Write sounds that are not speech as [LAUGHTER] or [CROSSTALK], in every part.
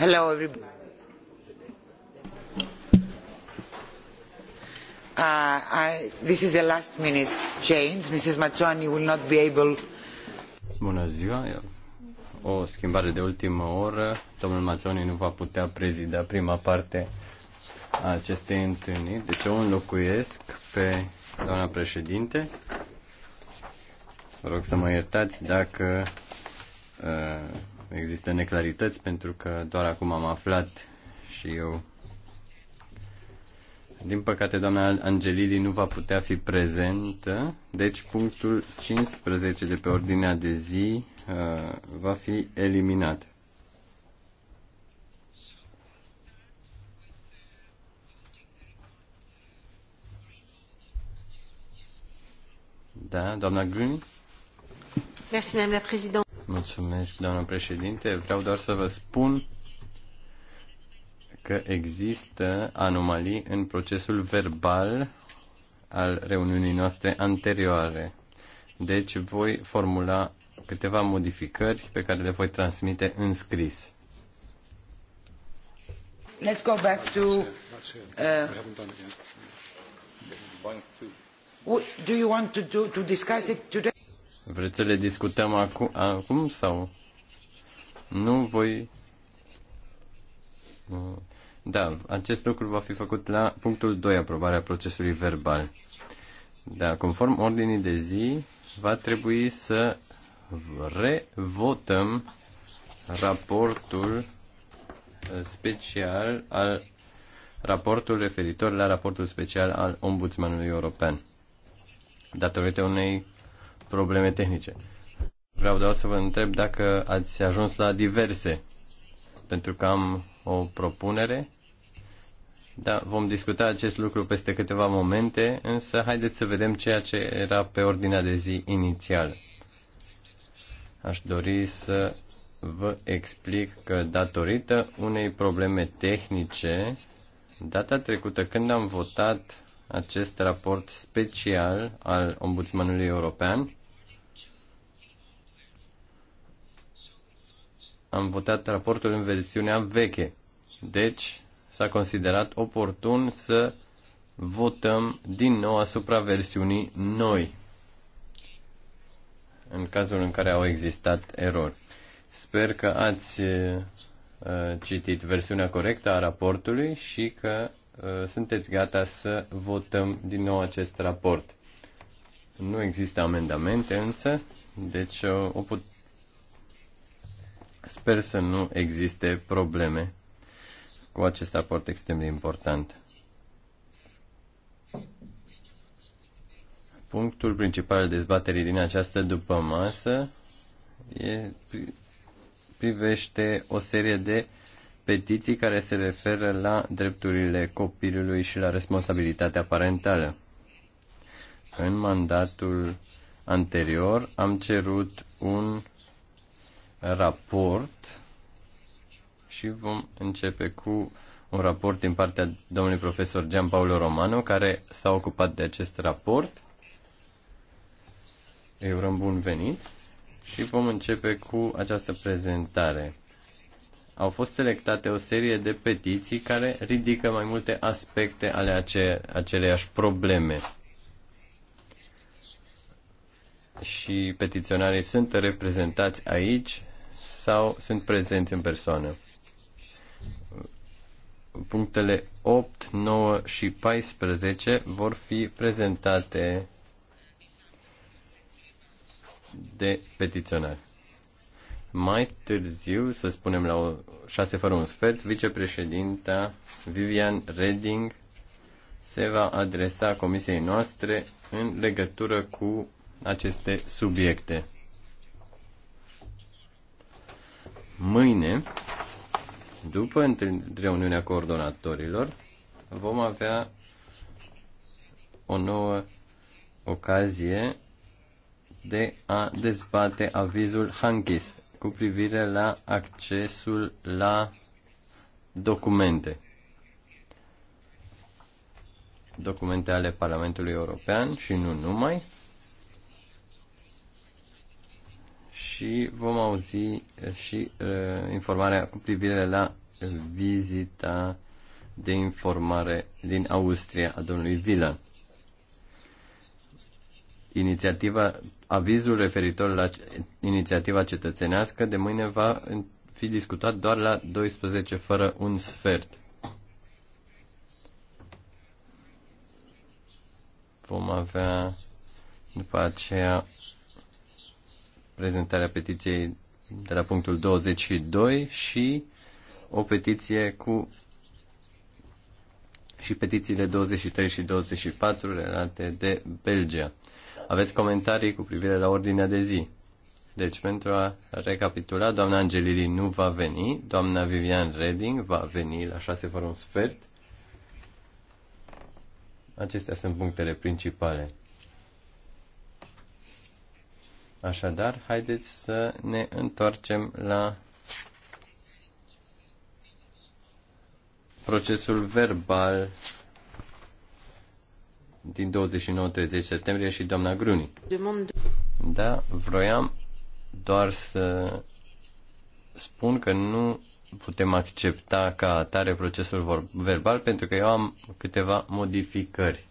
Hello everybody. Uh, this is a last minute change. Mrs. Mazzoni will not be able... Bună ziua. O schimbare de ultimă oră. Domnul Mazzoni nu va putea prezida prima parte a acestei întâlniri. Deci eu înlocuiesc pe doamna președinte. Vă rog să mă iertați dacă uh, există neclarități pentru că doar acum am aflat și eu. Din păcate, doamna Angelili nu va putea fi prezentă, deci punctul 15 de pe ordinea de zi uh, va fi eliminat. Da, doamna Grün? Mulțumesc, doamna președinte. Mulțumesc, doamnă președinte. Vreau doar să vă spun că există anomalii în procesul verbal al reuniunii noastre anterioare. Deci voi formula câteva modificări pe care le voi transmite în scris. Let's go back to uh, do you want to, do, to discuss it today? Vreți să le discutăm acum, acum sau? Nu voi. Da, acest lucru va fi făcut la punctul 2, aprobarea procesului verbal. Da, conform ordinii de zi, va trebui să revotăm raportul special al raportul referitor la raportul special al Ombudsmanului European. Datorită unei probleme tehnice. Vreau doar să vă întreb dacă ați ajuns la diverse, pentru că am o propunere. Da, vom discuta acest lucru peste câteva momente, însă haideți să vedem ceea ce era pe ordinea de zi inițială. Aș dori să vă explic că datorită unei probleme tehnice, data trecută când am votat acest raport special al Ombudsmanului European, am votat raportul în versiunea veche. Deci, s-a considerat oportun să votăm din nou asupra versiunii noi, în cazul în care au existat erori. Sper că ați eh, citit versiunea corectă a raportului și că eh, sunteți gata să votăm din nou acest raport. Nu există amendamente însă, deci o, Sper să nu existe probleme cu acest aport extrem de important. Punctul principal al dezbaterii din această după masă e, privește o serie de petiții care se referă la drepturile copilului și la responsabilitatea parentală. În mandatul anterior am cerut un raport și vom începe cu un raport din partea domnului profesor Gianpaolo Romano, care s-a ocupat de acest raport. Eu urăm bun venit și vom începe cu această prezentare. Au fost selectate o serie de petiții care ridică mai multe aspecte ale ace- aceleiași probleme. Și petiționarii sunt reprezentați aici sau sunt prezenți în persoană. Punctele 8, 9 și 14 vor fi prezentate de petiționari. Mai târziu, să spunem la o 6 fără un sfert, vicepreședinta Vivian Reding se va adresa comisiei noastre în legătură cu aceste subiecte. Mâine, după reuniunea coordonatorilor, vom avea o nouă ocazie de a dezbate avizul Hankis cu privire la accesul la documente. Documente ale Parlamentului European și nu numai. și vom auzi eh, și uh, informarea cu privire la vizita de informare din Austria a domnului Vila. Inițiativa, avizul referitor la inițiativa cetățenească de mâine va fi discutat doar la 12 fără un sfert. Vom avea după aceea prezentarea petiției de la punctul 22 și o petiție cu și petițiile 23 și 24 relate de Belgia. Aveți comentarii cu privire la ordinea de zi. Deci, pentru a recapitula, doamna Angelili nu va veni, doamna Vivian Redding va veni la șase fără un sfert. Acestea sunt punctele principale. Așadar, haideți să ne întoarcem la procesul verbal din 29-30 septembrie și doamna Gruni. Da, vroiam doar să spun că nu putem accepta ca atare procesul verbal pentru că eu am câteva modificări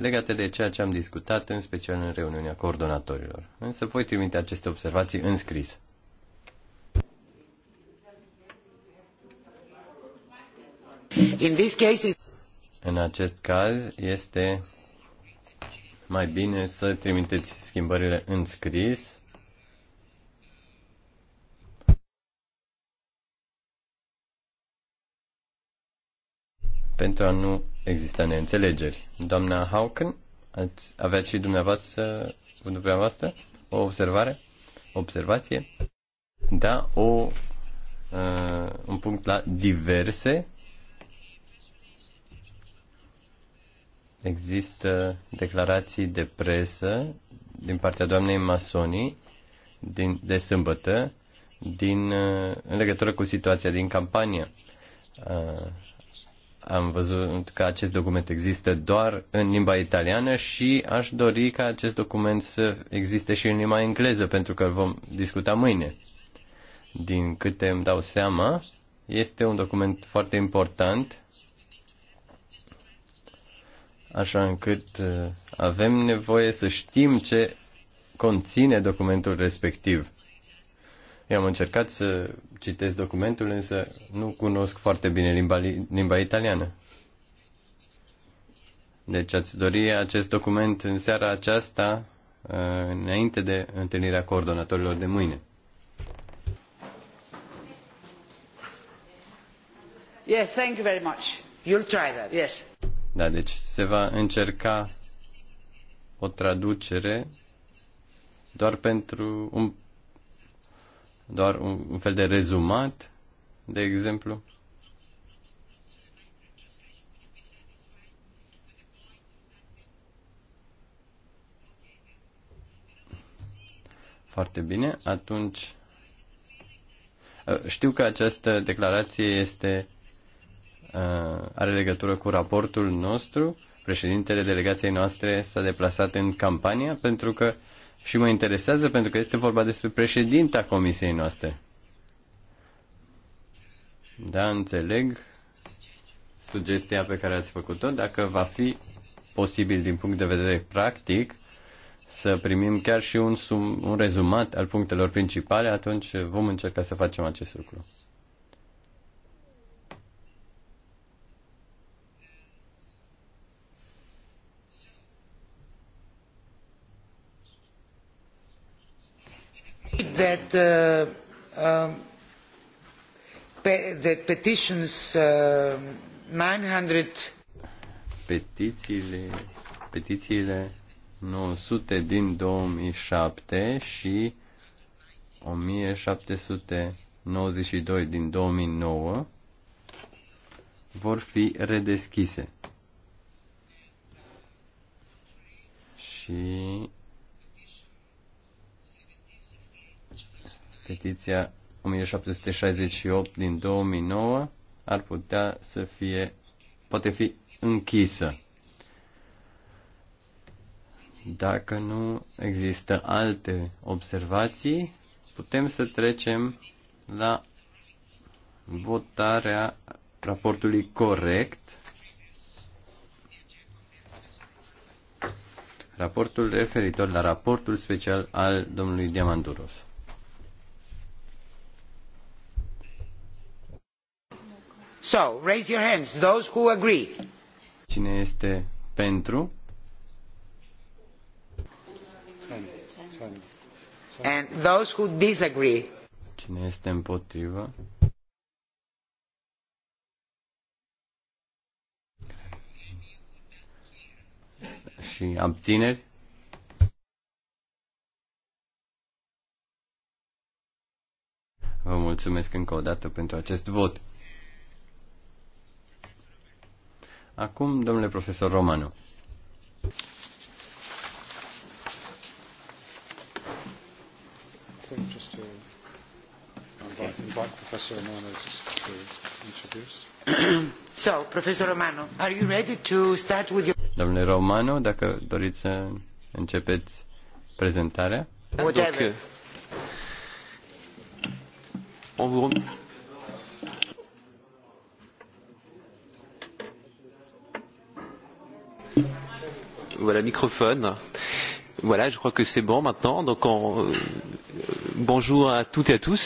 legate de ceea ce am discutat, în special în reuniunea coordonatorilor. Însă voi trimite aceste observații în scris. In this case... În acest caz este mai bine să trimiteți schimbările în scris pentru a nu exista neînțelegeri. Doamna Hauken, ați avea și dumneavoastră, dumneavoastră o observare, o observație? Da, o, uh, un punct la diverse. Există declarații de presă din partea doamnei Masoni din, de sâmbătă din, uh, în legătură cu situația din campania. Uh, am văzut că acest document există doar în limba italiană și aș dori ca acest document să existe și în limba engleză, pentru că îl vom discuta mâine. Din câte îmi dau seama, este un document foarte important, așa încât uh, avem nevoie să știm ce conține documentul respectiv. Eu am încercat să citesc documentul, însă nu cunosc foarte bine limba, limba italiană. Deci ați dori acest document în seara aceasta, uh, înainte de întâlnirea coordonatorilor de mâine. Yes, thank you very much. You'll try that, yes. Da, deci se va încerca o traducere doar pentru un doar un, un fel de rezumat, de exemplu. Foarte bine, atunci uh, știu că această declarație este uh, are legătură cu raportul nostru. Președintele delegației noastre s-a deplasat în campania pentru că uh, și mă interesează pentru că este vorba despre președinta comisiei noastre. Da, înțeleg sugestia pe care ați făcut-o, dacă va fi posibil din punct de vedere practic să primim chiar și un, sum, un rezumat al punctelor principale, atunci vom încerca să facem acest lucru. that, uh, um, pe, that petitions uh, 900 petițiile, petițiile 900 din 2007 și 1792 din 2009 vor fi redeschise. Și Petiția 1768 din 2009 ar putea să fie, poate fi închisă. Dacă nu există alte observații, putem să trecem la votarea raportului corect. Raportul referitor la raportul special al domnului Diamanduros. So, raise your hands, those who agree. Cine este pentru? And those who disagree. Cine este împotrivă? Și abțineri? Vă mulțumesc încă o dată pentru acest vot. Acum, domnule profesor Romanu. So, Professor Romano, are you ready to start with your... Domnule Romano, dacă doriți să începeți prezentarea. Whatever. Donc, euh, on vous voilà, microphone. Voilà, je crois que c'est bon maintenant. Donc, on, bonjour à toutes et à tous.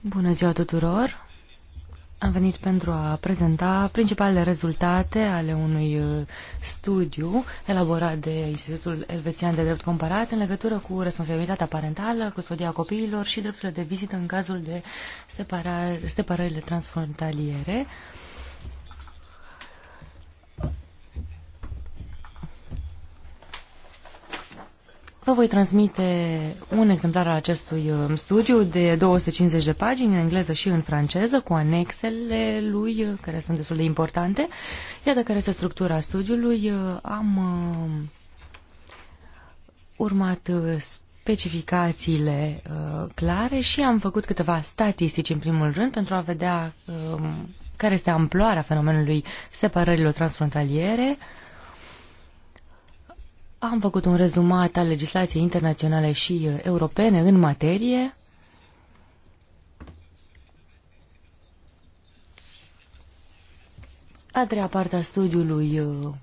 Bună ziua tuturor. Am venit pentru a prezenta principalele rezultate ale unui uh, studiu elaborat de Institutul Elvețian de Drept Comparat în legătură cu responsabilitatea parentală, custodia copiilor și drepturile de vizită în cazul de separările transfrontaliere. Uh, Vă voi transmite un exemplar al acestui um, studiu de 250 de pagini în engleză și în franceză, cu anexele lui, uh, care sunt destul de importante. Iată care este structura studiului. Uh, am um, urmat uh, specificațiile clare și am făcut câteva statistici în primul rând pentru a vedea um, care este amploarea fenomenului separărilor transfrontaliere, am făcut un rezumat al legislației internaționale și uh, europene în materie. A treia parte a studiului uh,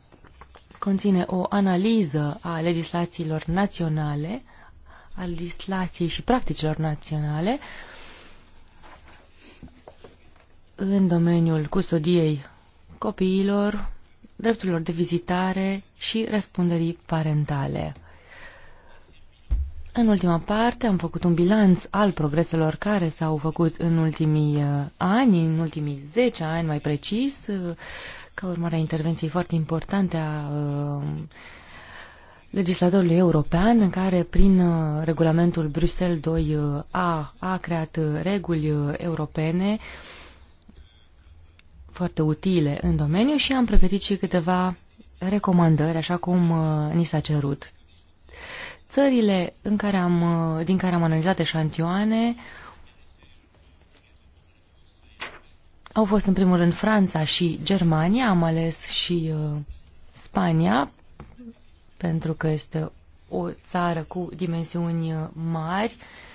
conține o analiză a legislațiilor naționale, a legislației și practicilor naționale în domeniul custodiei copiilor, drepturilor de vizitare și răspunderii parentale. În ultima parte am făcut un bilanț al progreselor care s-au făcut în ultimii uh, ani, în ultimii 10 ani mai precis, uh, ca urmare a intervenției foarte importante a uh, legislatorului european, în care prin regulamentul Bruxelles 2 a, a creat reguli europene uh, foarte utile în domeniu și am pregătit și câteva recomandări, așa cum uh, ni s-a cerut. Țările în care am, uh, din care am analizat eșantioane au fost în primul rând Franța și Germania, am ales și uh, Spania, pentru că este o țară cu dimensiuni uh, mari, uh,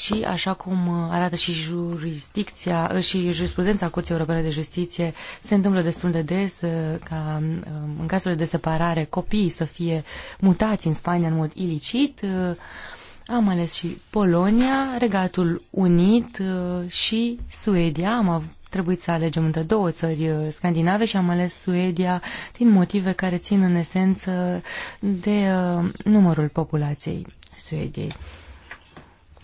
și așa cum arată și jurisdicția și jurisprudența Curții Europene de Justiție, se întâmplă destul de des uh, ca um, în cazurile de separare copiii să fie mutați în Spania în mod ilicit. Uh, am ales și Polonia, Regatul Unit uh, și Suedia. Am trebuit să alegem între două țări scandinave și am ales Suedia din motive care țin în esență de numărul populației Suediei.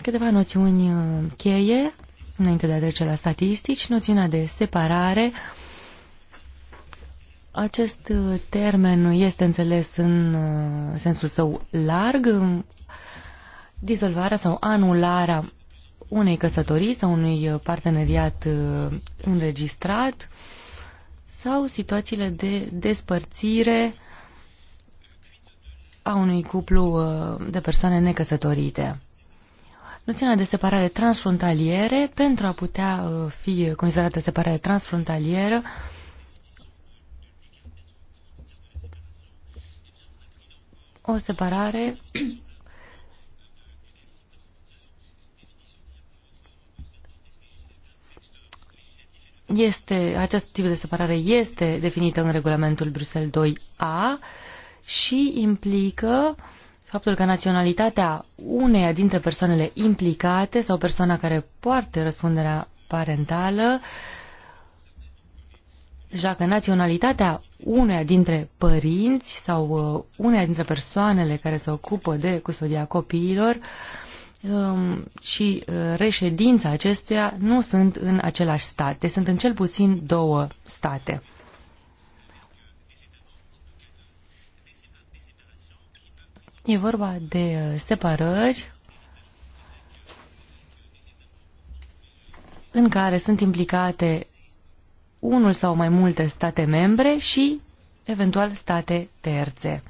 Câteva noțiuni uh, cheie, înainte de a trece la statistici, noțiunea de separare. Acest uh, termen este înțeles în uh, sensul său larg, dizolvarea sau anularea unei căsătorii sau unui parteneriat înregistrat sau situațiile de despărțire a unui cuplu de persoane necăsătorite noțiunea de separare transfrontaliere, pentru a putea uh, fi considerată separare transfrontalieră, o separare este, acest tip de separare este definită în regulamentul Bruxelles 2A și implică uh, faptul că naționalitatea uneia dintre persoanele implicate sau persoana care poartă răspunderea parentală, deja că naționalitatea uneia dintre părinți sau uh, uneia dintre persoanele care se ocupă de custodia copiilor um, și uh, reședința acestuia nu sunt în același stat, deci sunt în cel puțin două state. E vorba de uh, separări în care sunt implicate unul sau mai multe state membre și eventual state terțe.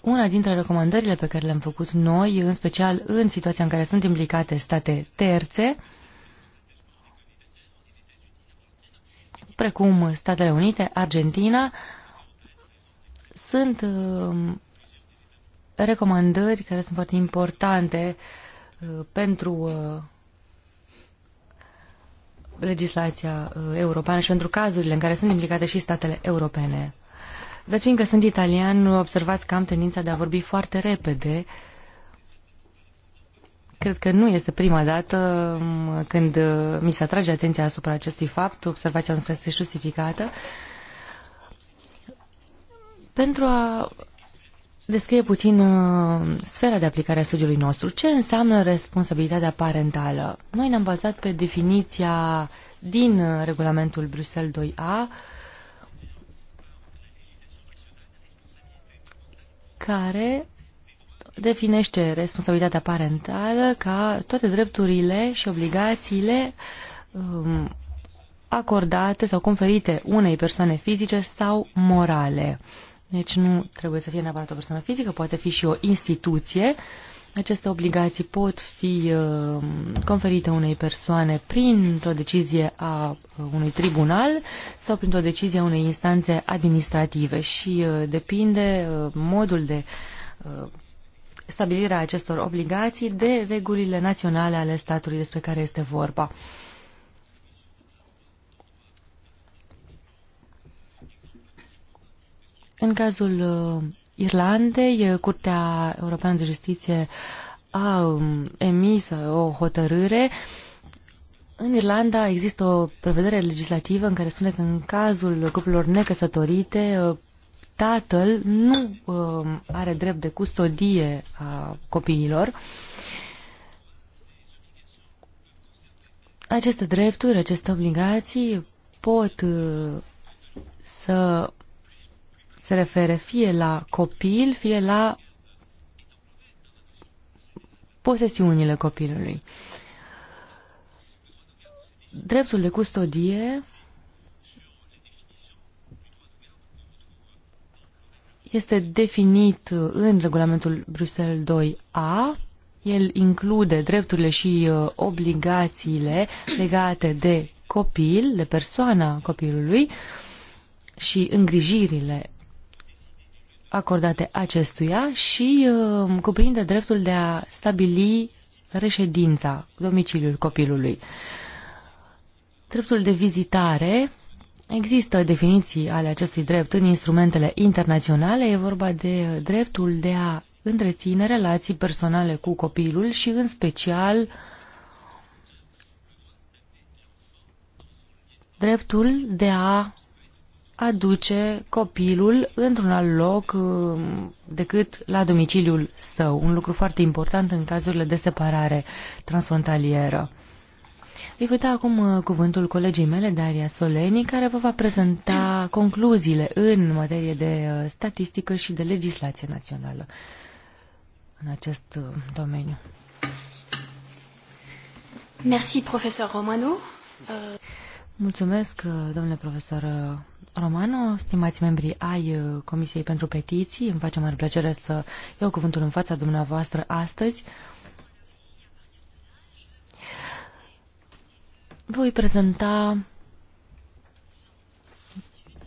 Una dintre recomandările pe care le-am făcut noi, în special în situația în care sunt implicate state terțe, precum Statele Unite, Argentina, sunt um, recomandări care sunt foarte importante uh, pentru uh, legislația uh, europeană și pentru cazurile în care sunt implicate și statele europene. Deci, fiindcă sunt italian, observați că am tendința de a vorbi foarte repede. Cred că nu este prima dată um, când mi se atrage atenția asupra acestui fapt, observația noastră este justificată. Uh, pentru a descrie puțin uh, sfera de aplicare a studiului nostru. Ce înseamnă responsabilitatea parentală? Noi ne-am bazat pe definiția din uh, regulamentul Bruxelles 2A care definește responsabilitatea parentală ca toate drepturile și obligațiile um, acordate sau conferite unei persoane fizice sau morale. Uh, deci nu trebuie să fie neapărat o persoană fizică, poate fi și o instituție. Aceste obligații pot fi uh, conferite unei persoane printr-o decizie a uh, unui tribunal sau printr-o decizie a unei instanțe administrative și uh, depinde modul de stabilire a acestor obligații de regulile naționale ale statului despre care este vorba. În cazul uh, Irlandei, uh, Curtea Europeană de Justiție a um, emis uh, o hotărâre. În Irlanda există o prevedere legislativă în care spune că în cazul cuplurilor necăsătorite, tatăl nu um, are drept de custodie a copiilor. Aceste drepturi, aceste obligații pot să se refere fie la copil, fie la posesiunile copilului. Dreptul de custodie este definit în regulamentul Bruxelles 2A. El include drepturile și uh, obligațiile legate de copil, de persoana copilului și îngrijirile acordate acestuia și uh, cuprinde dreptul de a stabili reședința, domiciliul copilului. Dreptul de vizitare Există definiții ale acestui drept în instrumentele internaționale, e vorba de dreptul de a întreține relații personale cu copilul și în special dreptul de a aduce copilul într-un alt loc uh, decât la domiciliul său. Un lucru foarte important în cazurile de separare transfrontalieră. Îi voi da acum uh, cuvântul colegii mele, Daria Soleni, care vă va prezenta concluziile în materie de uh, statistică și de legislație națională în acest domeniu. Merci, profesor Mulțumesc, domnule profesor Romano, stimați membrii ai uh, Comisiei pentru Petiții, îmi face mare plăcere să iau cuvântul în fața dumneavoastră astăzi. Voi prezenta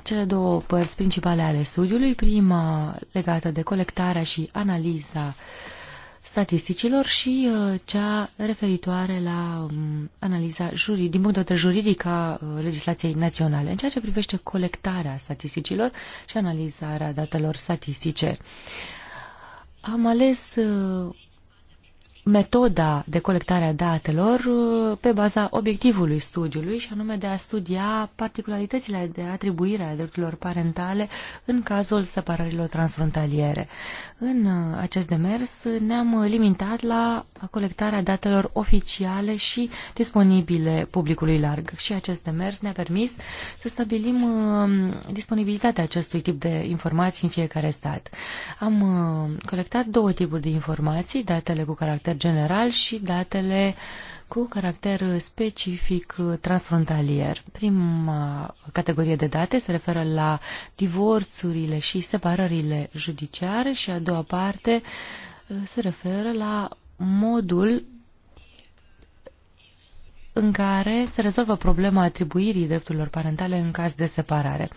cele două părți principale ale studiului, prima legată de colectarea și analiza uh, statisticilor și uh, cea referitoare la um, analiza juridică din punct de vedere juridic a uh, legislației naționale, în ceea ce privește colectarea statisticilor și analizarea datelor statistice. Am ales uh, metoda de colectare a datelor uh, pe baza obiectivului studiului și anume de a studia particularitățile de atribuire a drepturilor parentale în cazul separărilor transfrontaliere. În uh, acest demers uh, ne-am limitat la colectarea datelor oficiale și disponibile publicului larg și acest demers ne-a permis să stabilim disponibilitatea acestui tip de informații în fiecare stat. Am colectat două tipuri de informații, datele cu caracter caracter general și datele cu caracter specific transfrontalier. Prima categorie de date se referă la divorțurile și separările judiciare și a doua parte uh, se referă la modul în care se rezolvă problema atribuirii drepturilor parentale în caz de separare.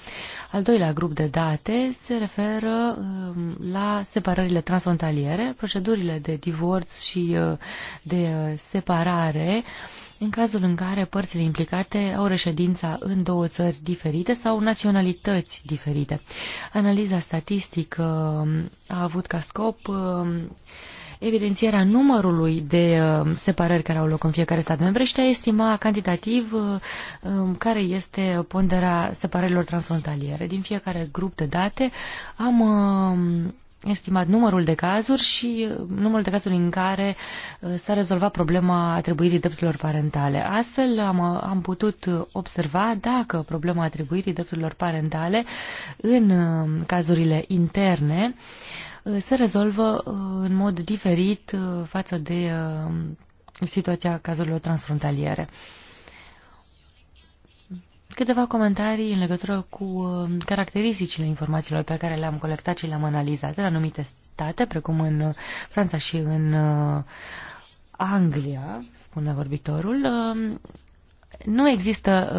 Al doilea grup de date se referă um, la separările transfrontaliere, procedurile de divorț și uh, de uh, separare în cazul în care părțile implicate au reședința în două țări diferite sau naționalități diferite. Analiza statistică um, a avut ca scop um, evidențierea numărului de uh, separări care au loc în fiecare stat membru și a estima cantitativ uh, um, care este ponderea separărilor transfrontaliere. Din fiecare grup de date am uh, estimat numărul de cazuri și numărul de cazuri în care s-a rezolvat problema atribuirii drepturilor parentale. Astfel am, am putut observa dacă problema atribuirii drepturilor parentale în cazurile interne uh, Uh, se rezolvă uh, în mod diferit uh, față de situația cazurilor transfrontaliere. Câteva comentarii în legătură cu caracteristicile informațiilor pe care le-am colectat și le-am analizat în anumite state, precum în Franța și în Anglia, spune vorbitorul. Nu există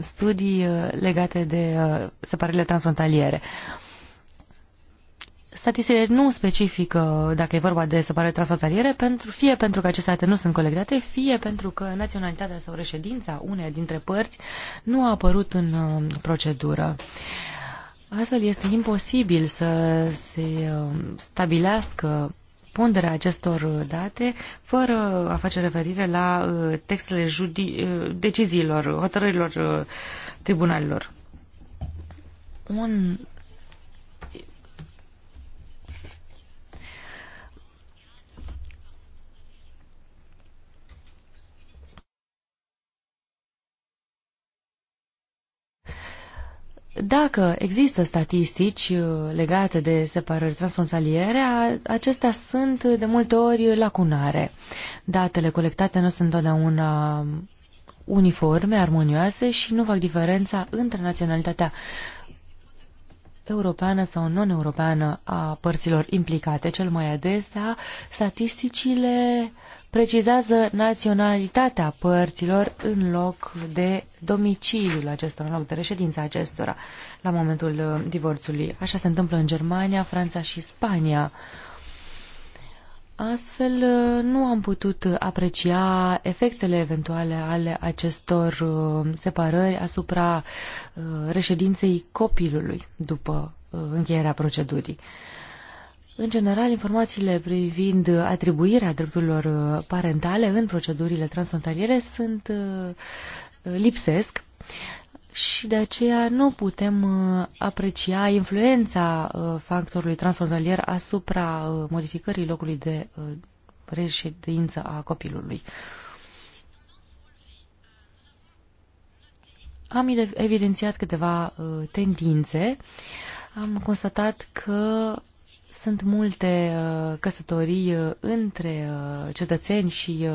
studii legate de separările transfrontaliere statisticile nu specifică dacă e vorba de separare transfrontaliere, pentru, fie pentru că aceste date nu sunt colectate, fie pentru că naționalitatea sau reședința uneia dintre părți nu a apărut în um, procedură. Astfel este imposibil să se um, stabilească ponderea acestor date fără a face referire la uh, textele judi- uh, deciziilor, hotărârilor uh, tribunalilor. Un Dacă există statistici uh, legate de separări transfrontaliere, acestea sunt de multe ori lacunare. Datele colectate nu sunt întotdeauna uniforme, armonioase și nu fac diferența între naționalitatea europeană sau non-europeană a părților implicate. Cel mai adesea, statisticile precizează naționalitatea părților în loc de domiciliul acestora, în loc de reședința acestora la momentul uh, divorțului. Așa se întâmplă în Germania, Franța și Spania. Astfel, uh, nu am putut aprecia efectele eventuale ale acestor uh, separări asupra reședinței copilului după încheierea procedurii. În general, informațiile privind atribuirea drepturilor uh, parentale în procedurile transfrontaliere sunt uh, lipsesc și de aceea nu putem uh, aprecia influența factorului transfrontalier asupra modificării locului de reședință a copilului. Am evidențiat câteva tendințe. Am constatat că sunt multe uh, căsătorii uh, între uh, cetățeni și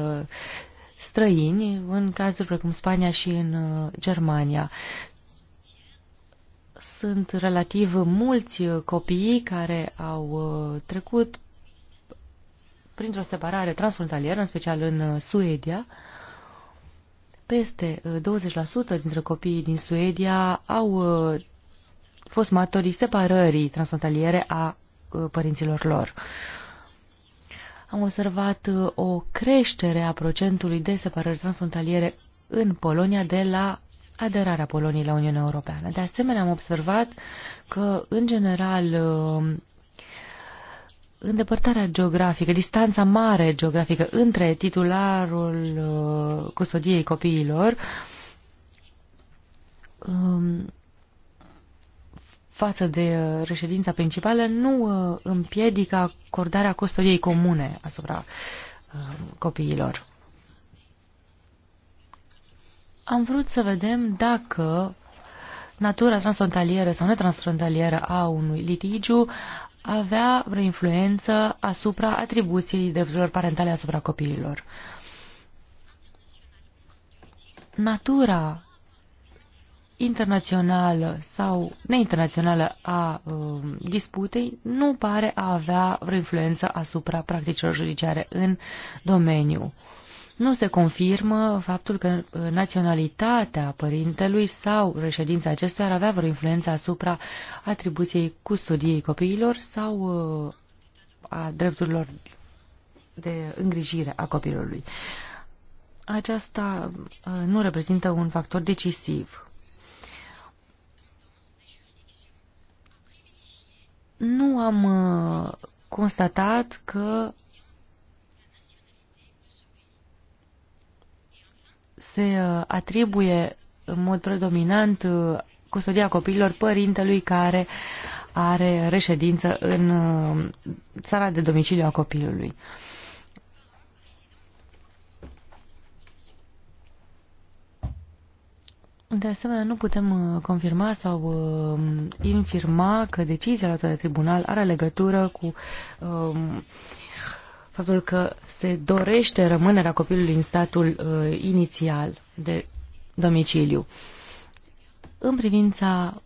străini, în cazuri precum Spania și în Germania. Sunt relativ mulți copii care au trecut printr-o separare transfrontalieră, în special în Suedia. Peste 20% dintre copiii din Suedia au fost martorii separării transfrontaliere a Uh, părinților lor. Am observat uh, o creștere a procentului de separări transfrontaliere în Polonia de la aderarea Poloniei la Uniunea Europeană. De asemenea, am observat că, în general, uh, îndepărtarea geografică, distanța mare geografică între titularul custodiei copiilor um, față de uh, reședința principală nu uh, împiedică acordarea custodiei comune asupra uh, copiilor. Am vrut să vedem dacă natura transfrontalieră sau netransfrontalieră a unui litigiu avea vreo influență asupra atribuției drepturilor parentale asupra copiilor. Natura internațională sau neinternațională a uh, disputei nu pare a avea vreo influență asupra practicilor judiciare în domeniu. Nu se confirmă faptul că naționalitatea părintelui sau reședința acestuia ar avea vreo influență asupra atribuției custodiei copiilor sau uh, a drepturilor de îngrijire a copilului. Aceasta uh, nu reprezintă un factor decisiv nu am uh, constatat că se uh, atribuie în mod predominant uh, custodia copiilor părintelui care are reședință în țara de domiciliu a copilului. Uh, De asemenea, nu putem uh, confirma sau uh, infirma că decizia luată de tribunal are legătură cu uh, faptul că se dorește rămânerea copilului în statul uh, inițial de domiciliu. În privința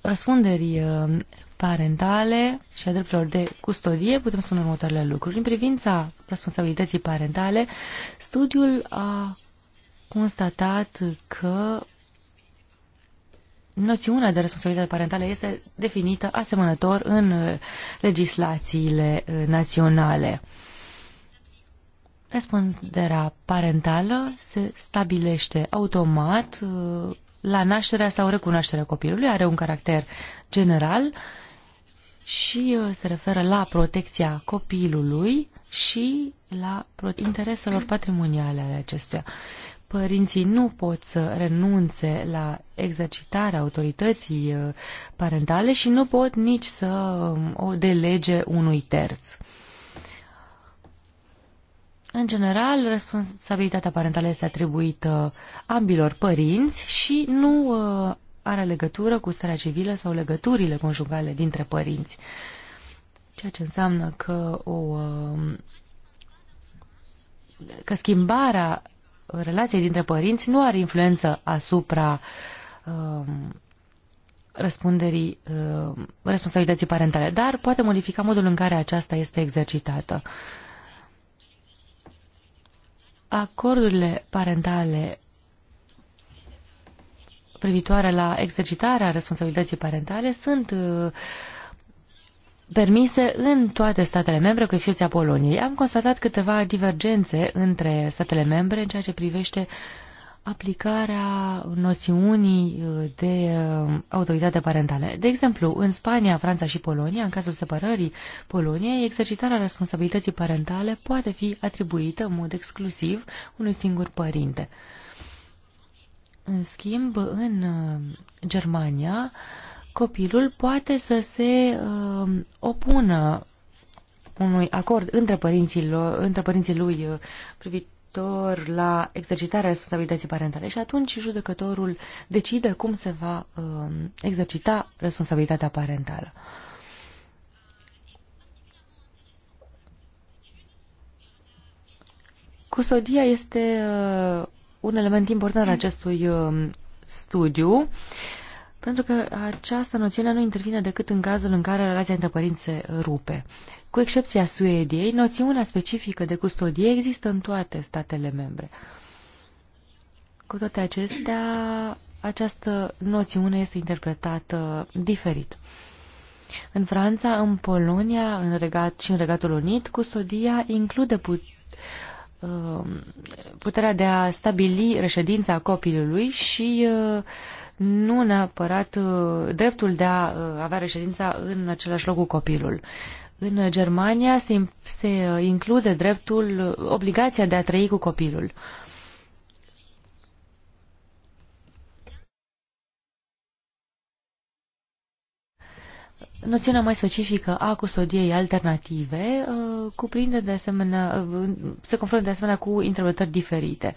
răspunderii uh, parentale și a drepturilor de custodie, putem spune următoarele lucruri. În privința responsabilității parentale, studiul a constatat că noțiunea de responsabilitate parentală este definită asemănător în uh, legislațiile uh, naționale. Răspunderea parentală se stabilește automat uh, la nașterea sau recunoașterea copilului, are un caracter general și se referă la protecția copilului și la intereselor patrimoniale ale acestuia. Părinții nu pot să renunțe la exercitarea autorității uh, parentale și nu pot nici să um, o delege unui terț. În general, responsabilitatea parentală este atribuită ambilor părinți și nu uh, are legătură cu starea civilă sau legăturile conjugale dintre părinți. Ceea ce înseamnă că o um, că schimbarea relației dintre părinți nu are influență asupra um, răspunderii, um, responsabilității parentale, dar poate modifica modul în care aceasta este exercitată. Acordurile parentale privitoare la exercitarea responsabilității parentale sunt uh, permise în toate statele membre, cu excepția Poloniei. Am constatat câteva divergențe între statele membre în ceea ce privește aplicarea noțiunii uh, de uh, autoritate parentală. De exemplu, în Spania, Franța și Polonia, în cazul separării Poloniei, exercitarea responsabilității parentale poate fi atribuită în mod exclusiv unui singur părinte. În schimb, în uh, Germania, copilul poate să se uh, opună unui acord între părinții, între părinții lui uh, privitor la exercitarea responsabilității parentale și atunci judecătorul decide cum se va uh, exercita responsabilitatea parentală. Custodia este uh, un element important al acestui uh, studiu. Uh, pentru că această noțiune nu intervine decât în cazul în care relația între părinți se rupe. Cu excepția Suediei, noțiunea specifică de custodie există în toate statele membre. Cu toate acestea, această noțiune este interpretată diferit. În Franța, în Polonia în regat, și în Regatul Unit, custodia include put, uh, puterea de a stabili reședința copilului și uh, nu neapărat uh, dreptul de a uh, avea reședința în același loc cu copilul. În Germania se, se uh, include dreptul, obligația de a trăi cu copilul. Noțiunea mai specifică a custodiei alternative cuprinde de asemenea, se confruntă de asemenea cu interpretări diferite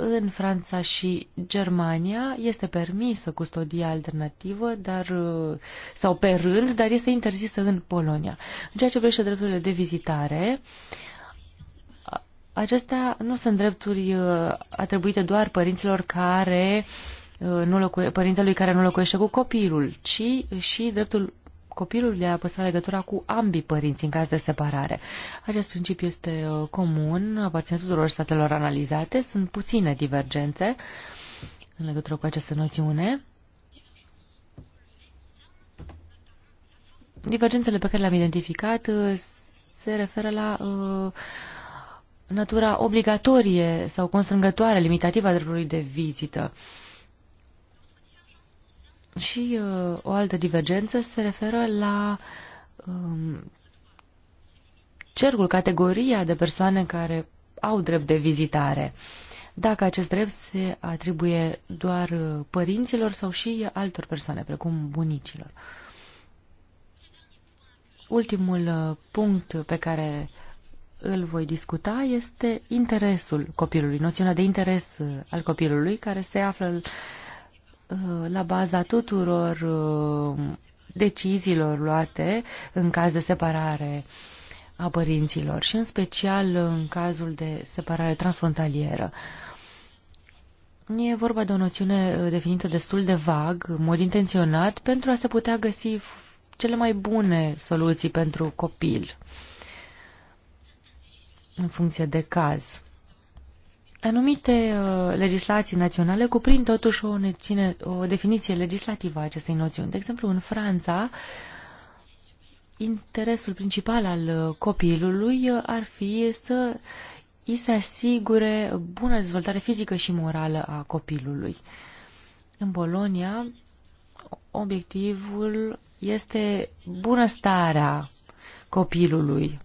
în Franța și Germania este permisă custodia alternativă dar, uh, sau pe rând, dar este interzisă în Polonia. În ceea ce privește drepturile de vizitare, acestea nu sunt drepturi uh, atribuite doar părinților care uh, nu locuie, părintelui care nu locuiește cu copilul, ci și dreptul copilul de a păstra legătura cu ambii părinți în caz de separare. Acest principiu este uh, comun, aparține tuturor statelor analizate, sunt puține divergențe în legătură cu această noțiune. Divergențele pe care le-am identificat uh, se referă la uh, natura obligatorie sau constrângătoare, limitativă a dreptului de vizită. Uh, și uh, o altă divergență se referă la um, cercul, categoria de persoane care au drept de vizitare. Dacă acest drept se atribuie doar uh, părinților sau și altor persoane, precum bunicilor. Ultimul uh, punct pe care îl voi discuta este interesul copilului, noțiunea de interes uh, al copilului care se află Uh, la baza tuturor uh, deciziilor luate în caz de separare a părinților și în special în cazul de separare transfrontalieră. E vorba de o noțiune uh, definită destul de vag, în mod intenționat, pentru a se putea găsi cele mai bune soluții pentru copil în funcție de caz. Anumite uh, legislații naționale cuprind totuși o, neține, o definiție legislativă a acestei noțiuni. De exemplu, în Franța, interesul principal al uh, copilului uh, ar fi să îi se asigure bună dezvoltare fizică și morală a copilului. În Bolonia, obiectivul este bunăstarea copilului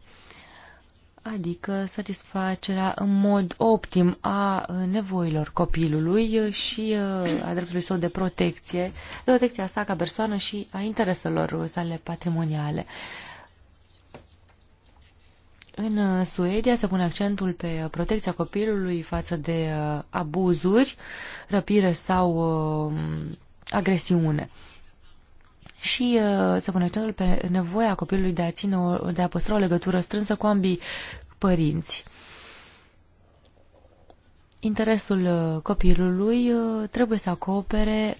adică satisfacerea în mod optim a nevoilor copilului și a dreptului său de protecție, de protecția sa ca persoană și a intereselor sale patrimoniale. În Suedia se pune accentul pe protecția copilului față de abuzuri, răpire sau agresiune și uh, să pune accentul pe nevoia copilului de a, ține o, de a păstra o legătură strânsă cu ambii părinți. Interesul uh, copilului uh, trebuie să acopere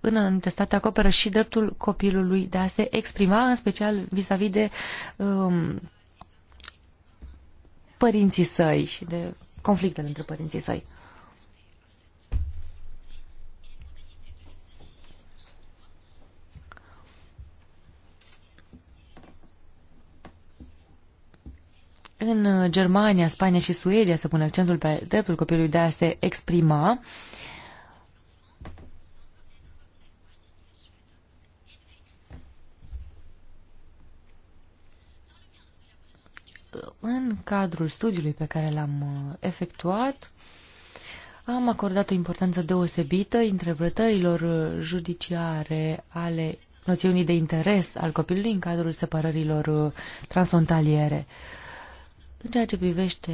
în anumite state acoperă și dreptul copilului de a se exprima, în special vis-a-vis -vis de um, părinții săi și de conflictele între părinții săi. în Germania, Spania și Suedia se pune accentul pe dreptul copilului de a se exprima. În cadrul studiului pe care l-am uh, efectuat, am acordat o importanță deosebită interpretărilor uh, judiciare ale noțiunii de interes al copilului în cadrul separărilor uh, transfrontaliere. În ceea ce privește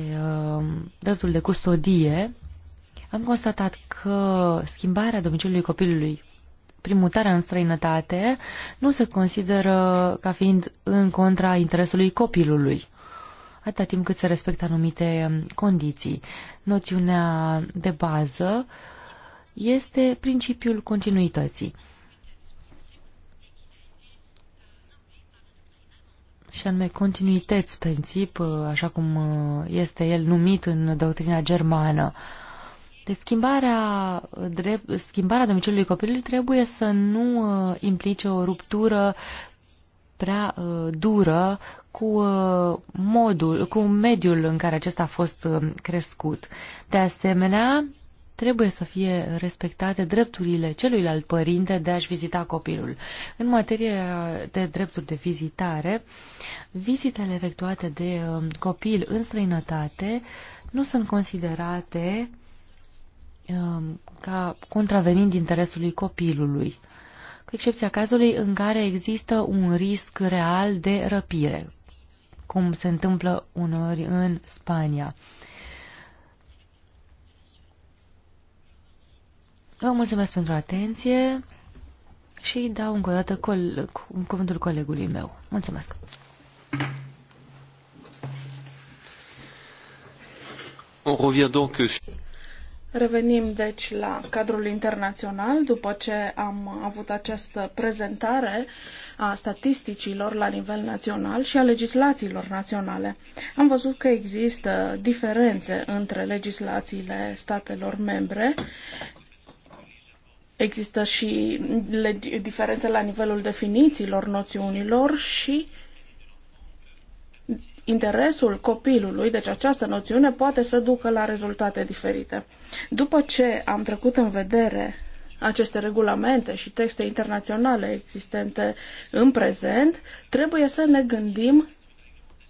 uh, dreptul de custodie, am constatat că schimbarea domiciliului copilului prin mutarea în străinătate nu se consideră ca fiind în contra interesului copilului, atâta timp cât se respectă anumite um, condiții. Noțiunea de bază este principiul continuității. și anume continuități princip, uh, așa cum uh, este el numit în doctrina germană. Deci schimbarea, drept, schimbarea domiciliului copilului trebuie să nu uh, implice o ruptură prea dură cu modul, cu mediul în care acesta a fost crescut. De asemenea, trebuie să fie respectate drepturile celuilalt părinte de a-și vizita copilul. În materie de drepturi de vizitare, vizitele efectuate de um, copil în străinătate nu sunt considerate um, ca contravenind interesului copilului, cu excepția cazului în care există un risc real de răpire, cum se întâmplă uneori în Spania. Vă mulțumesc pentru atenție și dau încă o dată col cuvântul colegului meu. Mulțumesc! On revient donc Revenim deci la cadrul internațional după ce am avut această prezentare a statisticilor la nivel național și a legislațiilor naționale. Am văzut că există diferențe între legislațiile statelor membre Există și diferențe la nivelul definițiilor noțiunilor și interesul copilului, deci această noțiune poate să ducă la rezultate diferite. După ce am trecut în vedere aceste regulamente și texte internaționale existente în prezent, trebuie să ne gândim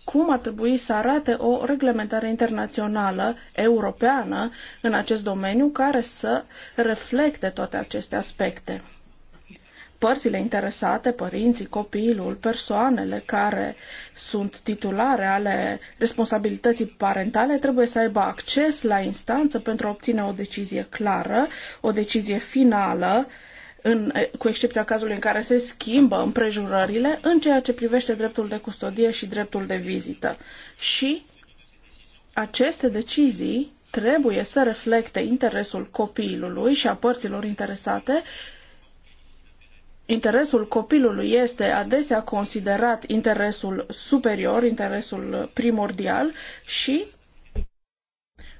cum ar trebui să arate o reglementare internațională europeană în acest domeniu care să reflecte toate aceste aspecte. Părțile interesate, părinții, copilul, persoanele care sunt titulare ale responsabilității parentale trebuie să aibă acces la instanță pentru a obține o decizie clară, o decizie finală, în, cu excepția cazului în care se schimbă împrejurările, în ceea ce privește dreptul de custodie și dreptul de vizită. Și aceste decizii trebuie să reflecte interesul copilului și a părților interesate. Interesul copilului este adesea considerat interesul superior, interesul primordial și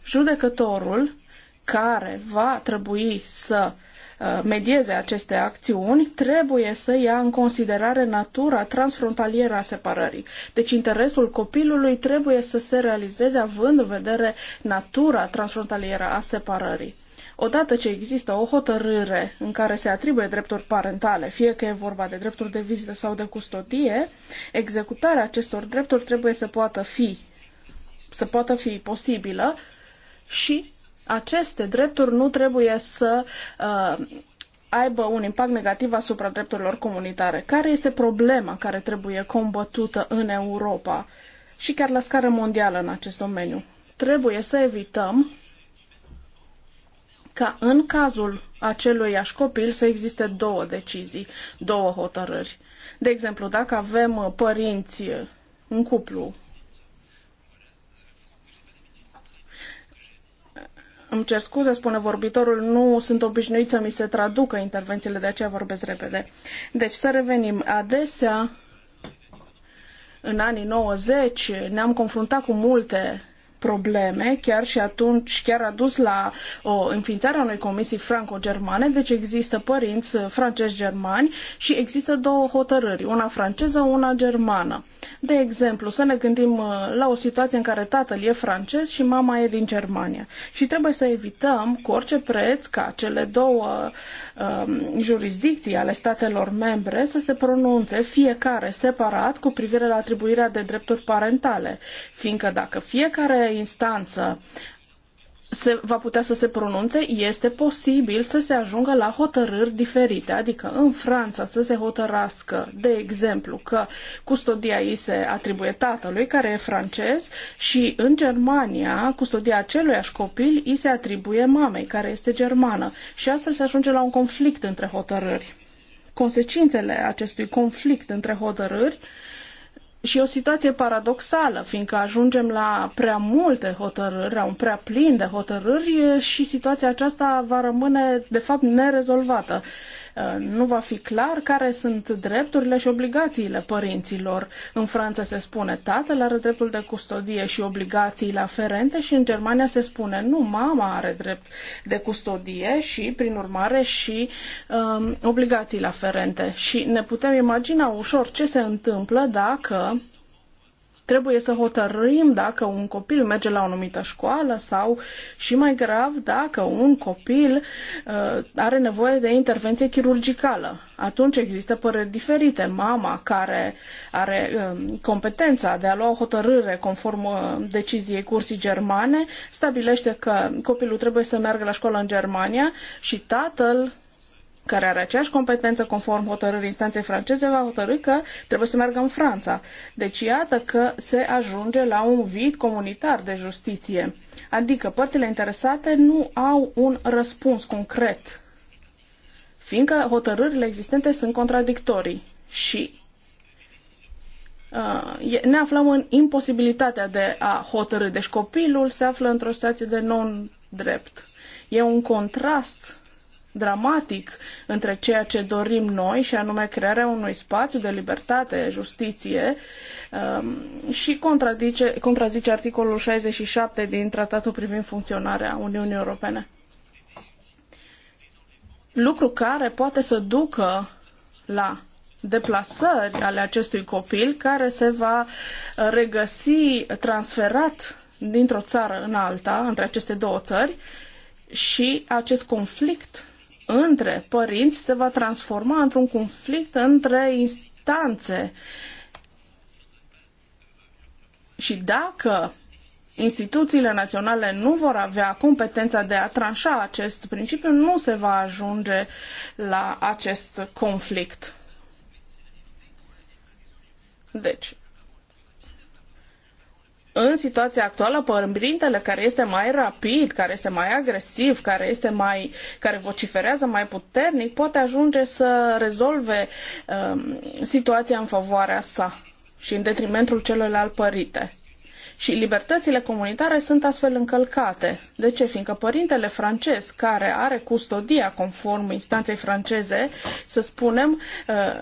judecătorul care va trebui să uh, Uh, medieze aceste acțiuni, trebuie să ia în considerare natura transfrontalieră a separării. Deci interesul copilului trebuie să se realizeze având în vedere natura transfrontalieră a separării. Odată ce există o hotărâre în care se atribuie drepturi parentale, fie că e vorba de drepturi de vizită sau de custodie, executarea acestor drepturi trebuie să poată fi să poată fi posibilă și aceste drepturi nu trebuie să uh, aibă un impact negativ asupra drepturilor comunitare. Care este problema care trebuie combătută în Europa și chiar la scară mondială în acest domeniu? Trebuie să evităm ca în cazul acelui copil să existe două decizii, două hotărâri. De exemplu, dacă avem uh, părinți, un cuplu Îmi cer scuze, spune vorbitorul, nu sunt obișnuit să mi se traducă intervențiile, de aceea vorbesc repede. Deci să revenim. Adesea, în anii 90, ne-am confruntat cu multe probleme, chiar și atunci, chiar a dus la o înființare a unei comisii franco-germane, deci există părinți uh, francezi-germani și există două hotărâri, una franceză, una germană. De exemplu, să ne gândim uh, la o situație în care tatăl e francez și mama e din Germania. Și trebuie să evităm cu orice preț ca cele două um, jurisdicții ale statelor membre să se pronunțe fiecare separat cu privire la atribuirea de drepturi parentale, fiindcă dacă fiecare instanță se va putea să se pronunțe, este posibil să se ajungă la hotărâri diferite. Adică în Franța să se hotărască, de exemplu, că custodia i se atribuie tatălui, care e francez, și în Germania custodia aceluiași copil îi se atribuie mamei, care este germană. Și astfel se ajunge la un conflict între hotărâri. Consecințele acestui conflict între hotărâri și o situație paradoxală, fiindcă ajungem la prea multe hotărâri, la un prea plin de hotărâri și situația aceasta va rămâne, de fapt, nerezolvată. Uh, nu va fi clar care sunt drepturile și obligațiile părinților. În Franța se spune tatăl are dreptul de custodie și obligațiile aferente și în Germania se spune nu, mama are drept de custodie și, prin urmare, și um, obligațiile aferente. Și ne putem imagina ușor ce se întâmplă dacă Trebuie să hotărâm dacă un copil merge la o anumită școală sau, și mai grav, dacă un copil uh, are nevoie de intervenție chirurgicală. Atunci există păreri diferite. Mama care are uh, competența de a lua o hotărâre conform uh, deciziei curții germane stabilește că copilul trebuie să meargă la școală în Germania și tatăl care are aceeași competență conform hotărârii instanței franceze, va hotărâ că trebuie să meargă în Franța. Deci iată că se ajunge la un vid comunitar de justiție. Adică părțile interesate nu au un răspuns concret, fiindcă hotărârile existente sunt contradictorii și uh, ne aflăm în imposibilitatea de a hotărâ. Deci copilul se află într-o situație de non-drept. E un contrast dramatic între ceea ce dorim noi și anume crearea unui spațiu de libertate, justiție um, și contrazice, contrazice articolul 67 din Tratatul privind funcționarea Uniunii Europene. Lucru care poate să ducă la deplasări ale acestui copil care se va uh, regăsi transferat dintr-o țară în alta, între aceste două țări, și acest conflict între părinți se va transforma într-un conflict între instanțe. Și dacă instituțiile naționale nu vor avea competența de a tranșa acest principiu, nu se va ajunge la acest conflict. Deci, în situația actuală, părintele care este mai rapid, care este mai agresiv, care este mai, care vociferează mai puternic, poate ajunge să rezolve um, situația în favoarea sa și în detrimentul celorlalți părinte și libertățile comunitare sunt astfel încălcate. De ce? Fiindcă părintele francez, care are custodia conform instanței franceze, să spunem, uh,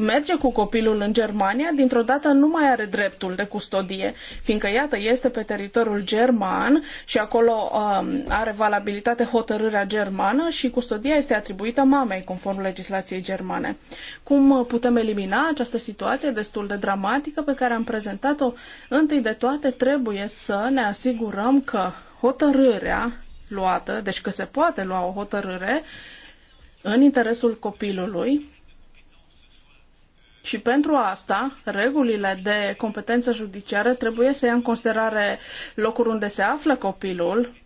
merge cu copilul în Germania, dintr-o dată nu mai are dreptul de custodie, fiindcă, iată, este pe teritoriul german și acolo um, are valabilitate hotărârea germană și custodia este atribuită mamei, conform legislației germane. Cum putem elimina această situație destul de dramatică pe care am prezentat-o? Întâi de toate, trebuie să ne asigurăm că hotărârea luată, deci că se poate lua o hotărâre în interesul copilului, și pentru asta, regulile de competență judiciară trebuie să ia în considerare locul unde se află copilul.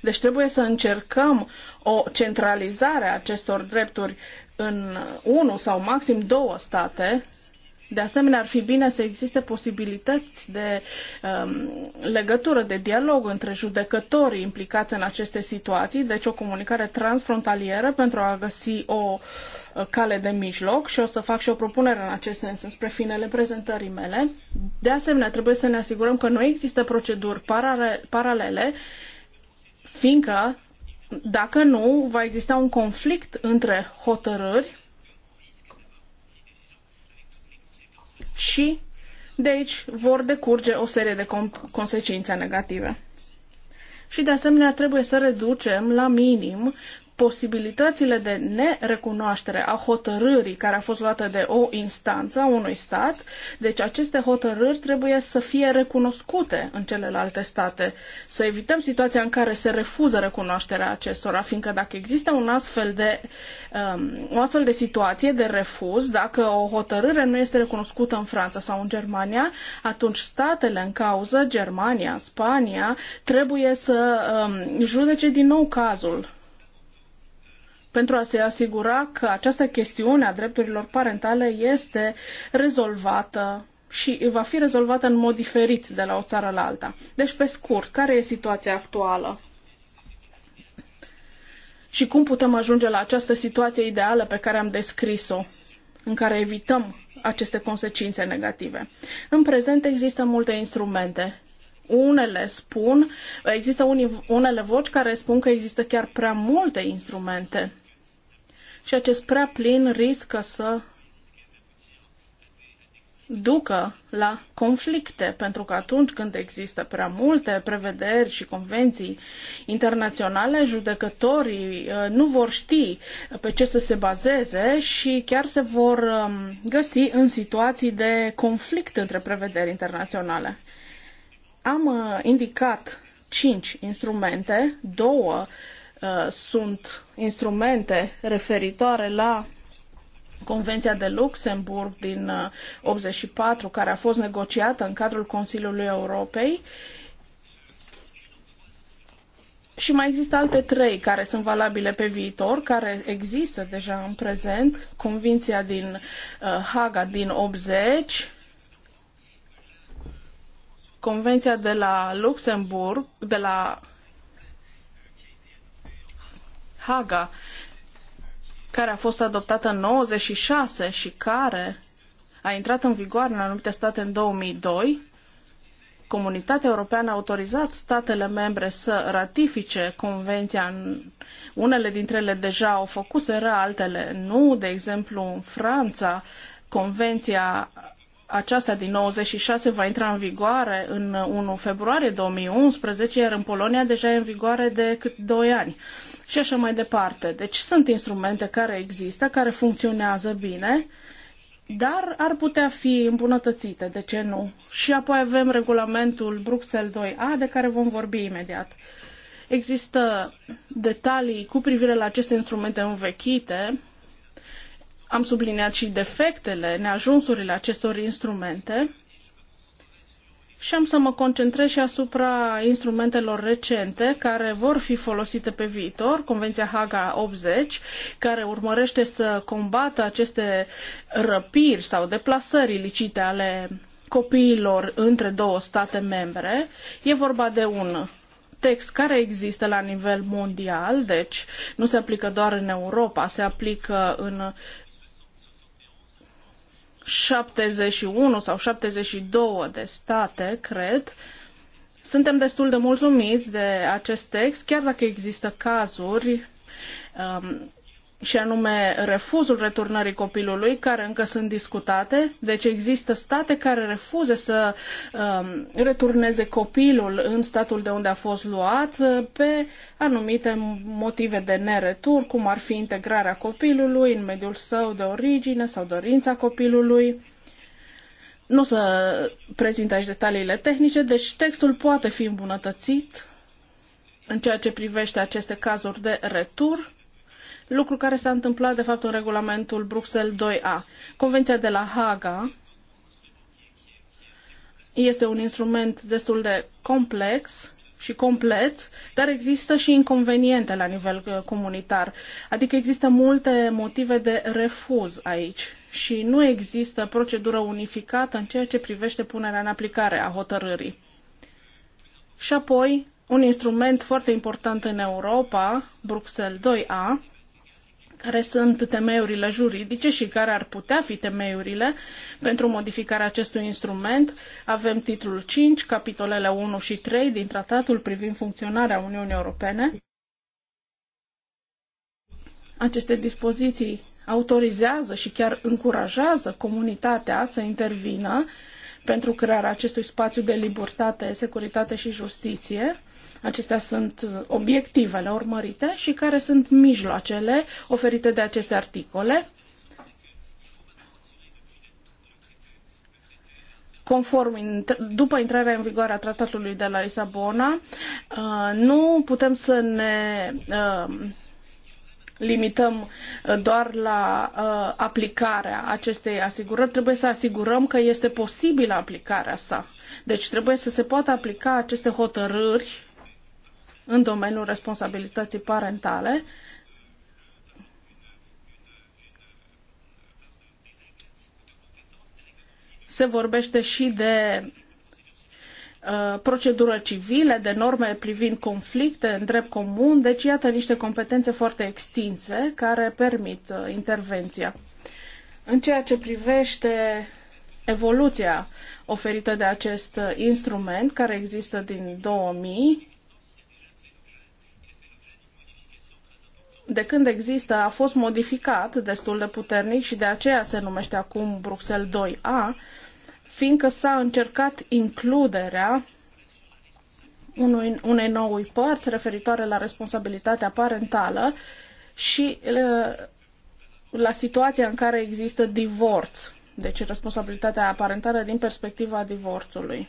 Deci trebuie să încercăm o centralizare a acestor drepturi în unul sau maxim două state de asemenea, ar fi bine să existe posibilități de um, legătură, de dialog între judecătorii implicați în aceste situații, deci o comunicare transfrontalieră pentru a găsi o uh, cale de mijloc și o să fac și o propunere în acest sens spre finele prezentării mele. De asemenea, trebuie să ne asigurăm că nu există proceduri paralele, fiindcă dacă nu, va exista un conflict între hotărâri și de aici vor decurge o serie de consecințe negative. Și de asemenea trebuie să reducem la minim posibilitățile de nerecunoaștere a hotărârii care a fost luată de o instanță a unui stat, deci aceste hotărâri trebuie să fie recunoscute în celelalte state. Să evităm situația în care se refuză recunoașterea acestora, fiindcă dacă există un astfel de, um, o astfel de situație de refuz, dacă o hotărâre nu este recunoscută în Franța sau în Germania, atunci statele în cauză, Germania, Spania, trebuie să um, judece din nou cazul pentru a se asigura că această chestiune a drepturilor parentale este rezolvată și va fi rezolvată în mod diferit de la o țară la alta. Deci, pe scurt, care e situația actuală? Și cum putem ajunge la această situație ideală pe care am descris-o, în care evităm aceste consecințe negative? În prezent există multe instrumente. Unele spun, există unii, unele voci care spun că există chiar prea multe instrumente și acest prea plin riscă să ducă la conflicte, pentru că atunci când există prea multe prevederi și convenții internaționale, judecătorii uh, nu vor ști pe ce să se bazeze și chiar se vor um, găsi în situații de conflict între prevederi internaționale. Am uh, indicat cinci instrumente, două uh, Uh, sunt instrumente referitoare la Convenția de Luxemburg din 84, uh, care a fost negociată în cadrul Consiliului Europei. Și mai există alte trei care sunt valabile pe viitor, care există deja în prezent. Convenția din uh, Haga din 80, Convenția de la Luxemburg, de la Haga, care a fost adoptată în 96 și care a intrat în vigoare în anumite state în 2002, Comunitatea Europeană a autorizat statele membre să ratifice convenția. Unele dintre ele deja au făcut, altele nu. De exemplu, în Franța, convenția aceasta din 96 va intra în vigoare în 1 februarie 2011, iar în Polonia deja e în vigoare de cât 2 ani. Și așa mai departe. Deci sunt instrumente care există, care funcționează bine, dar ar putea fi îmbunătățite, de ce nu? Și apoi avem regulamentul Bruxelles 2A, de care vom vorbi imediat. Există detalii cu privire la aceste instrumente învechite, am subliniat și defectele, neajunsurile acestor instrumente și am să mă concentrez și asupra instrumentelor recente care vor fi folosite pe viitor, Convenția Haga 80, care urmărește să combată aceste răpiri sau deplasări ilicite ale copiilor între două state membre. E vorba de un text care există la nivel mondial, deci nu se aplică doar în Europa, se aplică în 71 sau 72 de state, cred, suntem destul de mulțumiți de acest text, chiar dacă există cazuri um, și anume refuzul returnării copilului, care încă sunt discutate. Deci există state care refuză să um, returneze copilul în statul de unde a fost luat uh, pe anumite motive de neretur, cum ar fi integrarea copilului în mediul său de origine sau dorința copilului. Nu o să prezint aici detaliile tehnice, deci textul poate fi îmbunătățit în ceea ce privește aceste cazuri de retur lucru care s-a întâmplat de fapt în regulamentul Bruxelles 2A. Convenția de la Haga este un instrument destul de complex și complet, dar există și inconveniente la nivel uh, comunitar. Adică există multe motive de refuz aici și nu există procedură unificată în ceea ce privește punerea în aplicare a hotărârii. Și apoi, un instrument foarte important în Europa, Bruxelles 2A, care sunt temeiurile juridice și care ar putea fi temeiurile pentru modificarea acestui instrument. Avem titlul 5, capitolele 1 și 3 din tratatul privind funcționarea Uniunii Europene. Aceste dispoziții autorizează și chiar încurajează comunitatea să intervină pentru crearea acestui spațiu de libertate, securitate și justiție Acestea sunt uh, obiectivele urmărite și care sunt mijloacele oferite de aceste articole. conform, după intrarea în vigoare a tratatului de la Lisabona, uh, nu putem să ne uh, limităm doar la aplicarea acestei asigurări, trebuie să asigurăm că este posibilă aplicarea sa. Deci trebuie să se poată aplica aceste hotărâri în domeniul responsabilității parentale, se vorbește și de uh, procedură civile, de norme privind conflicte în drept comun, deci iată niște competențe foarte extinse care permit uh, intervenția. În ceea ce privește evoluția oferită de acest uh, instrument care există din 2000, de când există a fost modificat destul de puternic și de aceea se numește acum Bruxelles 2A, fiindcă s-a încercat includerea unui, unei noi părți referitoare la responsabilitatea parentală și uh, la situația în care există divorț, deci responsabilitatea parentală din perspectiva divorțului.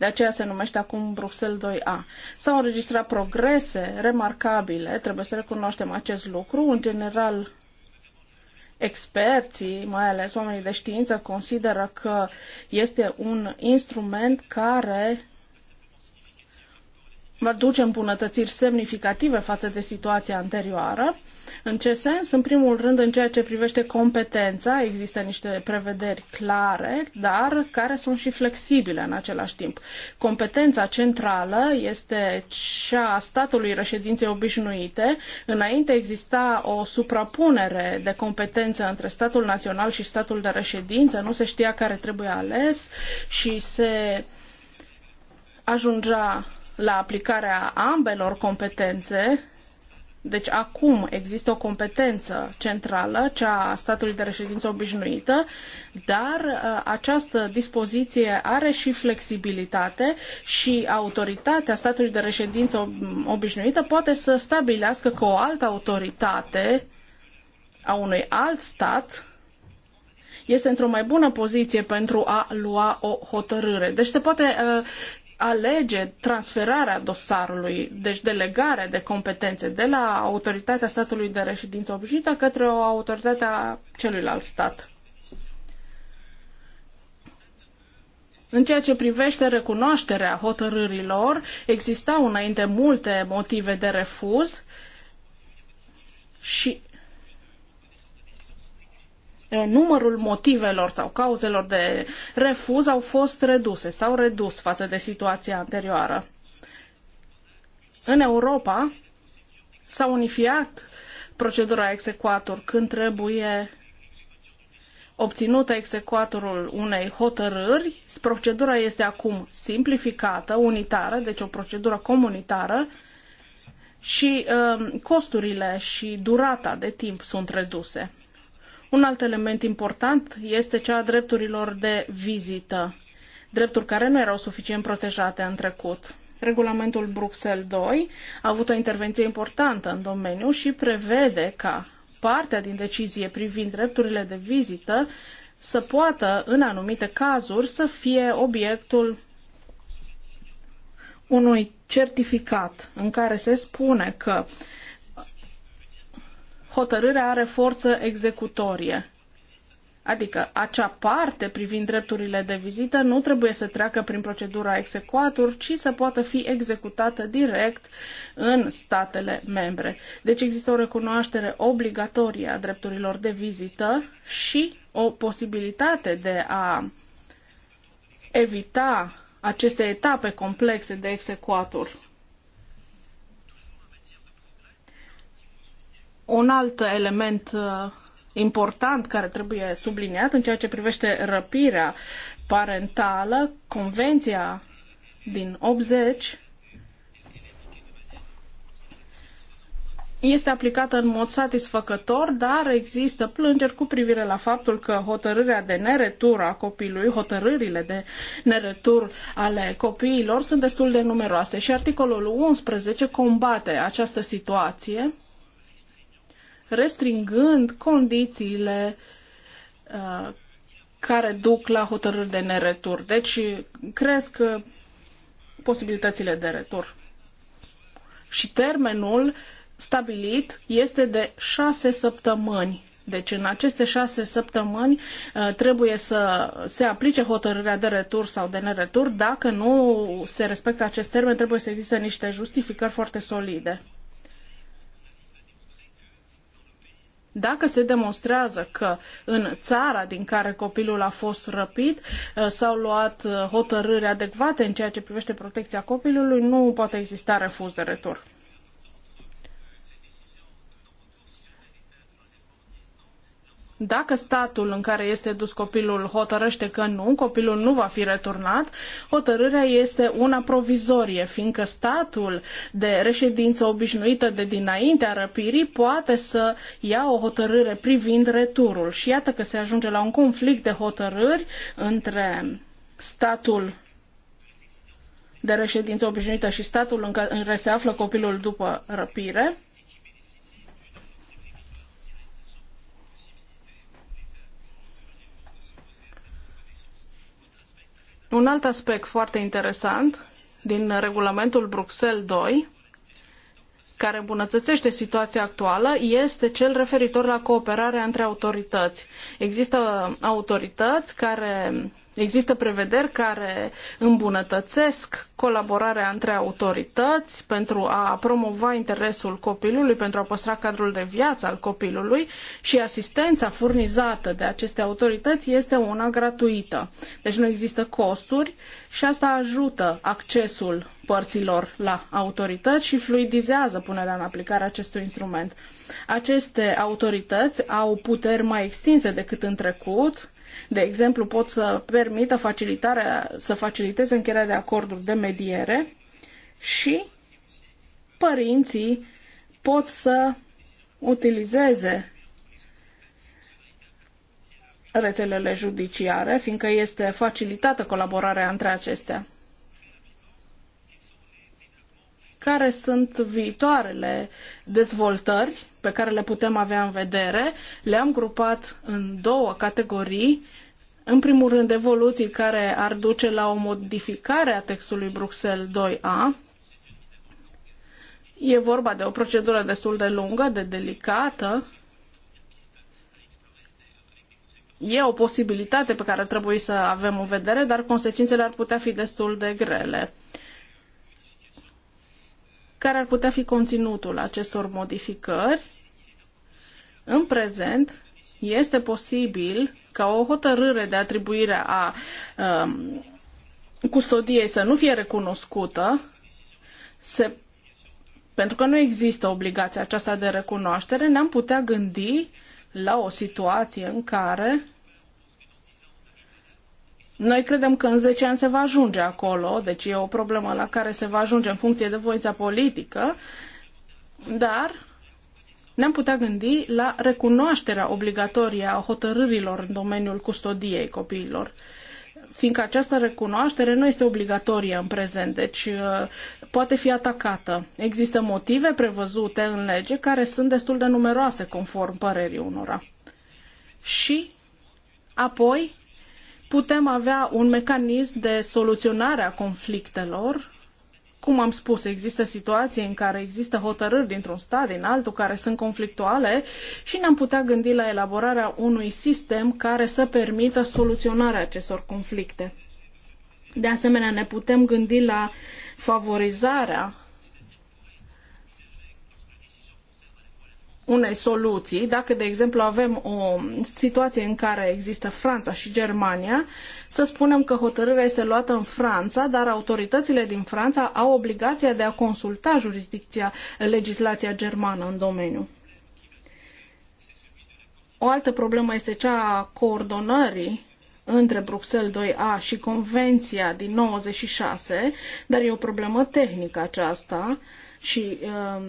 De aceea se numește acum Bruxelles 2A. S-au înregistrat progrese remarcabile, trebuie să recunoaștem acest lucru. În general, experții, mai ales oamenii de știință, consideră că este un instrument care va duce îmbunătățiri semnificative față de situația anterioară. În ce sens? În primul rând, în ceea ce privește competența, există niște prevederi clare, dar care sunt și flexibile în același timp. Competența centrală este cea a statului reședinței obișnuite. Înainte exista o suprapunere de competență între statul național și statul de reședință, nu se știa care trebuie ales și se ajungea la aplicarea ambelor competențe. Deci acum există o competență centrală, cea a statului de reședință obișnuită, dar uh, această dispoziție are și flexibilitate și autoritatea statului de reședință obișnuită poate să stabilească că o altă autoritate a unui alt stat este într-o mai bună poziție pentru a lua o hotărâre. Deci se poate uh, alege transferarea dosarului, deci delegarea de competențe de la autoritatea statului de reședință obișnuită către o autoritate a celuilalt stat. În ceea ce privește recunoașterea hotărârilor, existau înainte multe motive de refuz și Eh, numărul motivelor sau cauzelor de refuz au fost reduse, s-au redus față de situația anterioară. În Europa s-a unificat procedura execuatur când trebuie obținută execuatorul unei hotărâri, procedura este acum simplificată, unitară, deci o procedură comunitară și uh, costurile și durata de timp sunt reduse. Un alt element important este cea a drepturilor de vizită, drepturi care nu erau suficient protejate în trecut. Regulamentul Bruxelles II a avut o intervenție importantă în domeniu și prevede ca partea din decizie privind drepturile de vizită să poată, în anumite cazuri, să fie obiectul unui certificat în care se spune că hotărârea are forță executorie. Adică acea parte privind drepturile de vizită nu trebuie să treacă prin procedura execuatur, ci să poată fi executată direct în statele membre. Deci există o recunoaștere obligatorie a drepturilor de vizită și o posibilitate de a evita aceste etape complexe de execuatur. Un alt element uh, important care trebuie subliniat în ceea ce privește răpirea parentală, Convenția din 80 este aplicată în mod satisfăcător, dar există plângeri cu privire la faptul că hotărârea de neretur a copilului, hotărârile de neretur ale copiilor sunt destul de numeroase și articolul 11 combate această situație restringând condițiile uh, care duc la hotărâri de neretur. Deci cresc uh, posibilitățile de retur. Și termenul stabilit este de șase săptămâni. Deci în aceste șase săptămâni uh, trebuie să se aplice hotărârea de retur sau de neretur. Dacă nu se respectă acest termen, trebuie să existe niște justificări foarte solide. Dacă se demonstrează că în țara din care copilul a fost răpit uh, s-au luat uh, hotărâri adecvate în ceea ce privește protecția copilului, nu poate exista refuz de retur. Dacă statul în care este dus copilul hotărăște că nu, copilul nu va fi returnat, hotărârea este una provizorie, fiindcă statul de reședință obișnuită de dinaintea răpirii poate să ia o hotărâre privind returul. Și iată că se ajunge la un conflict de hotărâri între statul de reședință obișnuită și statul în care se află copilul după răpire Un alt aspect foarte interesant din regulamentul Bruxelles II, care îmbunătățește situația actuală, este cel referitor la cooperarea între autorități. Există autorități care Există prevederi care îmbunătățesc colaborarea între autorități pentru a promova interesul copilului, pentru a păstra cadrul de viață al copilului și asistența furnizată de aceste autorități este una gratuită. Deci nu există costuri și asta ajută accesul părților la autorități și fluidizează punerea în aplicare a acestui instrument. Aceste autorități au puteri mai extinse decât în trecut, de exemplu, pot să permită facilitarea, să faciliteze încheierea de acorduri de mediere și părinții pot să utilizeze rețelele judiciare, fiindcă este facilitată colaborarea între acestea. Care sunt viitoarele dezvoltări pe care le putem avea în vedere, le-am grupat în două categorii. În primul rând, evoluții care ar duce la o modificare a textului Bruxelles 2A. E vorba de o procedură destul de lungă, de delicată. E o posibilitate pe care trebuie să avem în vedere, dar consecințele ar putea fi destul de grele. Uh, care ar putea fi conținutul acestor modificări. În prezent, este posibil ca o hotărâre de atribuire a um, custodiei să nu fie recunoscută, se, pentru că nu există obligația aceasta de recunoaștere, ne-am putea gândi la o situație în care noi credem că în 10 ani se va ajunge acolo, deci e o problemă la care se va ajunge în funcție de voința politică, dar ne-am putea gândi la recunoașterea obligatorie a hotărârilor în domeniul custodiei copiilor fiindcă această recunoaștere nu este obligatorie în prezent, deci uh, poate fi atacată. Există motive prevăzute în lege care sunt destul de numeroase conform părerii unora. Și apoi putem avea un mecanism de soluționare a conflictelor. Cum am spus, există situații în care există hotărâri dintr-un stat din altul care sunt conflictuale și ne-am putea gândi la elaborarea unui sistem care să permită soluționarea acestor conflicte. De asemenea, ne putem gândi la favorizarea unei soluții, dacă, de exemplu, avem o situație în care există Franța și Germania, să spunem că hotărârea este luată în Franța, dar autoritățile din Franța au obligația de a consulta jurisdicția, legislația germană în domeniu. O altă problemă este cea a coordonării între Bruxelles 2A și Convenția din 96, dar e o problemă tehnică aceasta și, um,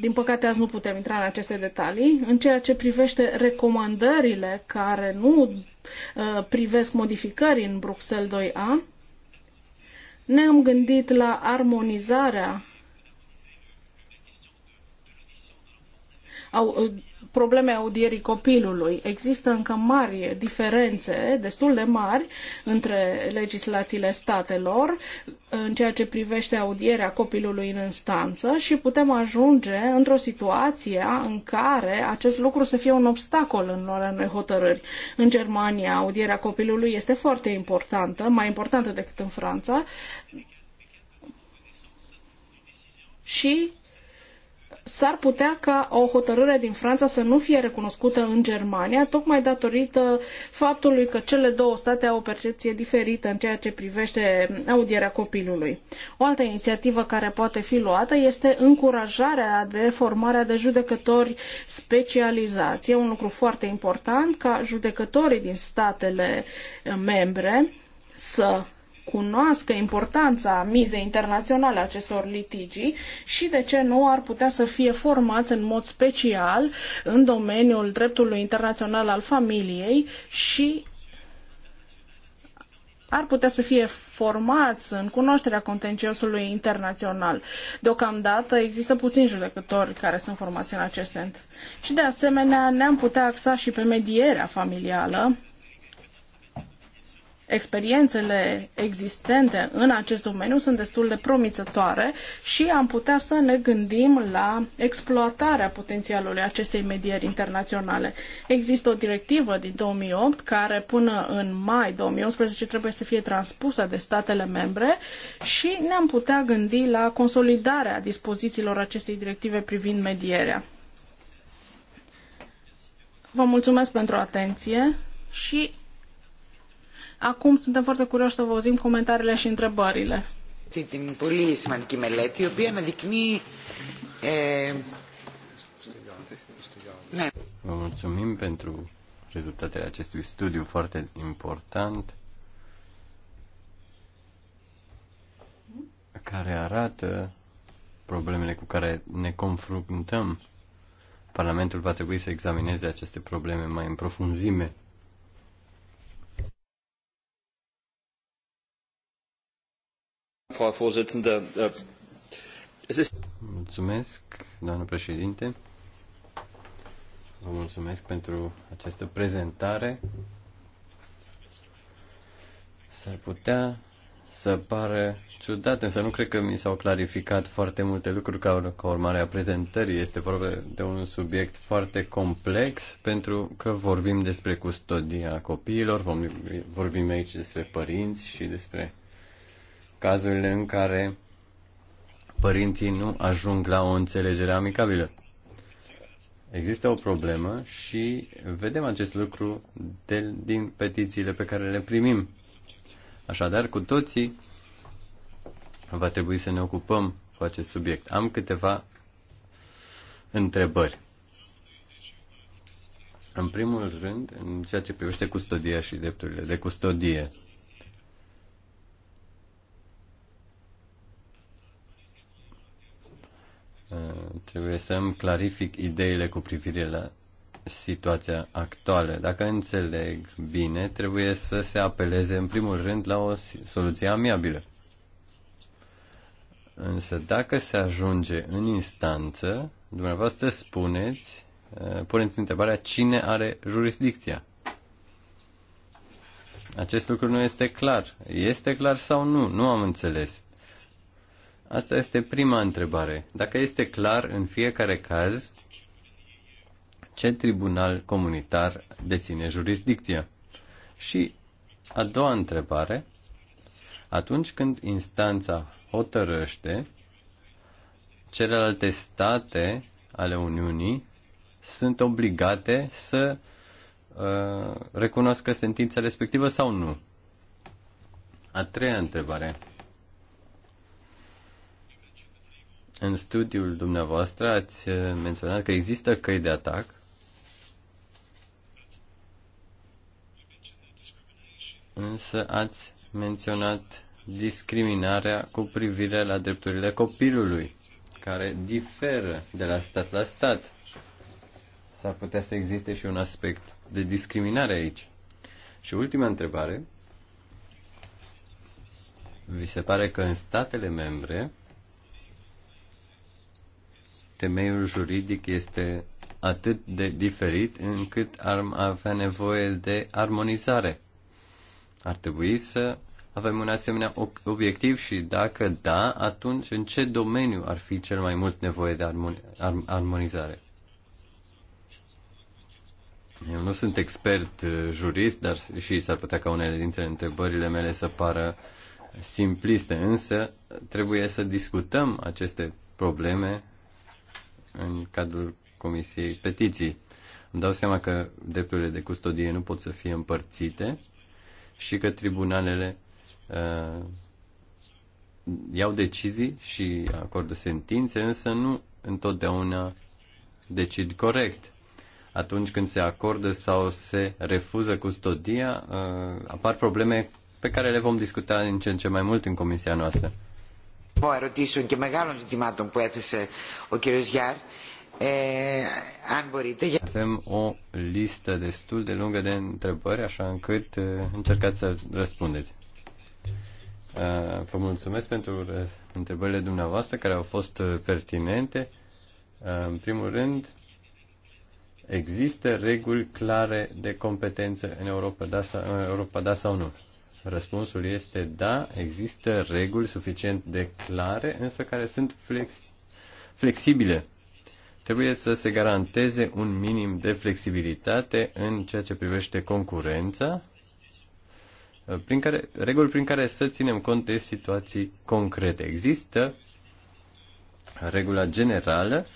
din păcate, azi nu putem intra în aceste detalii. În ceea ce privește recomandările care nu uh, privesc modificări în Bruxelles 2A, ne-am gândit la armonizarea probleme audierii copilului. Există încă mari diferențe, destul de mari, între legislațiile statelor în ceea ce privește audierea copilului în instanță și putem ajunge într-o situație în care acest lucru să fie un obstacol în luarea unei hotărâri. În Germania, audierea copilului este foarte importantă, mai importantă decât în Franța, și s-ar putea ca o hotărâre din Franța să nu fie recunoscută în Germania, tocmai datorită faptului că cele două state au o percepție diferită în ceea ce privește audierea copilului. O altă inițiativă care poate fi luată este încurajarea de formarea de judecători specializați. E un lucru foarte important ca judecătorii din statele membre să cunoască importanța mizei internaționale a acestor litigii și, de ce nu, ar putea să fie formați în mod special în domeniul dreptului internațional al familiei și ar putea să fie formați în cunoașterea contenciosului internațional. Deocamdată există puțini judecători care sunt formați în acest sens. Și de asemenea ne-am putea axa și pe medierea familială, experiențele existente în acest domeniu sunt destul de promițătoare și am putea să ne gândim la exploatarea potențialului acestei medieri internaționale. Există o directivă din 2008 care până în mai 2011 trebuie să fie transpusă de statele membre și ne-am putea gândi la consolidarea dispozițiilor acestei directive privind medierea. Vă mulțumesc pentru atenție și Acum suntem foarte curioși să vă auzim comentariile și întrebările. Την πολύ σημαντική μελέτη, η οποία αναδεικνύει... Ε... Ναι. Vă mulțumim pentru rezultatele acestui studiu foarte important care arată problemele cu care ne confruntăm. Parlamentul va trebui să examineze aceste probleme mai în profunzime. Frau Vorsitzende, äh, es ist... Mulțumesc, doamnă președinte. Vă mulțumesc pentru această prezentare. S-ar putea să pară ciudat, însă nu cred că mi s-au clarificat foarte multe lucruri ca, ca urmare a prezentării. Este vorba de un subiect foarte complex pentru că vorbim despre custodia copiilor, vorbim aici despre părinți și despre cazurile în care părinții nu ajung la o înțelegere amicabilă. Există o problemă și vedem acest lucru de, din petițiile pe care le primim. Așadar, cu toții va trebui să ne ocupăm cu acest subiect. Am câteva întrebări. În primul rând, în ceea ce privește custodia și drepturile de custodie. Eh, trebuie să îmi clarific ideile cu privire la situația actuală. Dacă înțeleg bine, trebuie să se apeleze în primul rând la o soluție amiabilă. Însă dacă se ajunge în instanță, dumneavoastră spuneți, eh, puneți întrebarea cine are jurisdicția. Acest lucru nu este clar. Este clar sau nu? Nu am înțeles. Asta este prima întrebare. Dacă este clar în fiecare caz ce tribunal comunitar deține jurisdicția. Și a doua întrebare, atunci când instanța hotărăște, celelalte state ale Uniunii sunt obligate să uh, recunoască sentința respectivă sau nu? A treia întrebare. În studiul dumneavoastră ați menționat că există căi de atac însă ați menționat discriminarea cu privire la drepturile copilului, care diferă de la stat la stat. S-ar putea să existe și un aspect de discriminare aici. Și ultima întrebare. Vi se pare că în statele membre temeiul juridic este atât de diferit încât ar avea nevoie de armonizare. Ar trebui să avem un asemenea obiectiv și dacă da, atunci în ce domeniu ar fi cel mai mult nevoie de armonizare? Eu nu sunt expert uh, jurist, dar și s-ar putea ca unele dintre întrebările mele să pară simpliste, însă trebuie să discutăm aceste probleme în cadrul Comisiei Petiții. Îmi dau seama că drepturile de custodie nu pot să fie împărțite și că tribunalele uh, iau decizii și acordă sentințe, însă nu întotdeauna decid corect. Atunci când se acordă sau se refuză custodia, uh, apar probleme pe care le vom discuta în ce în ce mai mult în comisia noastră ερωτήσεων και μεγάλων ζητημάτων που έθεσε ο κ. Γιάρ. E, αν μπορείτε. Avem o listă destul de lungă de întrebări, așa încât uh, încercați să răspundeți. Uh, vă mulțumesc pentru întrebările dumneavoastră care au fost uh, pertinente. În primul rând, există reguli clare de competență în Europa, da, în Europa, da sau nu? Răspunsul este da, există reguli suficient de clare, însă care sunt flex, flexibile. Trebuie să se garanteze un minim de flexibilitate în ceea ce privește concurența, prin care, reguli prin care să ținem cont de situații concrete. Există regula generală,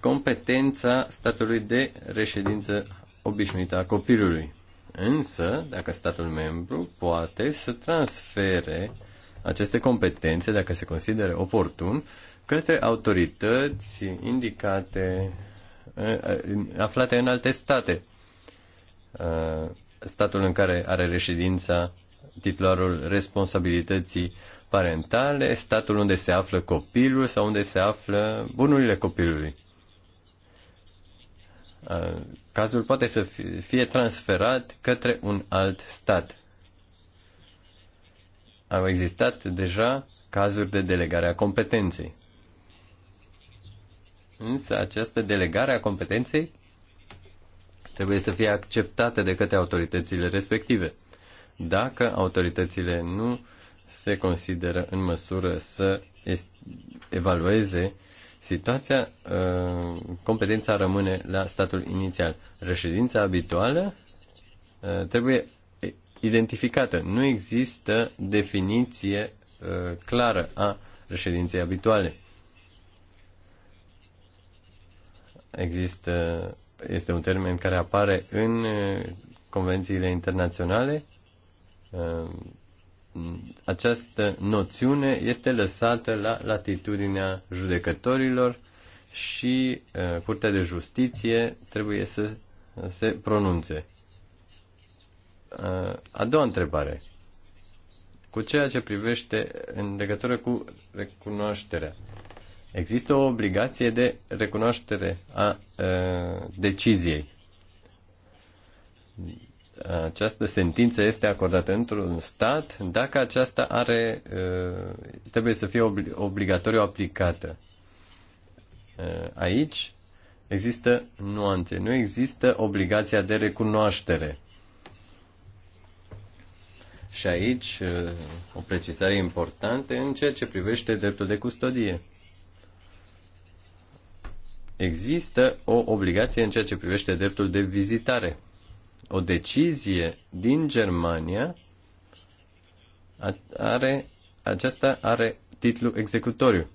competența statului de reședință obișnuită a copilului. Însă, dacă statul membru poate să transfere aceste competențe, dacă se consideră oportun, către autorități indicate, aflate în alte state. Uh, statul în care are reședința titularul responsabilității parentale, statul unde se află copilul sau unde se află bunurile copilului cazul poate să fie transferat către un alt stat. Au existat deja cazuri de delegare a competenței. Însă această delegare a competenței trebuie să fie acceptată de către autoritățile respective. Dacă autoritățile nu se consideră în măsură să evalueze situația, uh, competența rămâne la statul inițial. Reședința habituală uh, trebuie identificată. Nu există definiție uh, clară a reședinței habituale. Există, este un termen care apare în convențiile internaționale această noțiune este lăsată la latitudinea judecătorilor și uh, Curtea de Justiție trebuie să se pronunțe. Uh, a doua întrebare. Cu ceea ce privește în legătură cu recunoașterea. Există o obligație de recunoaștere a uh, deciziei această sentință este acordată într-un stat dacă aceasta are, uh, trebuie să fie obligatoriu aplicată. Uh, aici există nuanțe, nu există obligația de recunoaștere. Și aici uh, o precizare importantă în ceea ce privește dreptul de custodie. Există o obligație în ceea ce privește dreptul de vizitare o decizie din Germania are, aceasta are titlu executoriu.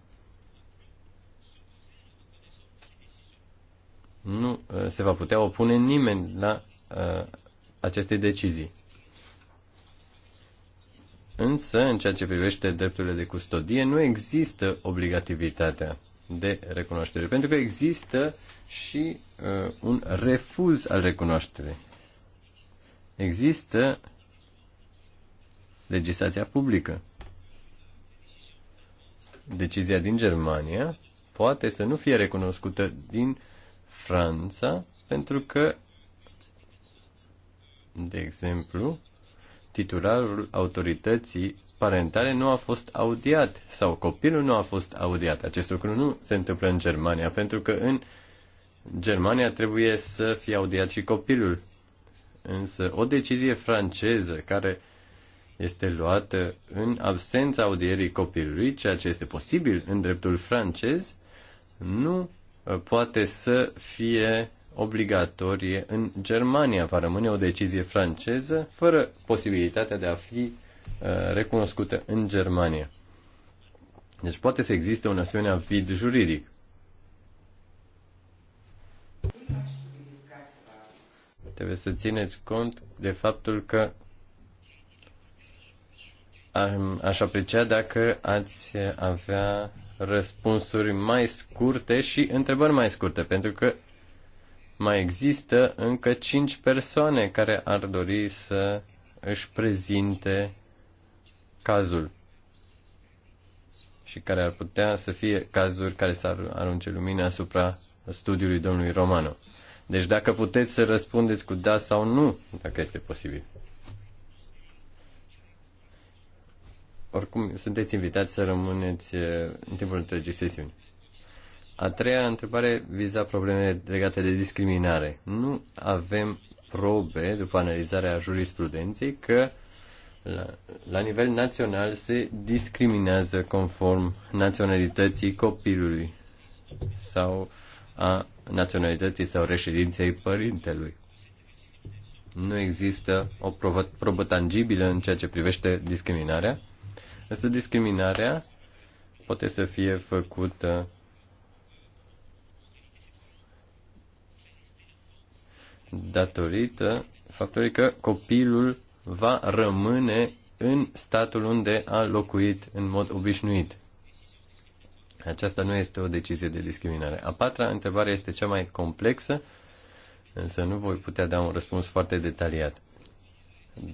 Nu uh, se va putea opune nimeni la uh, aceste decizii. Însă, în ceea ce privește drepturile de custodie, nu există obligativitatea de recunoaștere, pentru că există și uh, un refuz al recunoașterii există legislația publică. Decizia din Germania poate să nu fie recunoscută din Franța pentru că, de exemplu, titularul autorității parentale nu a fost audiat sau copilul nu a fost audiat. Acest lucru nu se întâmplă în Germania pentru că în Germania trebuie să fie audiat și copilul Însă o decizie franceză care este luată în absența audierii copilului, ceea ce este posibil în dreptul francez, nu ă, poate să fie obligatorie în Germania. Va rămâne o decizie franceză fără posibilitatea de a fi ă, recunoscută în Germania. Deci poate să existe un asemenea vid juridic. trebuie să țineți cont de faptul că aș aprecia dacă ați avea răspunsuri mai scurte și întrebări mai scurte, pentru că mai există încă cinci persoane care ar dori să își prezinte cazul și care ar putea să fie cazuri care să arunce lumina asupra studiului domnului Romano. Deci dacă puteți să răspundeți cu da sau nu, dacă este posibil. Oricum, sunteți invitați să rămâneți eh, în timpul întregii sesiuni. A treia întrebare viza probleme legate de discriminare. Nu avem probe, după analizarea jurisprudenței, că la, la nivel național se discriminează conform naționalității copilului sau uh, a naționalității sau reședinței părintelui. Nu există o probă, probă tangibilă în ceea ce privește discriminarea, însă discriminarea poate să fie făcută datorită faptului că copilul va rămâne în statul unde a locuit în mod obișnuit. Aceasta nu este o decizie de discriminare. A patra întrebare este cea mai complexă, însă nu voi putea da un răspuns foarte detaliat.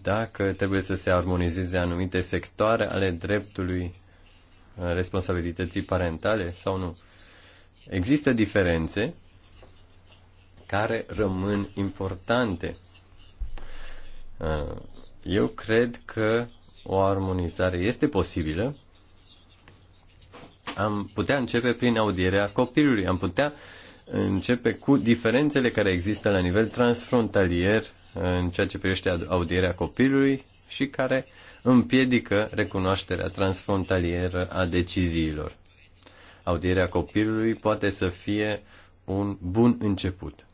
Dacă trebuie să se armonizeze anumite sectoare ale dreptului uh, responsabilității parentale sau nu. Există diferențe care rămân importante. Uh, eu cred că o armonizare este posibilă, am putea începe prin audierea copilului, am putea începe cu diferențele care există la nivel transfrontalier în ceea ce privește audierea copilului și care împiedică recunoașterea transfrontalieră a deciziilor. Audierea copilului poate să fie un bun început.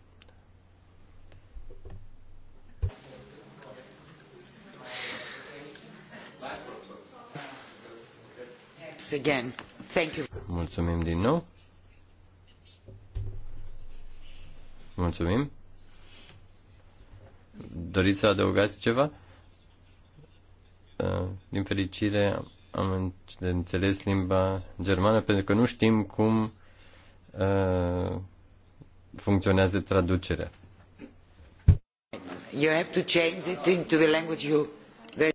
Again. Thank you. Mulțumim din nou. Mulțumim. Doriți să adăugați ceva? Uh, din fericire am înțeles limba germană pentru că nu știm cum uh, funcționează traducerea. You have to change it into the language you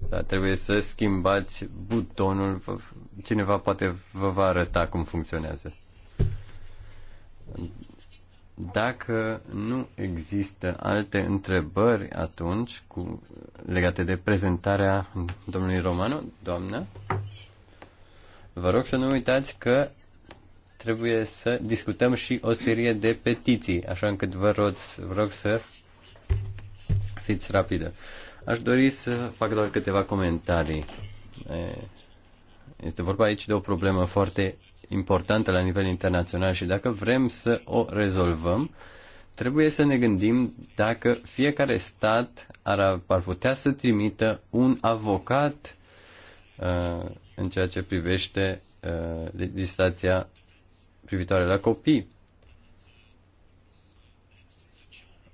da, trebuie să schimbați butonul. Cineva poate vă va arăta cum funcționează. Dacă nu există alte întrebări atunci cu, legate de prezentarea domnului Romano, doamnă, vă rog să nu uitați că trebuie să discutăm și o serie de petiții, așa încât vă rog, vă rog să fiți rapidă. Aș dori să fac doar câteva comentarii. Este vorba aici de o problemă foarte importantă la nivel internațional și dacă vrem să o rezolvăm, trebuie să ne gândim dacă fiecare stat ar, ar putea să trimită un avocat în ceea ce privește legislația privitoare la copii.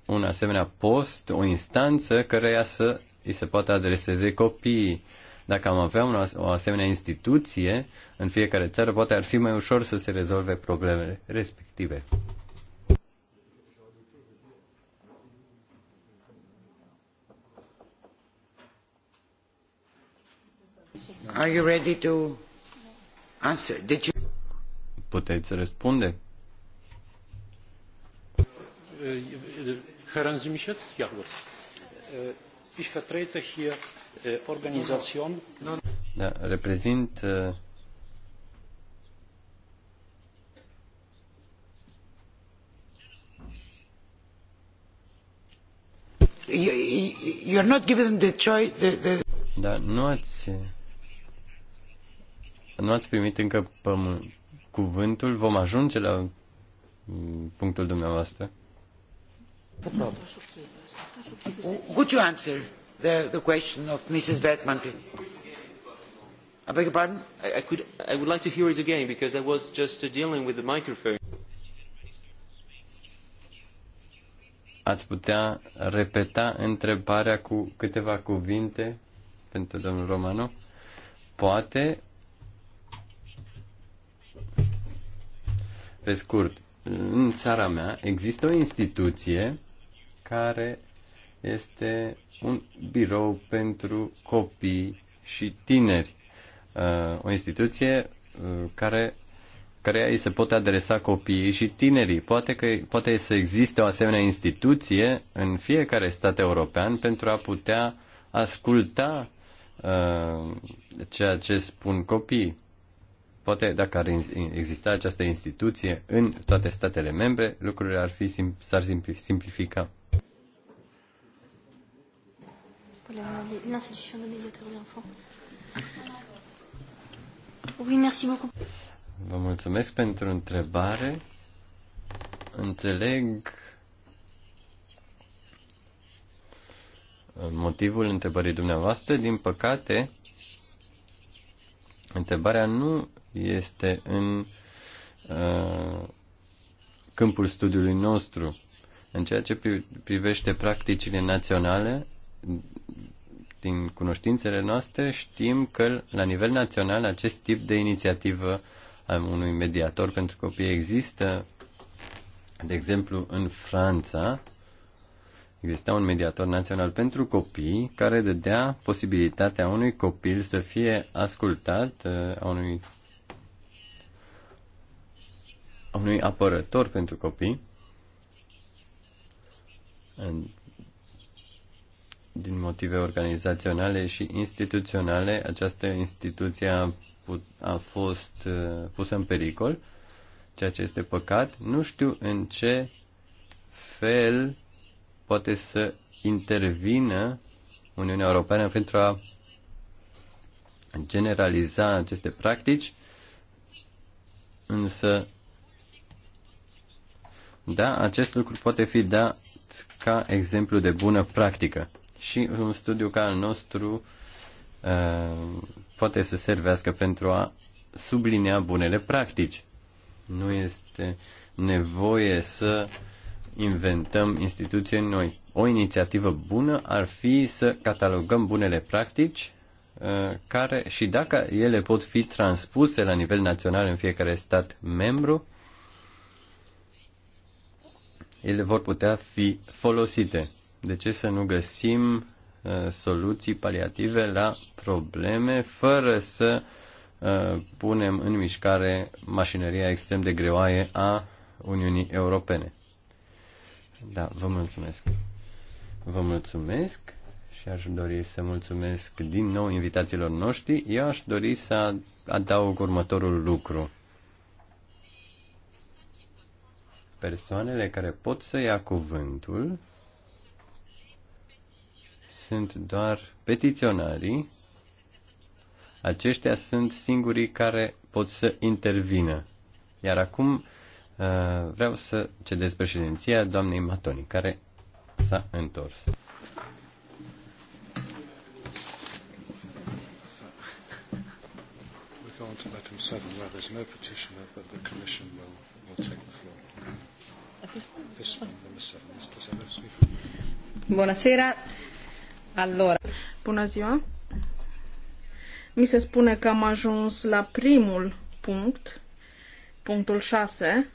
un asemenea post, o instanță căreia să îi se poată adreseze copiii. Dacă am avea un, o asemenea instituție în fiecare țară, poate ar fi mai ușor să se rezolve problemele respective. Are you ready to answer? Did you... Puteți răspunde? Uh, Hören Sie mich jetzt? Ja, gut. Äh, ich vertrete hier äh, Organisation. Da, reprezint äh, You're not given the choice. the... Da, nu ați nu ați primit încă pământ, cuvântul, vom ajunge la mm, punctul dumneavoastră. The Would you answer the, the question of Mrs. Bettman? I beg your pardon? I, I, could, I would like to hear it again because I was just dealing with the microphone. Ați putea repeta întrebarea cu câteva cuvinte pentru domnul Romano? Poate. Pe scurt, în țara mea există o instituție care este un birou pentru copii și tineri. Uh, o instituție uh, care care ei se pot adresa copiii și tinerii. Poate, că, poate să existe o asemenea instituție în fiecare stat european pentru a putea asculta uh, ceea ce spun copiii. Poate dacă ar exista această instituție în toate statele membre, lucrurile ar fi, s-ar simplifica. l'institution de médiateur de l'enfant. Oui, merci beaucoup. Vă mulțumesc pentru întrebare. Înțeleg motivul întrebării dumneavoastră. Din păcate, întrebarea nu este în uh, câmpul studiului nostru. În ceea ce privește practicile naționale, din cunoștințele noastre știm că la nivel național acest tip de inițiativă a unui mediator pentru copii există. De exemplu, în Franța exista un mediator național pentru copii care dădea posibilitatea unui copil să fie ascultat, uh, a unui, a unui apărător pentru copii din motive organizaționale și instituționale, această instituție a, put, a fost uh, pusă în pericol, ceea ce este păcat. Nu știu în ce fel poate să intervină Uniunea Europeană pentru a generaliza aceste practici, însă, da, acest lucru poate fi dat ca exemplu de bună practică și un studiu ca al nostru uh, poate să servească pentru a sublinea bunele practici. Nu este nevoie să inventăm instituții noi. O inițiativă bună ar fi să catalogăm bunele practici uh, care și dacă ele pot fi transpuse la nivel național în fiecare stat membru, ele vor putea fi folosite. De ce să nu găsim uh, soluții paliative la probleme fără să uh, punem în mișcare mașinăria extrem de greoaie a Uniunii Europene? Da, vă mulțumesc. Vă mulțumesc și aș dori să mulțumesc din nou invitațiilor noștri. Eu aș dori să adaug următorul lucru. Persoanele care pot să ia cuvântul sunt doar petiționarii, aceștia sunt singurii care pot să intervină. Iar acum uh, vreau să cedez președinția doamnei Matoni, care s-a întors. on to Buonasera. Allora. Bună ziua! Mi se spune că am ajuns la primul punct, punctul 6.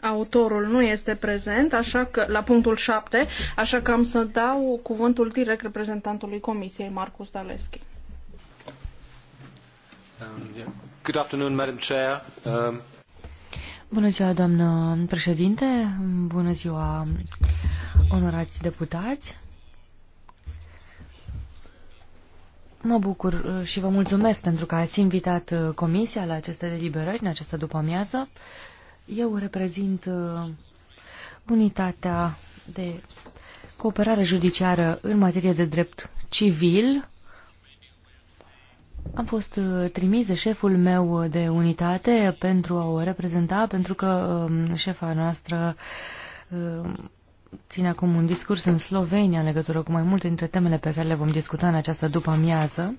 Autorul nu este prezent, așa că, la punctul 7, așa că am să dau cuvântul direct reprezentantului Comisiei, Marcus Daleschi. Um, Good afternoon, Madam Chair. Um... Bună ziua, doamnă președinte, bună ziua onorați deputați, mă bucur uh, și vă mulțumesc pentru că ați invitat uh, comisia la aceste deliberări în această după-amiază. Eu reprezint uh, unitatea de cooperare judiciară în materie de drept civil. Am fost trimis de șeful meu de unitate pentru a o reprezenta, pentru că um, șefa noastră um, ține acum un discurs în Slovenia în legătură cu mai multe dintre temele pe care le vom discuta în această după-amiază.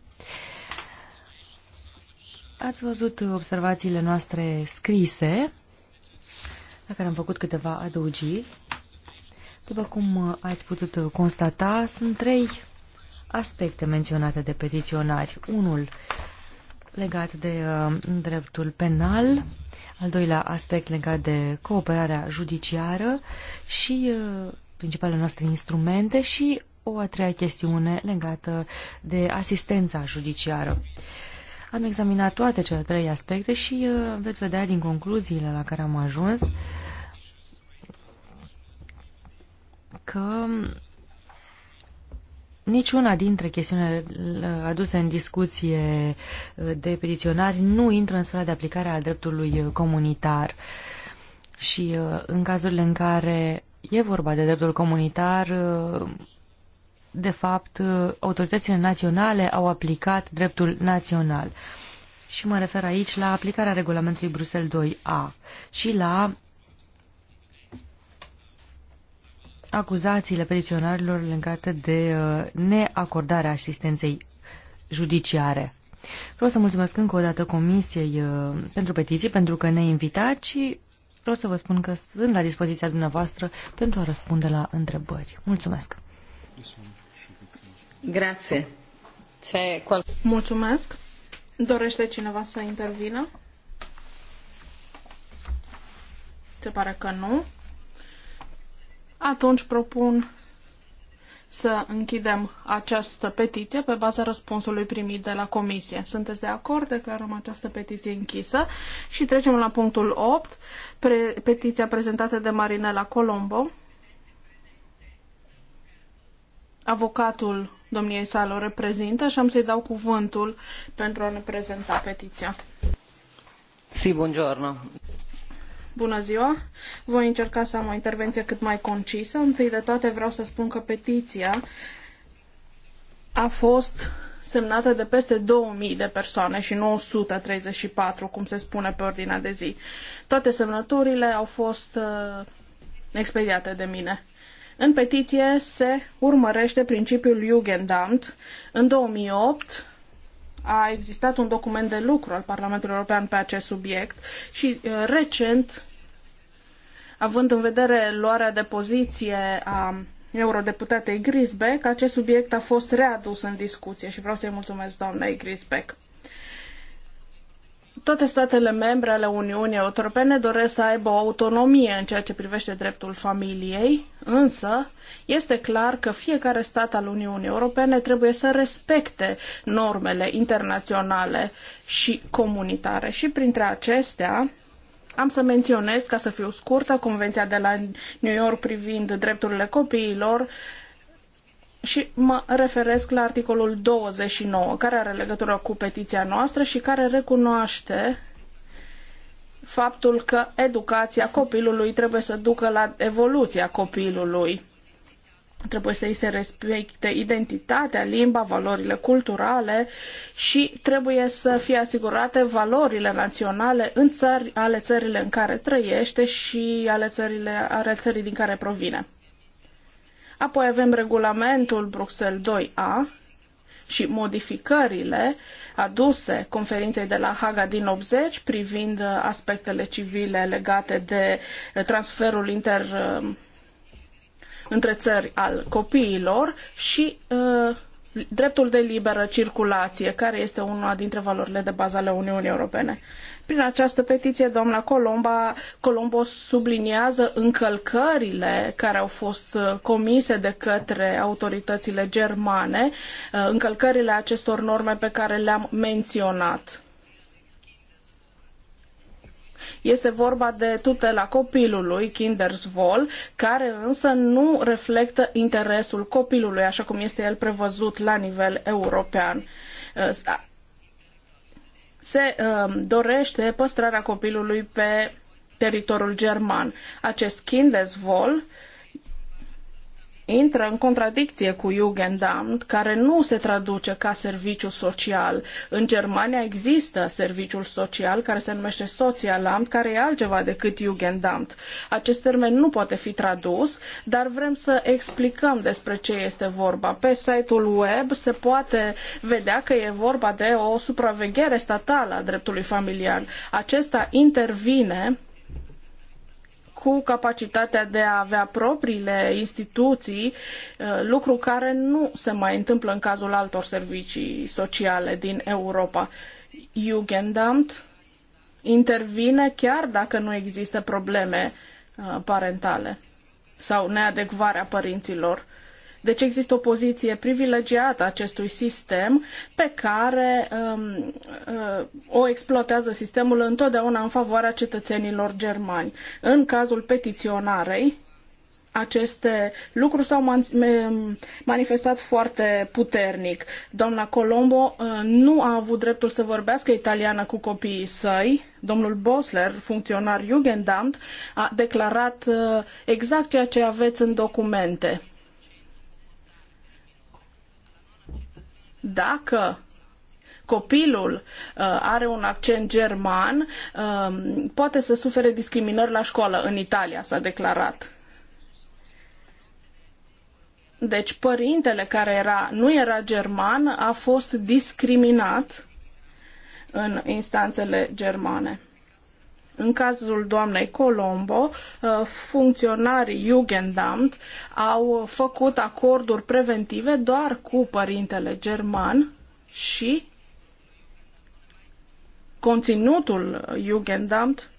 Ați văzut observațiile noastre scrise, la care am făcut câteva adăugiri. După cum ați putut constata, sunt trei aspecte menționate de petiționari. Unul, legat de uh, dreptul penal, al doilea aspect legat de cooperarea judiciară și uh, principalele noastre instrumente și o a treia chestiune legată de asistența judiciară. Am examinat toate cele trei aspecte și uh, veți vedea din concluziile la care am ajuns că Niciuna dintre chestiunile aduse în discuție uh, de petiționari nu intră în sfera de aplicare a dreptului uh, comunitar. Și uh, în cazurile în care e vorba de dreptul comunitar, de fapt, autoritățile naționale au aplicat dreptul național. Și mă refer aici la aplicarea regulamentului Bruxelles 2A și la acuzațiile petiționarilor legate de uh, neacordarea asistenței judiciare. Vreau să mulțumesc încă o dată Comisiei uh, pentru petiții, pentru că ne-a invitat și vreau să vă spun că sunt la dispoziția dumneavoastră pentru a răspunde la întrebări. Mulțumesc! Grație! Ce... Mulțumesc! Dorește cineva să intervină? Se pare că nu atunci propun să închidem această petiție pe baza răspunsului primit de la Comisie. Sunteți de acord? Declarăm această petiție închisă și trecem la punctul 8, pre- petiția prezentată de Marinela Colombo. Avocatul domniei sale o reprezintă și am să-i dau cuvântul pentru a ne prezenta petiția. Si, buongiorno. Bună ziua! Voi încerca să am o intervenție cât mai concisă. Întâi de toate vreau să spun că petiția a fost semnată de peste 2000 de persoane și 934, cum se spune pe ordinea de zi. Toate semnăturile au fost uh, expediate de mine. În petiție se urmărește principiul Jugendamt. În 2008 a existat un document de lucru al Parlamentului European pe acest subiect și uh, recent având în vedere luarea de poziție a eurodeputatei Grisbeck, acest subiect a fost readus în discuție și vreau să-i mulțumesc doamnei Grisbeck. Toate statele membre ale Uniunii Europene doresc să aibă o autonomie în ceea ce privește dreptul familiei, însă este clar că fiecare stat al Uniunii Europene trebuie să respecte normele internaționale și comunitare și printre acestea am să menționez, ca să fiu scurtă, Convenția de la New York privind drepturile copiilor și mă referesc la articolul 29, care are legătură cu petiția noastră și care recunoaște faptul că educația copilului trebuie să ducă la evoluția copilului Trebuie să îi se respecte identitatea, limba, valorile culturale și trebuie să fie asigurate valorile naționale în țări, ale țările în care trăiește și ale, țările, ale țării din care provine. Apoi avem regulamentul Bruxelles 2A și modificările aduse conferinței de la Haga din 80 privind aspectele civile legate de transferul inter între țări al copiilor și uh, dreptul de liberă circulație, care este una dintre valorile de bază ale Uniunii Europene. Prin această petiție, doamna Colomba, Colombo subliniază încălcările care au fost uh, comise de către autoritățile germane, uh, încălcările acestor norme pe care le-am menționat este vorba de tutela copilului, Kindersvol, care însă nu reflectă interesul copilului, așa cum este el prevăzut la nivel european se um, dorește păstrarea copilului pe teritoriul german. Acest Kindeswohl intră în contradicție cu Jugendamt, care nu se traduce ca serviciu social. În Germania există serviciul social care se numește Sozialamt, care e altceva decât Jugendamt. Acest termen nu poate fi tradus, dar vrem să explicăm despre ce este vorba. Pe site-ul web se poate vedea că e vorba de o supraveghere statală a dreptului familial. Acesta intervine cu capacitatea de a avea propriile instituții, uh, lucru care nu se mai întâmplă în cazul altor servicii sociale din Europa. Jugendamt intervine chiar dacă nu există probleme uh, parentale sau neadecvarea părinților deci există o poziție privilegiată a acestui sistem pe care um, uh, o exploatează sistemul întotdeauna în favoarea cetățenilor germani. În cazul petiționarei, aceste lucruri s-au manifestat foarte puternic. Doamna Colombo uh, nu a avut dreptul să vorbească italiană cu copiii săi. Domnul Bosler, funcționar Jugendamt, a declarat uh, exact ceea ce aveți în documente. Dacă copilul uh, are un accent german, um, poate să sufere discriminări la școală. În Italia s-a declarat. Deci părintele care era, nu era german a fost discriminat în instanțele germane. În cazul doamnei Colombo, uh, funcționarii Jugendamt au făcut acorduri preventive doar cu părintele german și conținutul Jugendamt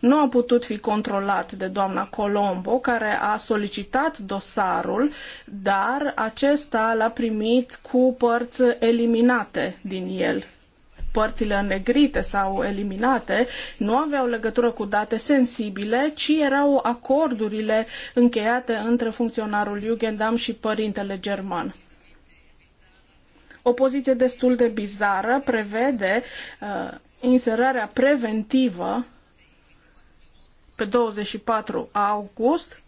nu a putut fi controlat de doamna Colombo, care a solicitat dosarul, dar acesta l-a primit cu părți eliminate din el părțile înnegrite sau eliminate nu aveau legătură cu date sensibile, ci erau acordurile încheiate între funcționarul Jugendamt și părintele german o poziție destul de bizară, prevede uh, inserarea preventivă pe 24 august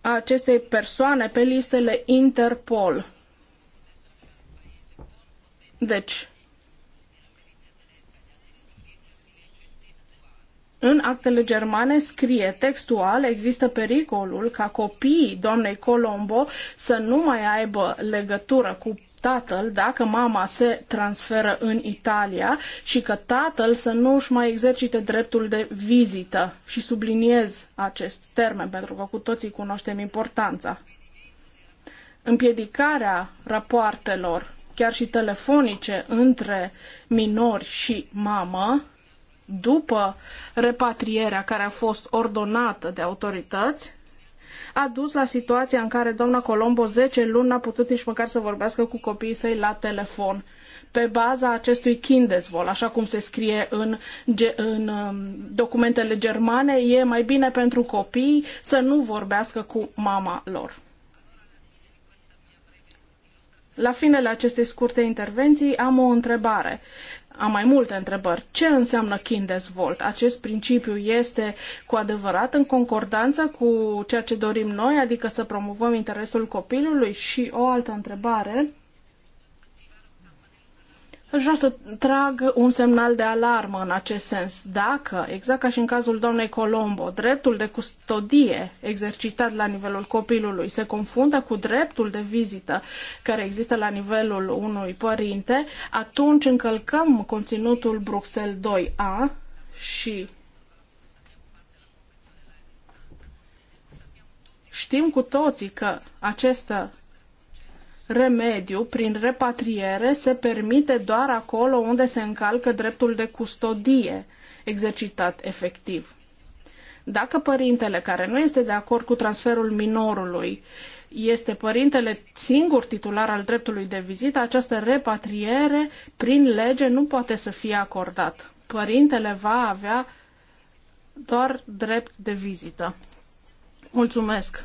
a acestei persoane pe listele Interpol. Deci, în actele germane scrie textual există pericolul ca copiii doamnei Colombo să nu mai aibă legătură cu tatăl dacă mama se transferă în Italia și că tatăl să nu își mai exercite dreptul de vizită. Și subliniez acest termen pentru că cu toții cunoaștem importanța. Împiedicarea rapoartelor chiar și telefonice, între minori și mamă, după repatrierea care a fost ordonată de autorități, a dus la situația în care doamna Colombo 10 luni n-a putut nici măcar să vorbească cu copiii săi la telefon, pe baza acestui Kindesvol, așa cum se scrie în, în um, documentele germane, e mai bine pentru copii să nu vorbească cu mama lor. La finele acestei scurte intervenții am o întrebare. Am mai multe întrebări. Ce înseamnă kin dezvolt? Acest principiu este cu adevărat în concordanță cu ceea ce dorim noi, adică să promovăm interesul copilului? Și o altă întrebare Aș vrea să trag un semnal de alarmă în acest sens. Dacă, exact ca și în cazul doamnei Colombo, dreptul de custodie exercitat la nivelul copilului se confundă cu dreptul de vizită care există la nivelul unui părinte, atunci încălcăm conținutul Bruxelles 2A și știm cu toții că această remediu prin repatriere se permite doar acolo unde se încalcă dreptul de custodie exercitat efectiv. Dacă părintele care nu este de acord cu transferul minorului este părintele singur titular al dreptului de vizită, această repatriere prin lege nu poate să fie acordat. Părintele va avea doar drept de vizită. Mulțumesc!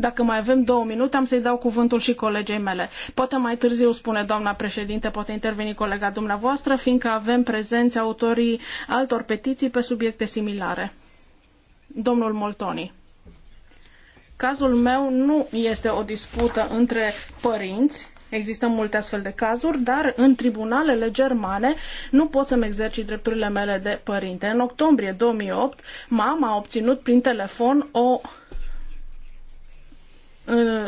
Dacă mai avem două minute, am să-i dau cuvântul și colegei mele. Poate mai târziu, spune doamna președinte, poate interveni colega dumneavoastră, fiindcă avem prezenți autorii altor petiții pe subiecte similare. Domnul Moltoni. Cazul meu nu este o dispută între părinți, Există multe astfel de cazuri, dar în tribunalele germane nu pot să-mi exerci drepturile mele de părinte. În octombrie 2008, mama a obținut prin telefon o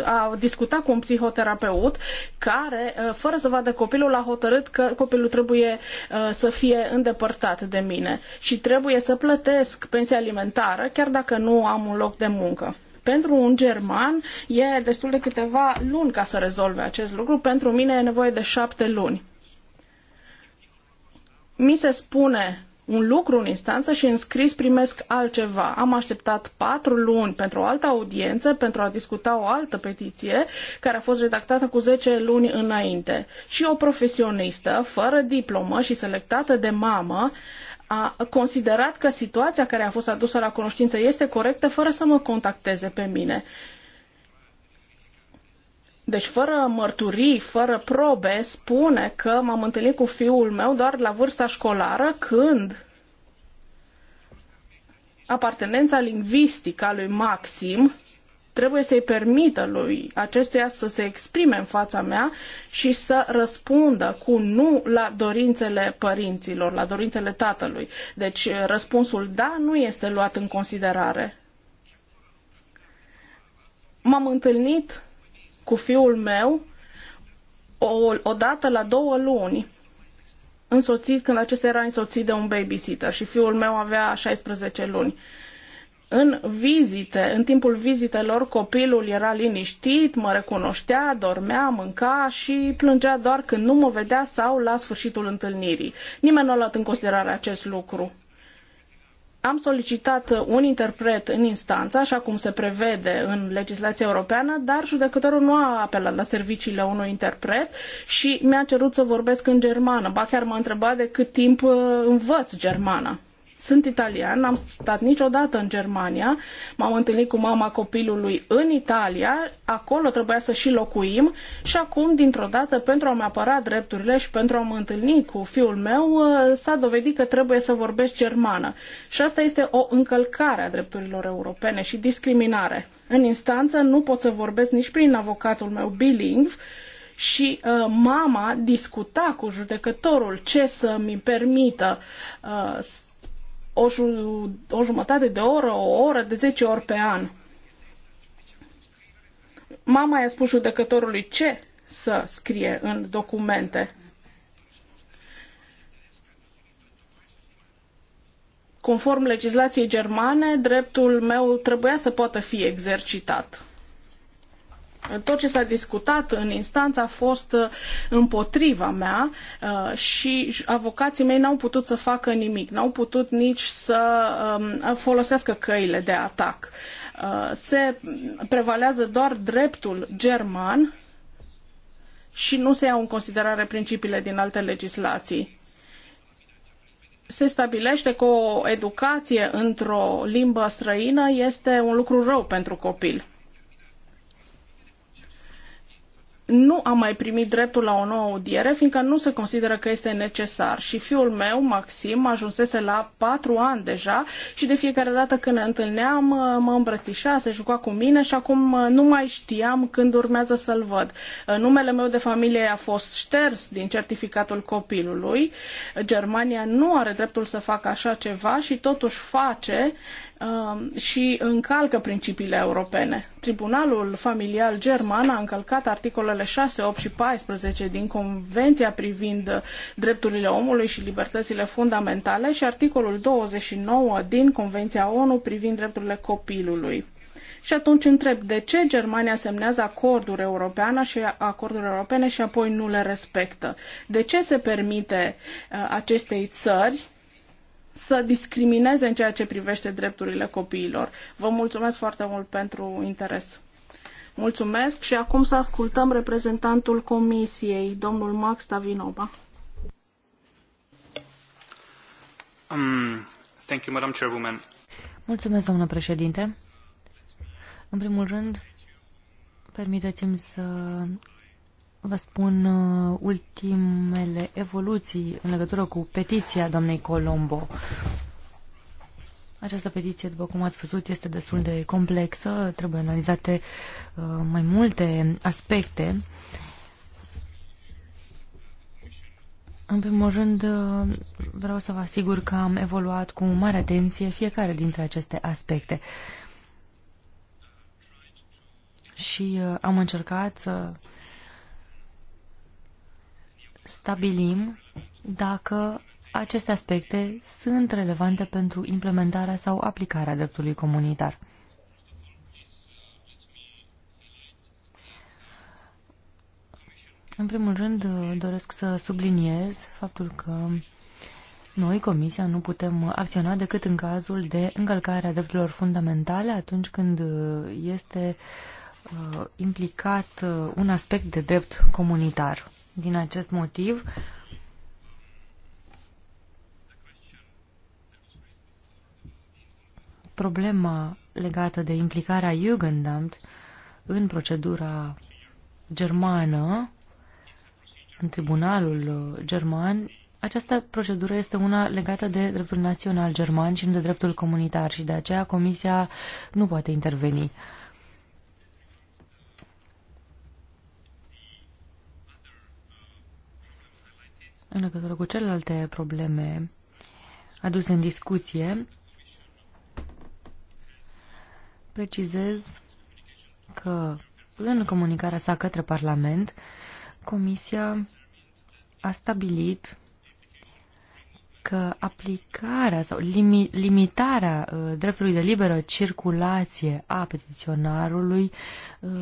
a discutat cu un psihoterapeut care, uh, fără să vadă copilul, a hotărât că copilul trebuie uh, să fie îndepărtat de mine și trebuie să plătesc pensia alimentară, chiar dacă nu am un loc de muncă. Pentru un german e destul de câteva luni ca să rezolve acest lucru, pentru mine e nevoie de șapte luni. Mi se spune un lucru în instanță și în scris primesc altceva. Am așteptat patru luni pentru o altă audiență, pentru a discuta o altă petiție, care a fost redactată cu zece luni înainte. Și o profesionistă, fără diplomă și selectată de mamă, a considerat că situația care a fost adusă la cunoștință este corectă fără să mă contacteze pe mine. Deci, fără mărturii, fără probe, spune că m-am întâlnit cu fiul meu doar la vârsta școlară, când apartenența lingvistică a lui Maxim trebuie să-i permită lui acestuia să se exprime în fața mea și să răspundă cu nu la dorințele părinților, la dorințele tatălui. Deci răspunsul da nu este luat în considerare. M-am întâlnit cu fiul meu o, o dată la două luni, însoțit când acesta era însoțit de un babysitter și fiul meu avea 16 luni. În vizite, în timpul vizitelor, copilul era liniștit, mă recunoștea, dormea, mânca și plângea doar când nu mă vedea sau la sfârșitul întâlnirii. Nimeni nu a luat în considerare acest lucru. Am solicitat un interpret în instanță, așa cum se prevede în legislația europeană, dar judecătorul nu a apelat la serviciile unui interpret și mi-a cerut să vorbesc în germană. Ba chiar m-a întrebat de cât timp uh, învăț germana. Sunt italian, n-am stat niciodată în Germania, m-am întâlnit cu mama copilului în Italia, acolo trebuia să și locuim și acum, dintr-o dată, pentru a-mi apăra drepturile și pentru a mă întâlni cu fiul meu, uh, s-a dovedit că trebuie să vorbesc germană. Și asta este o încălcare a drepturilor europene și discriminare. În instanță nu pot să vorbesc nici prin avocatul meu bilingv, și uh, mama discuta cu judecătorul ce să mi permită uh, o, ju- o jumătate de oră, o oră, de 10 ori pe an. Mama i-a spus judecătorului ce să scrie în documente. Conform legislației germane, dreptul meu trebuia să poată fi exercitat tot ce s-a discutat în instanță a fost uh, împotriva mea uh, și avocații mei n-au putut să facă nimic, n-au putut nici să um, folosească căile de atac. Uh, se prevalează doar dreptul german și nu se iau în considerare principiile din alte legislații se stabilește că o educație într-o limbă străină este un lucru rău pentru copil. nu am mai primit dreptul la o nouă audiere, fiindcă nu se consideră că este necesar. Și fiul meu, Maxim, ajunsese la patru ani deja și de fiecare dată când ne întâlneam, uh, mă îmbrățișa, se juca cu mine și acum uh, nu mai știam când urmează să-l văd. Uh, numele meu de familie a fost șters din certificatul copilului. Germania nu are dreptul să facă așa ceva și totuși face Um, și încalcă principiile europene. Tribunalul familial german a încălcat articolele 6, 8 și 14 din Convenția privind drepturile omului și libertățile fundamentale și articolul 29 din Convenția ONU privind drepturile copilului. Și atunci întreb de ce Germania semnează acorduri europeană și acorduri europene și apoi nu le respectă. De ce se permite uh, acestei țări să discrimineze în ceea ce privește drepturile copiilor. Vă mulțumesc foarte mult pentru interes. Mulțumesc și acum să ascultăm reprezentantul Comisiei, domnul Max Tavinova. Um, thank you, Madam Chairwoman. Mulțumesc, doamnă președinte. În primul rând, permiteți-mi să vă spun uh, ultimele evoluții în legătură cu petiția doamnei Colombo. Această petiție, după cum ați văzut, este destul de complexă, trebuie analizate uh, mai multe aspecte. În primul rând, uh, vreau să vă asigur că am evoluat cu mare atenție fiecare dintre aceste aspecte. Și uh, am încercat să stabilim dacă aceste aspecte sunt relevante pentru implementarea sau aplicarea dreptului comunitar. În primul rând, doresc să subliniez faptul că noi, Comisia, nu putem acționa decât în cazul de încălcare a drepturilor fundamentale atunci când este uh, implicat uh, un aspect de drept comunitar. Din acest motiv, problema legată de implicarea Jugendamt în procedura germană, în tribunalul german, această procedură este una legată de dreptul național german și nu de dreptul comunitar și de aceea Comisia nu poate interveni. În legătură cu celelalte probleme aduse în discuție, precizez că în comunicarea sa către Parlament, Comisia a stabilit că aplicarea sau limi, limitarea uh, dreptului de liberă circulație a petiționarului uh,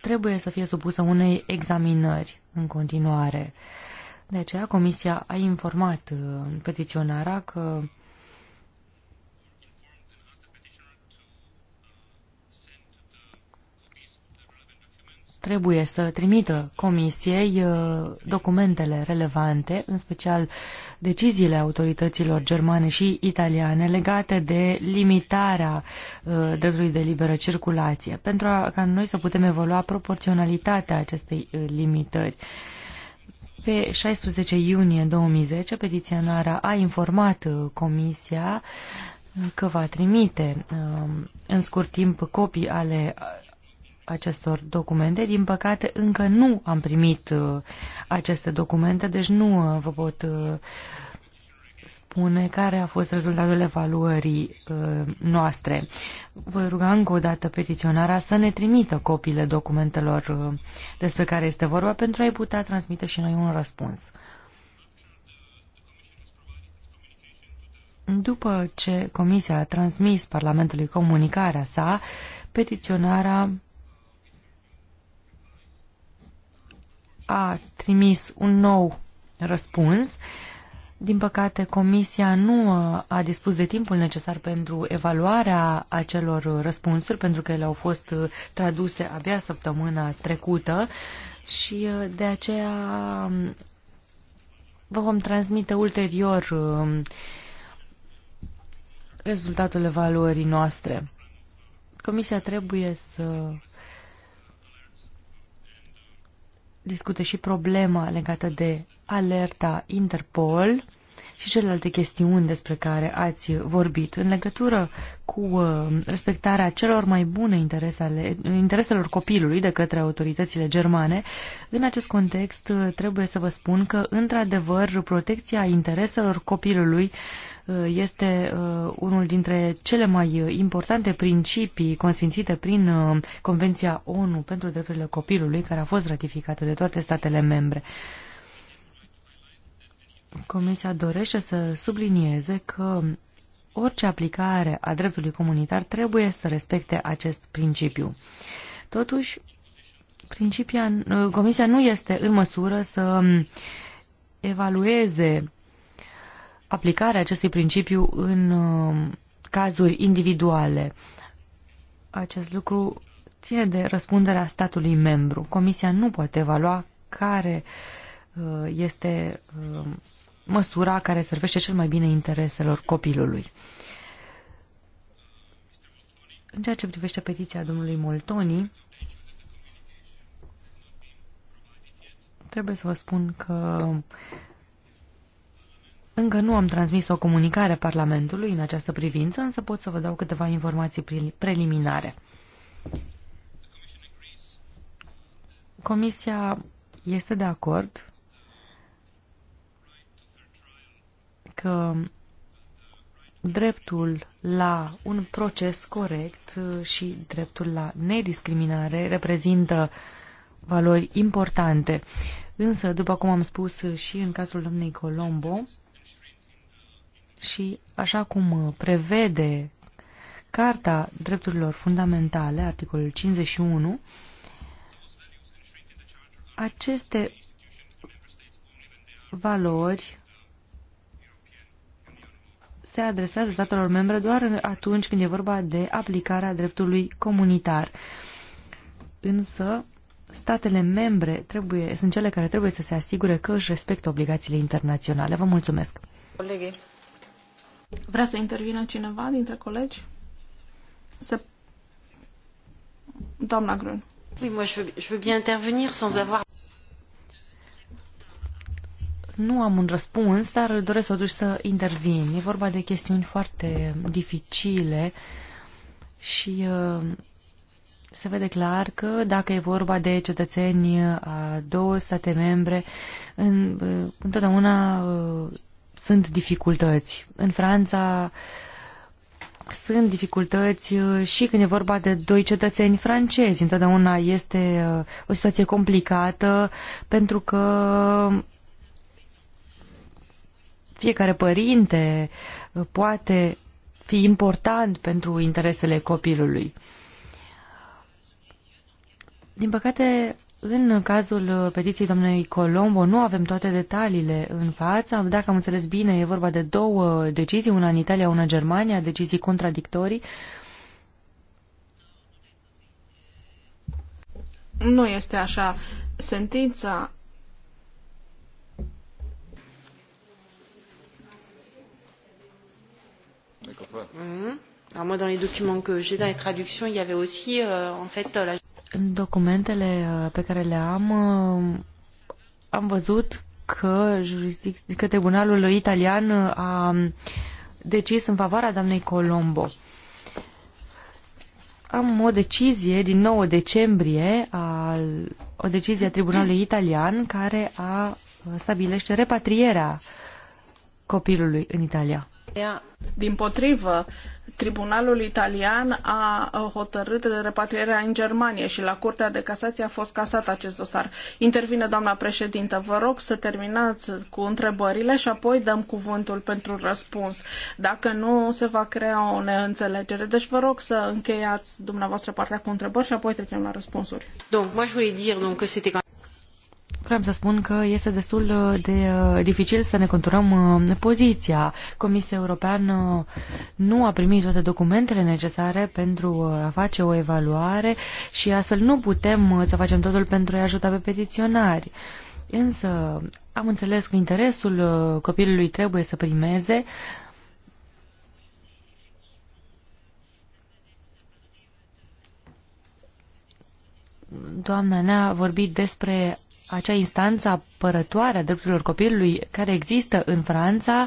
trebuie să fie supusă unei examinări în continuare. Uh, de aceea, Comisia a informat uh, petiționara că trebuie să trimită Comisiei uh, documentele relevante, în special deciziile autorităților germane și italiane legate de limitarea uh, dreptului de liberă circulație, pentru a, ca noi să putem evolua proporționalitatea acestei limitări. Pe 16 iunie 2010, petiționara a informat uh, Comisia uh, că va trimite um, în scurt timp copii ale uh, acestor documente. Din păcate, încă nu am primit aceste documente, deci nu vă pot spune care a fost rezultatul evaluării uh, noastre. Voi ruga încă o dată petiționara să ne trimită copiile documentelor uh, despre care este vorba pentru a-i putea transmite și noi un răspuns. După ce Comisia a transmis Parlamentului comunicarea sa, petiționara a trimis un nou răspuns uh, din păcate, Comisia nu uh, a dispus de timpul necesar pentru evaluarea acelor răspunsuri, pentru că ele au fost uh, traduse abia săptămâna trecută și uh, de aceea um, vă vom transmite ulterior um, rezultatul evaluării noastre. Comisia trebuie să discute și problema legată de alerta Interpol și celelalte chestiuni despre care ați vorbit în legătură cu uh, respectarea celor mai bune interese ale, intereselor copilului de către autoritățile germane. În acest context uh, trebuie să vă spun că, într-adevăr, protecția intereselor copilului uh, este unul dintre cele mai importante principii consfințite prin Convenția ONU pentru drepturile copilului, care a fost ratificată de toate statele membre. Comisia dorește să sublinieze că orice aplicare a dreptului comunitar trebuie să respecte acest principiu. Totuși, principia, uh, Comisia nu este în măsură să um, evalueze aplicarea acestui principiu în um, cazuri individuale. Acest lucru ține de răspunderea statului membru. Comisia nu poate evalua care uh, este um, măsura care servește cel mai bine intereselor copilului. În ceea ce privește petiția domnului Moltoni, trebuie să vă spun că încă nu am transmis o comunicare Parlamentului în această privință, însă pot să vă dau câteva informații preliminare. Comisia este de acord că dreptul la un proces corect uh, și dreptul la nediscriminare reprezintă valori importante. Însă, după cum am spus și în cazul domnei Colombo, și așa cum prevede Carta Drepturilor Fundamentale, articolul 51, aceste valori se adresează statelor membre doar atunci când e vorba de aplicarea dreptului comunitar. Însă, statele membre trebuie, sunt cele care trebuie să se asigure că își respectă obligațiile internaționale. Vă mulțumesc! Colegii. Vrea să intervină cineva dintre colegi? Se... Doamna Grun. Oui, moi je veux, je veux bien intervenir sans avoir... Nu am un răspuns, dar doresc totuși să intervin. E vorba de chestiuni foarte dificile și uh, se vede clar că dacă e vorba de cetățeni uh, a două state membre, în, uh, întotdeauna sunt dificultăți. În Franța sunt dificultăți și când e vorba de doi cetățeni francezi. Întotdeauna este o situație complicată pentru că fiecare părinte uh, poate fi important pentru interesele copilului. Din păcate, în cazul uh, petiției domnului Colombo nu avem toate detaliile în fața. Dacă am înțeles bine, e vorba de două decizii, una în Italia, una în Germania, decizii contradictorii. Nu este așa. Sentința În mhm. euh, euh, documentele euh, pe care le am, am văzut că, că tribunalul italian uh, a um, decis în favoarea doamnei Colombo. Am o decizie din 9 decembrie, a, o decizie a Tribunalului Italian care a uh, stabilește repatrierea copilului în Italia. Din Tribunalul italian a hotărât de repatrierea în Germania și la Curtea de Casație a fost casat acest dosar. Intervine doamna președintă. Vă rog să terminați cu întrebările și apoi dăm cuvântul pentru răspuns. Dacă nu, se va crea o neînțelegere. Deci vă rog să încheiați dumneavoastră partea cu întrebări și apoi trecem la răspunsuri. Donc, moi je voulais dire donc que vreau să spun că este destul uh, de uh, dificil să ne conturăm uh, poziția. Comisia Europeană nu a primit toate documentele necesare pentru a face o evaluare și astfel nu putem să facem totul pentru a ajuta pe petiționari. Însă am înțeles că interesul copilului trebuie să primeze doamna ne-a vorbit despre acea instanță apărătoare a drepturilor copilului care există în Franța,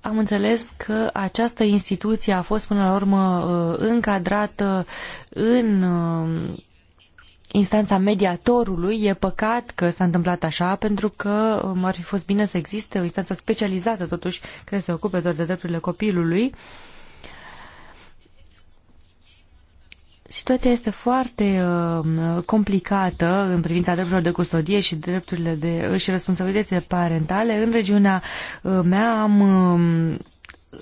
am înțeles că această instituție a fost până la urmă uh, încadrată în uh, instanța mediatorului. E păcat că s-a întâmplat așa, pentru că um, ar fi fost bine să existe o instanță specializată, totuși, care se ocupe doar de drepturile copilului. Uh, Situația este foarte uh, complicată în privința drepturilor de custodie și drepturile de, și responsabilitățile parentale. În regiunea uh, mea am uh,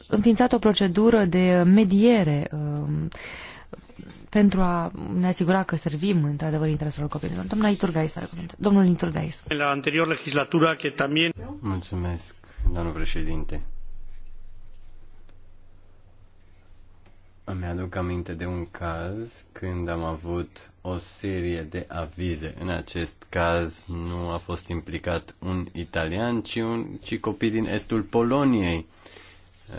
înființat o procedură de mediere uh, pentru a ne asigura că servim într-adevăr interesul copiilor. Domnul Iturgais Domnul Iturgais. La anterior legislatura, că también... Mulțumesc, domnul președinte. Îmi aduc aminte de un caz când am avut o serie de avize. În acest caz nu a fost implicat un italian, ci, un, ci copii din estul Poloniei.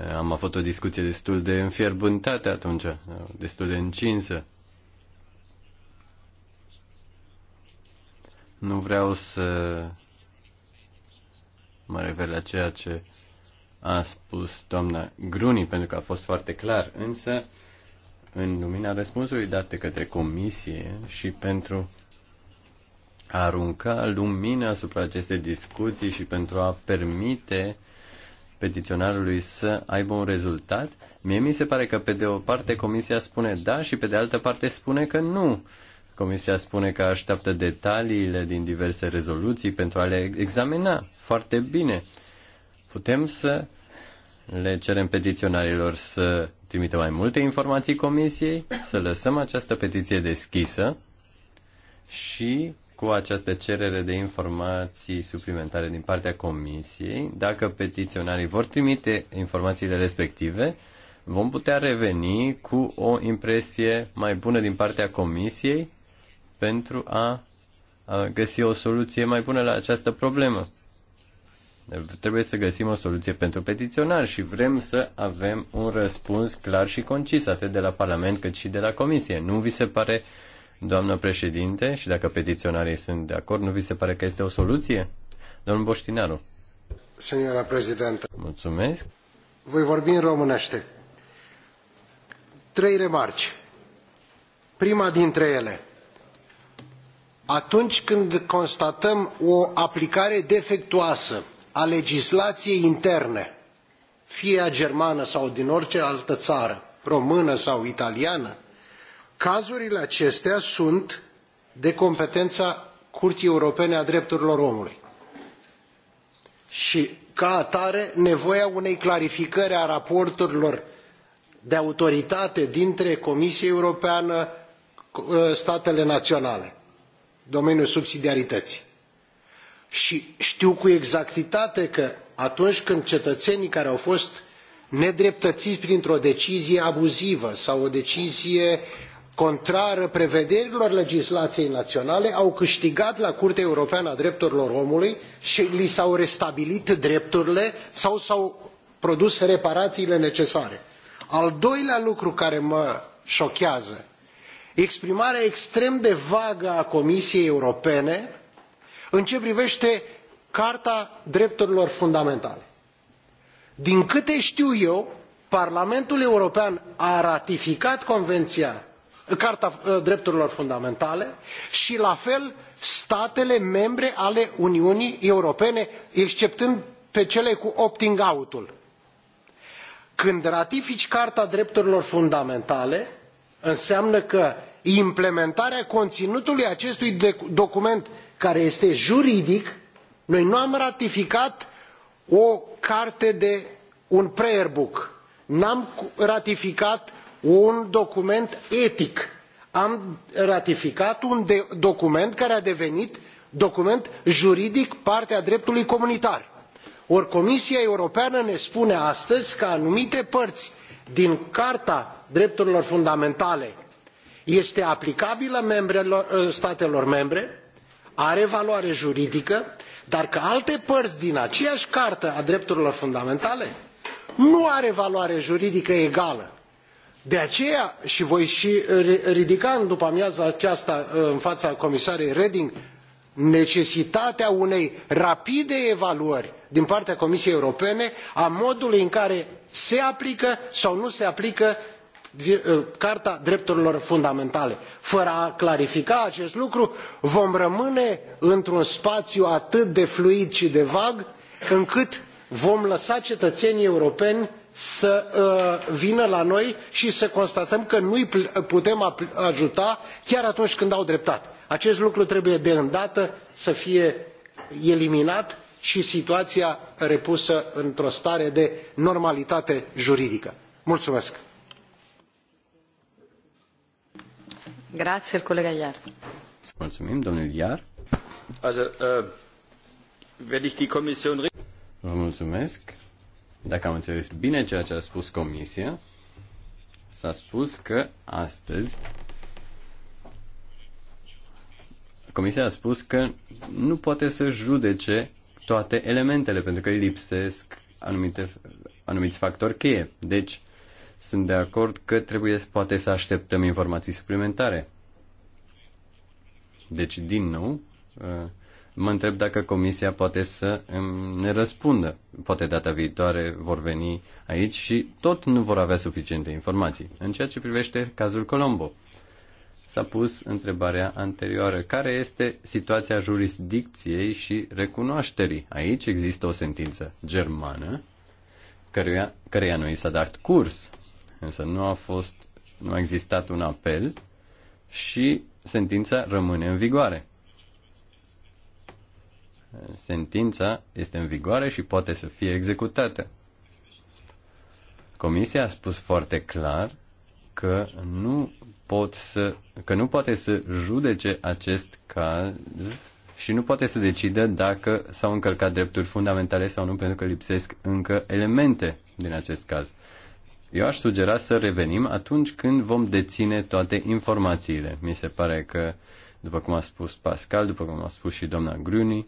Eh, am avut o discuție destul de înfierbântată atunci, eh, destul de încinsă. Nu vreau să mă refer la ceea ce a spus doamna Gruni, pentru că a fost foarte clar, însă în lumina răspunsului date către comisie și pentru a arunca lumină asupra acestei discuții și pentru a permite petiționarului să aibă un rezultat, mie mi se pare că pe de o parte comisia spune da și pe de altă parte spune că nu. Comisia spune că așteaptă detaliile din diverse rezoluții pentru a le examina. Foarte bine. Putem să le cerem petiționarilor să trimită mai multe informații comisiei, să lăsăm această petiție deschisă și cu această cerere de informații suplimentare din partea comisiei, dacă petiționarii vor trimite informațiile respective, vom putea reveni cu o impresie mai bună din partea comisiei pentru a, a găsi o soluție mai bună la această problemă. Trebuie să găsim o soluție pentru petiționari și vrem să avem un răspuns clar și concis, atât de la Parlament cât și de la Comisie. Nu vi se pare, doamnă președinte, și dacă petiționarii sunt de acord, nu vi se pare că este o soluție? Domnul Boștinaru. Senora prezidentă. Mulțumesc. Voi vorbi în românește. Trei remarci. Prima dintre ele atunci când constatăm o aplicare defectuoasă a legislației interne, fie a germană sau din orice altă țară, română sau italiană, cazurile acestea sunt de competența Curții Europene a Drepturilor Omului. Și, ca atare, nevoia unei clarificări a raporturilor de autoritate dintre Comisia Europeană, ă, statele naționale, domeniul subsidiarității și știu cu exactitate că atunci când cetățenii care au fost nedreptăii printr-o decizie abuzivă sau o decizie contrară prevederilor legislației naționale, au câștigat la Curtea Europeană a Drepturilor Omului și li s-au restabilit drepturile sau s-au produs reparațiile necesare. Al doilea lucru care mă șochează, exprimarea extrem de vagă a Comisiei Europene în ce privește Carta Drepturilor Fundamentale. Din câte știu eu, Parlamentul European a ratificat Convenția Carta uh, Drepturilor Fundamentale și la fel statele membre ale Uniunii Europene, exceptând pe cele cu opting out-ul. Când ratifici Carta Drepturilor Fundamentale, înseamnă că implementarea conținutului acestui document care este juridic noi nu am ratificat o carte de un prayer book n am ratificat un document etic am ratificat un document care a devenit document juridic parte a dreptului comunitar. ori comisia europeană ne spune astăzi că anumite pări din carta drepturilor fundamentale este aplicabilă ă, statelor membre are valoare juridică, dar că alte părți din aceeași carte a drepturilor fundamentale nu are valoare juridică egală. De aceea, și voi și ridica în după amiaza aceasta în fața comisarei Reding, necesitatea unei rapide evaluări din partea Comisiei Europene a modului în care se aplică sau nu se aplică Uh, carta drepturilor fundamentale. fără a clarifica acest lucru vom rămâne într un spaiu atât de fluid i de vag încât vom lăsa cetăenii europeni să uh, vină la noi i să constatăm că nu îi putem ajuta chiar atunci când au dreptate. acest lucru trebuie de îndată să fie eliminat i situaia repusă într o stare de normalitate juridică. mulumesc. Grazie, Iar. Mulțumim, domnul Iar. Also, uh, die Kommission... Vă mulțumesc. Dacă am înțeles bine ceea ce a spus Comisia, s-a spus că astăzi Comisia a spus că nu poate să judece toate elementele, pentru că îi lipsesc anumite, anumiți factori cheie. Deci, sunt de acord că trebuie poate să așteptăm informații suplimentare. Deci, din nou, uh, mă întreb dacă comisia poate să um, ne răspundă. Poate data viitoare vor veni aici și tot nu vor avea suficiente informații. În ceea ce privește cazul Colombo, s-a pus întrebarea anterioară. Care este situația jurisdicției și recunoașterii? Aici există o sentință germană căreia, căreia noi s-a dat curs. Însă nu a fost, nu a existat un apel și sentința rămâne în vigoare. Sentința este în vigoare și poate să fie executată. Comisia a spus foarte clar că nu, pot să, că nu poate să judece acest caz și nu poate să decidă dacă s-au încălcat drepturi fundamentale sau nu, pentru că lipsesc încă elemente din acest caz. Eu aș sugera să revenim atunci când vom deține toate informațiile. Mi se pare că, după cum a spus Pascal, după cum a spus și doamna Gruni,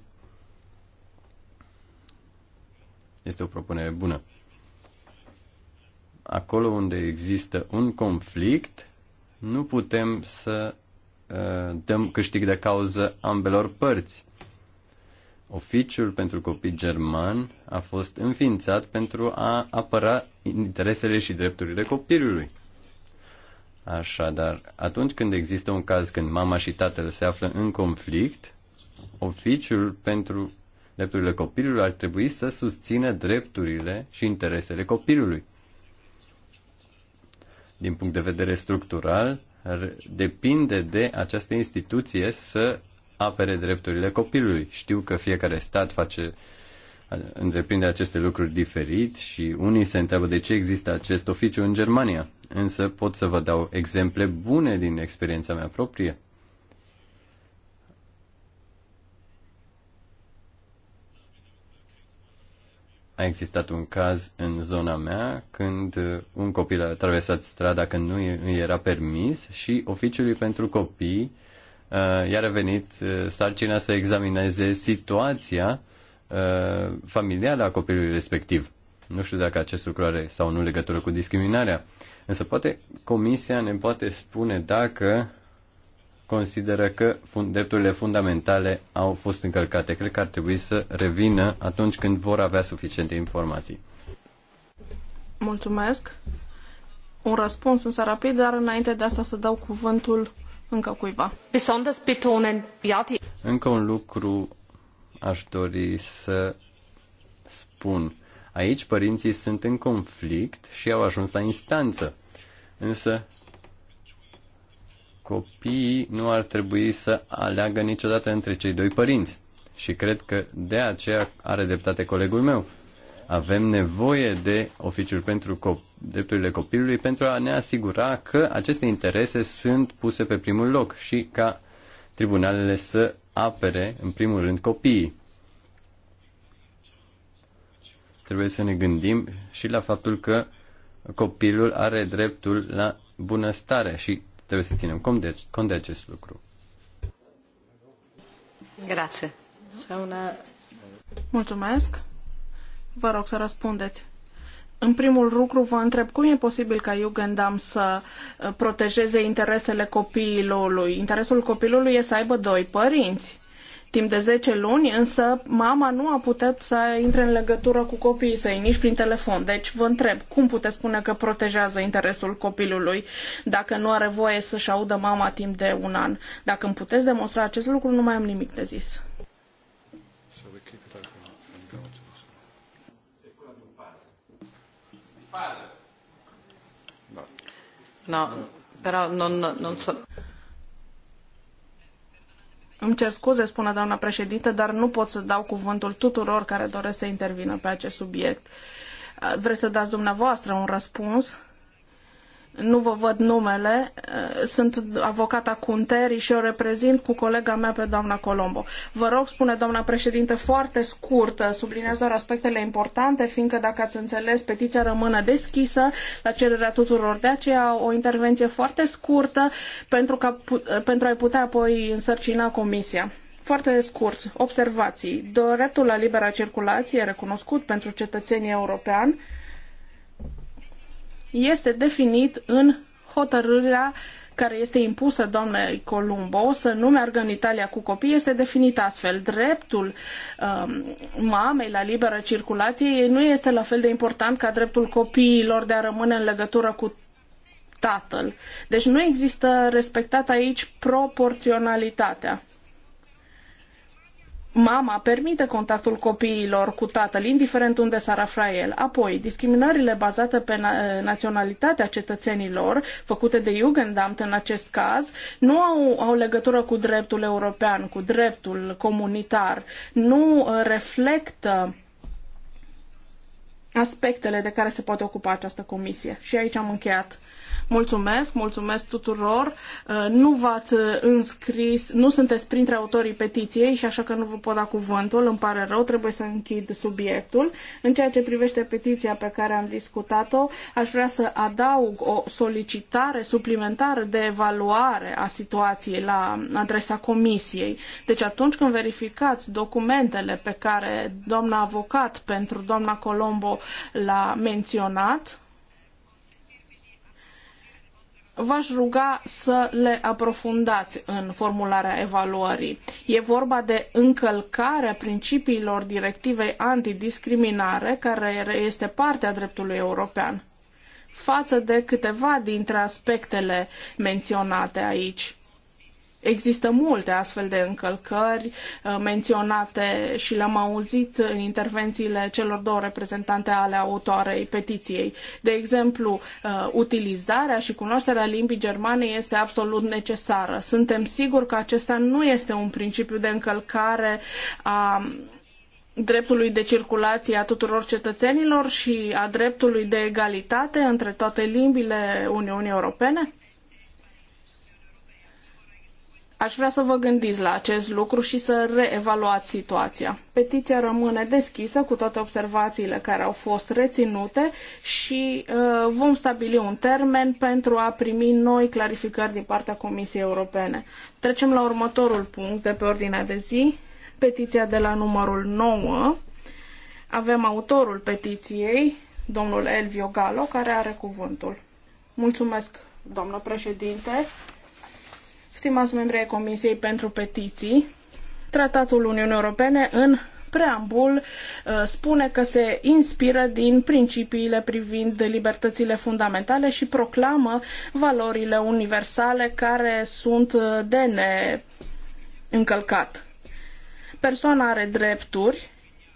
este o propunere bună. Acolo unde există un conflict, nu putem să uh, dăm câștig de cauză ambelor părți. Oficiul pentru copii german a fost înființat pentru a apăra interesele și drepturile copilului. Așadar, atunci când există un caz când mama și tatăl se află în conflict, oficiul pentru drepturile copilului ar trebui să susțină drepturile și interesele copilului. Din punct de vedere structural, depinde de această instituție să apere drepturile copilului. Știu că fiecare stat face întreprinde aceste lucruri diferit și unii se întreabă de ce există acest oficiu în Germania. Însă pot să vă dau exemple bune din experiența mea proprie. A existat un caz în zona mea când un copil a traversat strada când nu era permis și oficiului pentru copii uh, Uh, i-a revenit uh, sarcina să examineze situația uh, familială a copilului respectiv. Nu știu dacă acest lucru are sau nu legătură cu discriminarea, însă poate comisia ne poate spune dacă consideră că drepturile fundamentale au fost încălcate. Cred că ar trebui să revină atunci când vor avea suficiente informații. Mulțumesc. Un răspuns însă rapid, dar înainte de asta să dau cuvântul încă cuiva. Încă un lucru aș dori să spun. Aici părinții sunt în conflict și au ajuns la instanță. Însă copiii nu ar trebui să aleagă niciodată între cei doi părinți. Și cred că de aceea are dreptate colegul meu. Avem nevoie de oficiul pentru copii drepturile copilului pentru a ne asigura că aceste interese sunt puse pe primul loc și ca tribunalele să apere, în primul rând, copiii. Trebuie să ne gândim și la faptul că copilul are dreptul la bunăstare și trebuie să ținem cont de, cont de acest lucru. Grație. Mulțumesc. Vă rog să răspundeți. În primul lucru vă întreb cum e posibil ca Jugendam să uh, protejeze interesele copilului. Interesul copilului e să aibă doi părinți. Timp de zece luni, însă mama nu a putut să intre în legătură cu copiii săi, nici prin telefon. Deci vă întreb, cum puteți spune că protejează interesul copilului dacă nu are voie să-și audă mama timp de un an? Dacă îmi puteți demonstra acest lucru, nu mai am nimic de zis. No, però non, non so. Îmi cer scuze, spune doamna președintă, dar nu pot să dau cuvântul tuturor care doresc să intervină pe acest subiect. Vreți să dați dumneavoastră un răspuns? nu vă văd numele, uh, sunt avocata Cunteri și o reprezint cu colega mea pe doamna Colombo. Vă rog, spune doamna președinte, foarte scurt, subliniez doar aspectele importante, fiindcă dacă ați înțeles, petiția rămâne deschisă la cererea tuturor. De aceea o intervenție foarte scurtă pentru, ca, pentru a-i putea apoi însărcina comisia. Foarte scurt, observații. Dreptul la libera circulație recunoscut pentru cetățenii europeni este definit în hotărârea care este impusă doamnei Columbo să nu meargă în Italia cu copii este definit astfel. Dreptul um, mamei la liberă circulație nu este la fel de important ca dreptul copiilor de a rămâne în legătură cu tatăl. Deci nu există respectat aici proporționalitatea mama permite contactul copiilor cu tatăl, indiferent unde s-ar afla el. Apoi, discriminările bazate pe na- eh, naționalitatea cetățenilor, făcute de Jugendamt în acest caz, nu au, au legătură cu dreptul european, cu dreptul comunitar, nu eh, reflectă aspectele de care se poate ocupa această comisie. Și aici am încheiat. Mulțumesc, mulțumesc tuturor. Uh, nu v-ați uh, înscris, nu sunteți printre autorii petiției și așa că nu vă pot da cuvântul, îmi pare rău, trebuie să închid subiectul. În ceea ce privește petiția pe care am discutat-o, aș vrea să adaug o solicitare suplimentară de evaluare a situației la adresa comisiei. Deci atunci când verificați documentele pe care doamna avocat pentru doamna Colombo l-a menționat, v-aș ruga să le aprofundați în formularea evaluării. E vorba de încălcarea principiilor directivei antidiscriminare, care este parte a dreptului european, față de câteva dintre aspectele menționate aici. Există multe astfel de încălcări uh, menționate și le-am auzit în intervențiile celor două reprezentante ale autoarei petiției. De exemplu, uh, utilizarea și cunoașterea limbii germane este absolut necesară. Suntem siguri că acesta nu este un principiu de încălcare a dreptului de circulație a tuturor cetățenilor și a dreptului de egalitate între toate limbile Uniunii Europene? Aș vrea să vă gândiți la acest lucru și să reevaluați situația. Petiția rămâne deschisă cu toate observațiile care au fost reținute și uh, vom stabili un termen pentru a primi noi clarificări din partea Comisiei Europene. Trecem la următorul punct de pe ordinea de zi, petiția de la numărul 9. Avem autorul petiției, domnul Elvio Galo, care are cuvântul. Mulțumesc, doamnă președinte stimați membri ai Comisiei pentru Petiții, Tratatul Uniunii Europene în preambul uh, spune că se inspiră din principiile privind libertățile fundamentale și proclamă valorile universale care sunt uh, de neîncălcat. Persoana are drepturi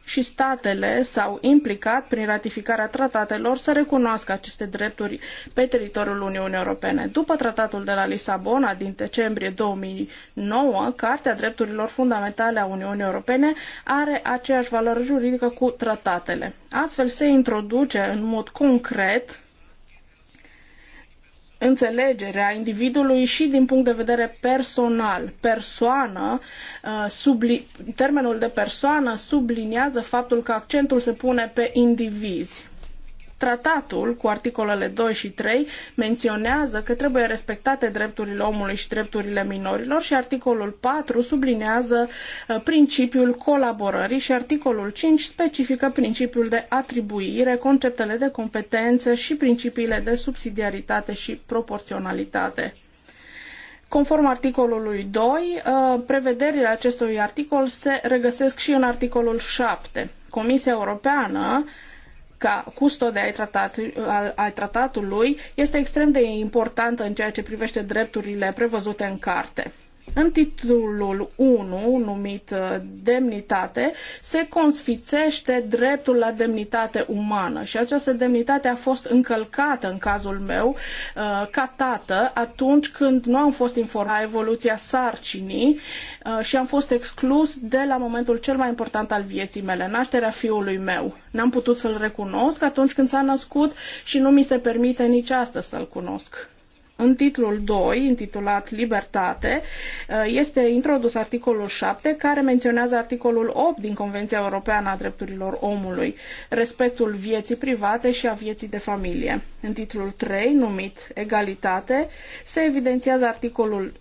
și statele s-au implicat prin ratificarea tratatelor să recunoască aceste drepturi pe teritoriul Uniunii Europene. După tratatul de la Lisabona din decembrie 2009, Cartea Drepturilor Fundamentale a Uniunii Europene are aceeași valoare juridică cu tratatele. Astfel se introduce în mod concret înțelegerea individului și din punct de vedere personal. Persoană, uh, termenul de persoană subliniază faptul că accentul se pune pe indivizi. Tratatul, cu articolele 2 și 3, menționează că trebuie respectate drepturile omului și drepturile minorilor și articolul 4 sublinează uh, principiul colaborării și articolul 5 specifică principiul de atribuire, conceptele de competență și principiile de subsidiaritate și proporționalitate. Conform articolului 2, uh, prevederile acestui articol se regăsesc și în articolul 7. Comisia Europeană ca custode ai, tratat, al, tratatului este extrem de importantă în ceea ce privește drepturile prevăzute în carte. În titlul 1, numit uh, demnitate, se consfițește dreptul la demnitate umană și această demnitate a fost încălcată în cazul meu uh, ca tată atunci când nu am fost informat evoluția sarcinii uh, și am fost exclus de la momentul cel mai important al vieții mele, nașterea fiului meu. N-am putut să-l recunosc atunci când s-a născut și nu mi se permite nici astăzi să-l cunosc. În titlul 2, intitulat Libertate, eh, este introdus articolul 7, care menționează articolul 8 din Convenția Europeană a Drepturilor Omului, respectul vieții private și a vieții de familie. În titlul 3, numit Egalitate, se evidențiază articolul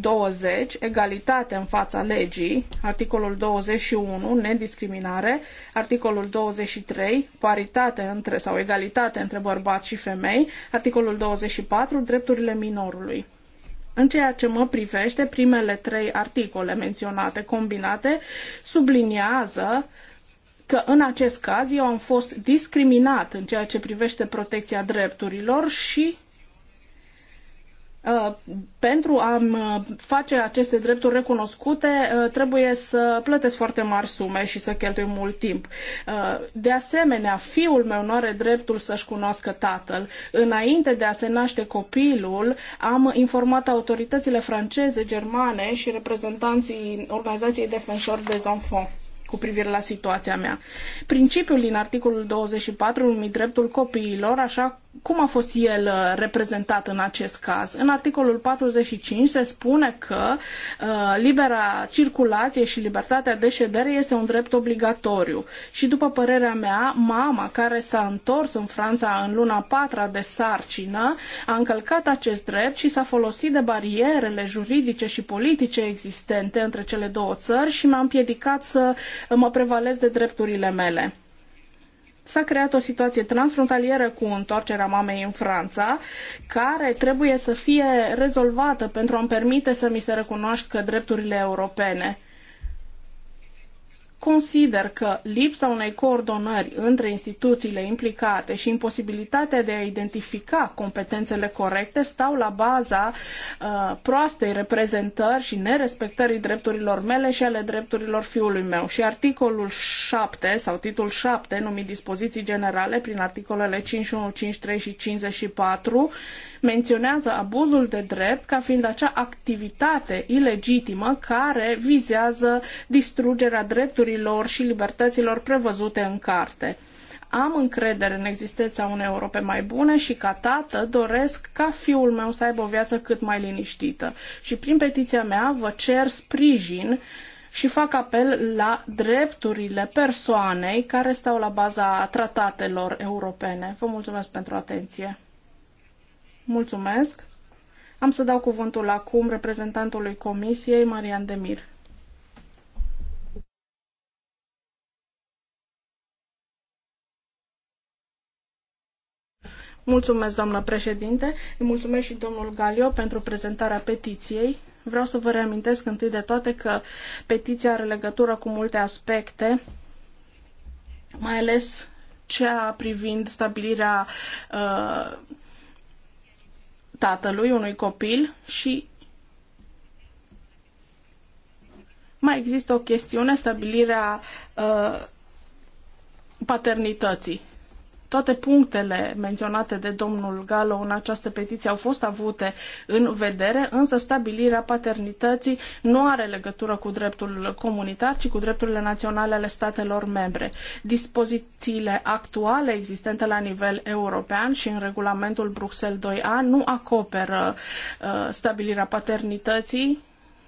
20, egalitate în fața legii, articolul 21, nediscriminare, articolul 23, paritate între sau egalitate între bărbați și femei, articolul 24, drepturile minorului. În ceea ce mă privește, primele trei articole menționate combinate subliniază că în acest caz eu am fost discriminat în ceea ce privește protecția drepturilor și Uh, pentru a uh, face aceste drepturi recunoscute, uh, trebuie să plătesc foarte mari sume și să cheltui mult timp. De asemenea, fiul meu nu are dreptul să-și cunoască tatăl. Înainte de a se naște copilul, am informat autoritățile franceze, germane și reprezentanții organizației Defensor des Enfants cu privire la situația mea. Principiul din articolul 24 numit dreptul copiilor, așa cum a fost el uh, reprezentat în acest caz? În articolul 45 se spune că uh, libera circulație și libertatea de ședere este un drept obligatoriu. Și după părerea mea, mama care s-a întors în Franța în luna patra de sarcină a încălcat acest drept și s-a folosit de barierele juridice și politice existente între cele două țări și m-a împiedicat să mă prevalez de drepturile mele s-a creat o situație transfrontalieră cu întoarcerea mamei în Franța, care trebuie să fie rezolvată pentru a-mi permite să mi se recunoască drepturile europene. Consider că lipsa unei coordonări între instituțiile implicate și imposibilitatea de a identifica competențele corecte stau la baza uh, proastei reprezentări și nerespectării drepturilor mele și ale drepturilor fiului meu. Și articolul 7 sau titlul 7, numit dispoziții generale prin articolele 51, 53 și 54, menționează abuzul de drept ca fiind acea activitate ilegitimă care vizează distrugerea drepturilor drepturilor și libertăților prevăzute în carte. Am încredere în existența unei Europe mai bune și ca tată doresc ca fiul meu să aibă o viață cât mai liniștită. Și prin petiția mea vă cer sprijin și fac apel la drepturile persoanei care stau la baza tratatelor europene. Vă mulțumesc pentru atenție. Mulțumesc. Am să dau cuvântul acum reprezentantului Comisiei, Marian Demir. Mulțumesc, doamnă președinte. Îi mulțumesc și domnul Galio pentru prezentarea petiției. Vreau să vă reamintesc întâi de toate că petiția are legătură cu multe aspecte, mai ales cea privind stabilirea uh, tatălui unui copil și mai există o chestiune, stabilirea uh, paternității. Toate punctele menționate de domnul Galo în această petiție au fost avute în vedere, însă stabilirea paternității nu are legătură cu dreptul comunitar, ci cu drepturile naționale ale statelor membre. Dispozițiile actuale existente la nivel european și în regulamentul Bruxelles 2A nu acoperă uh, stabilirea paternității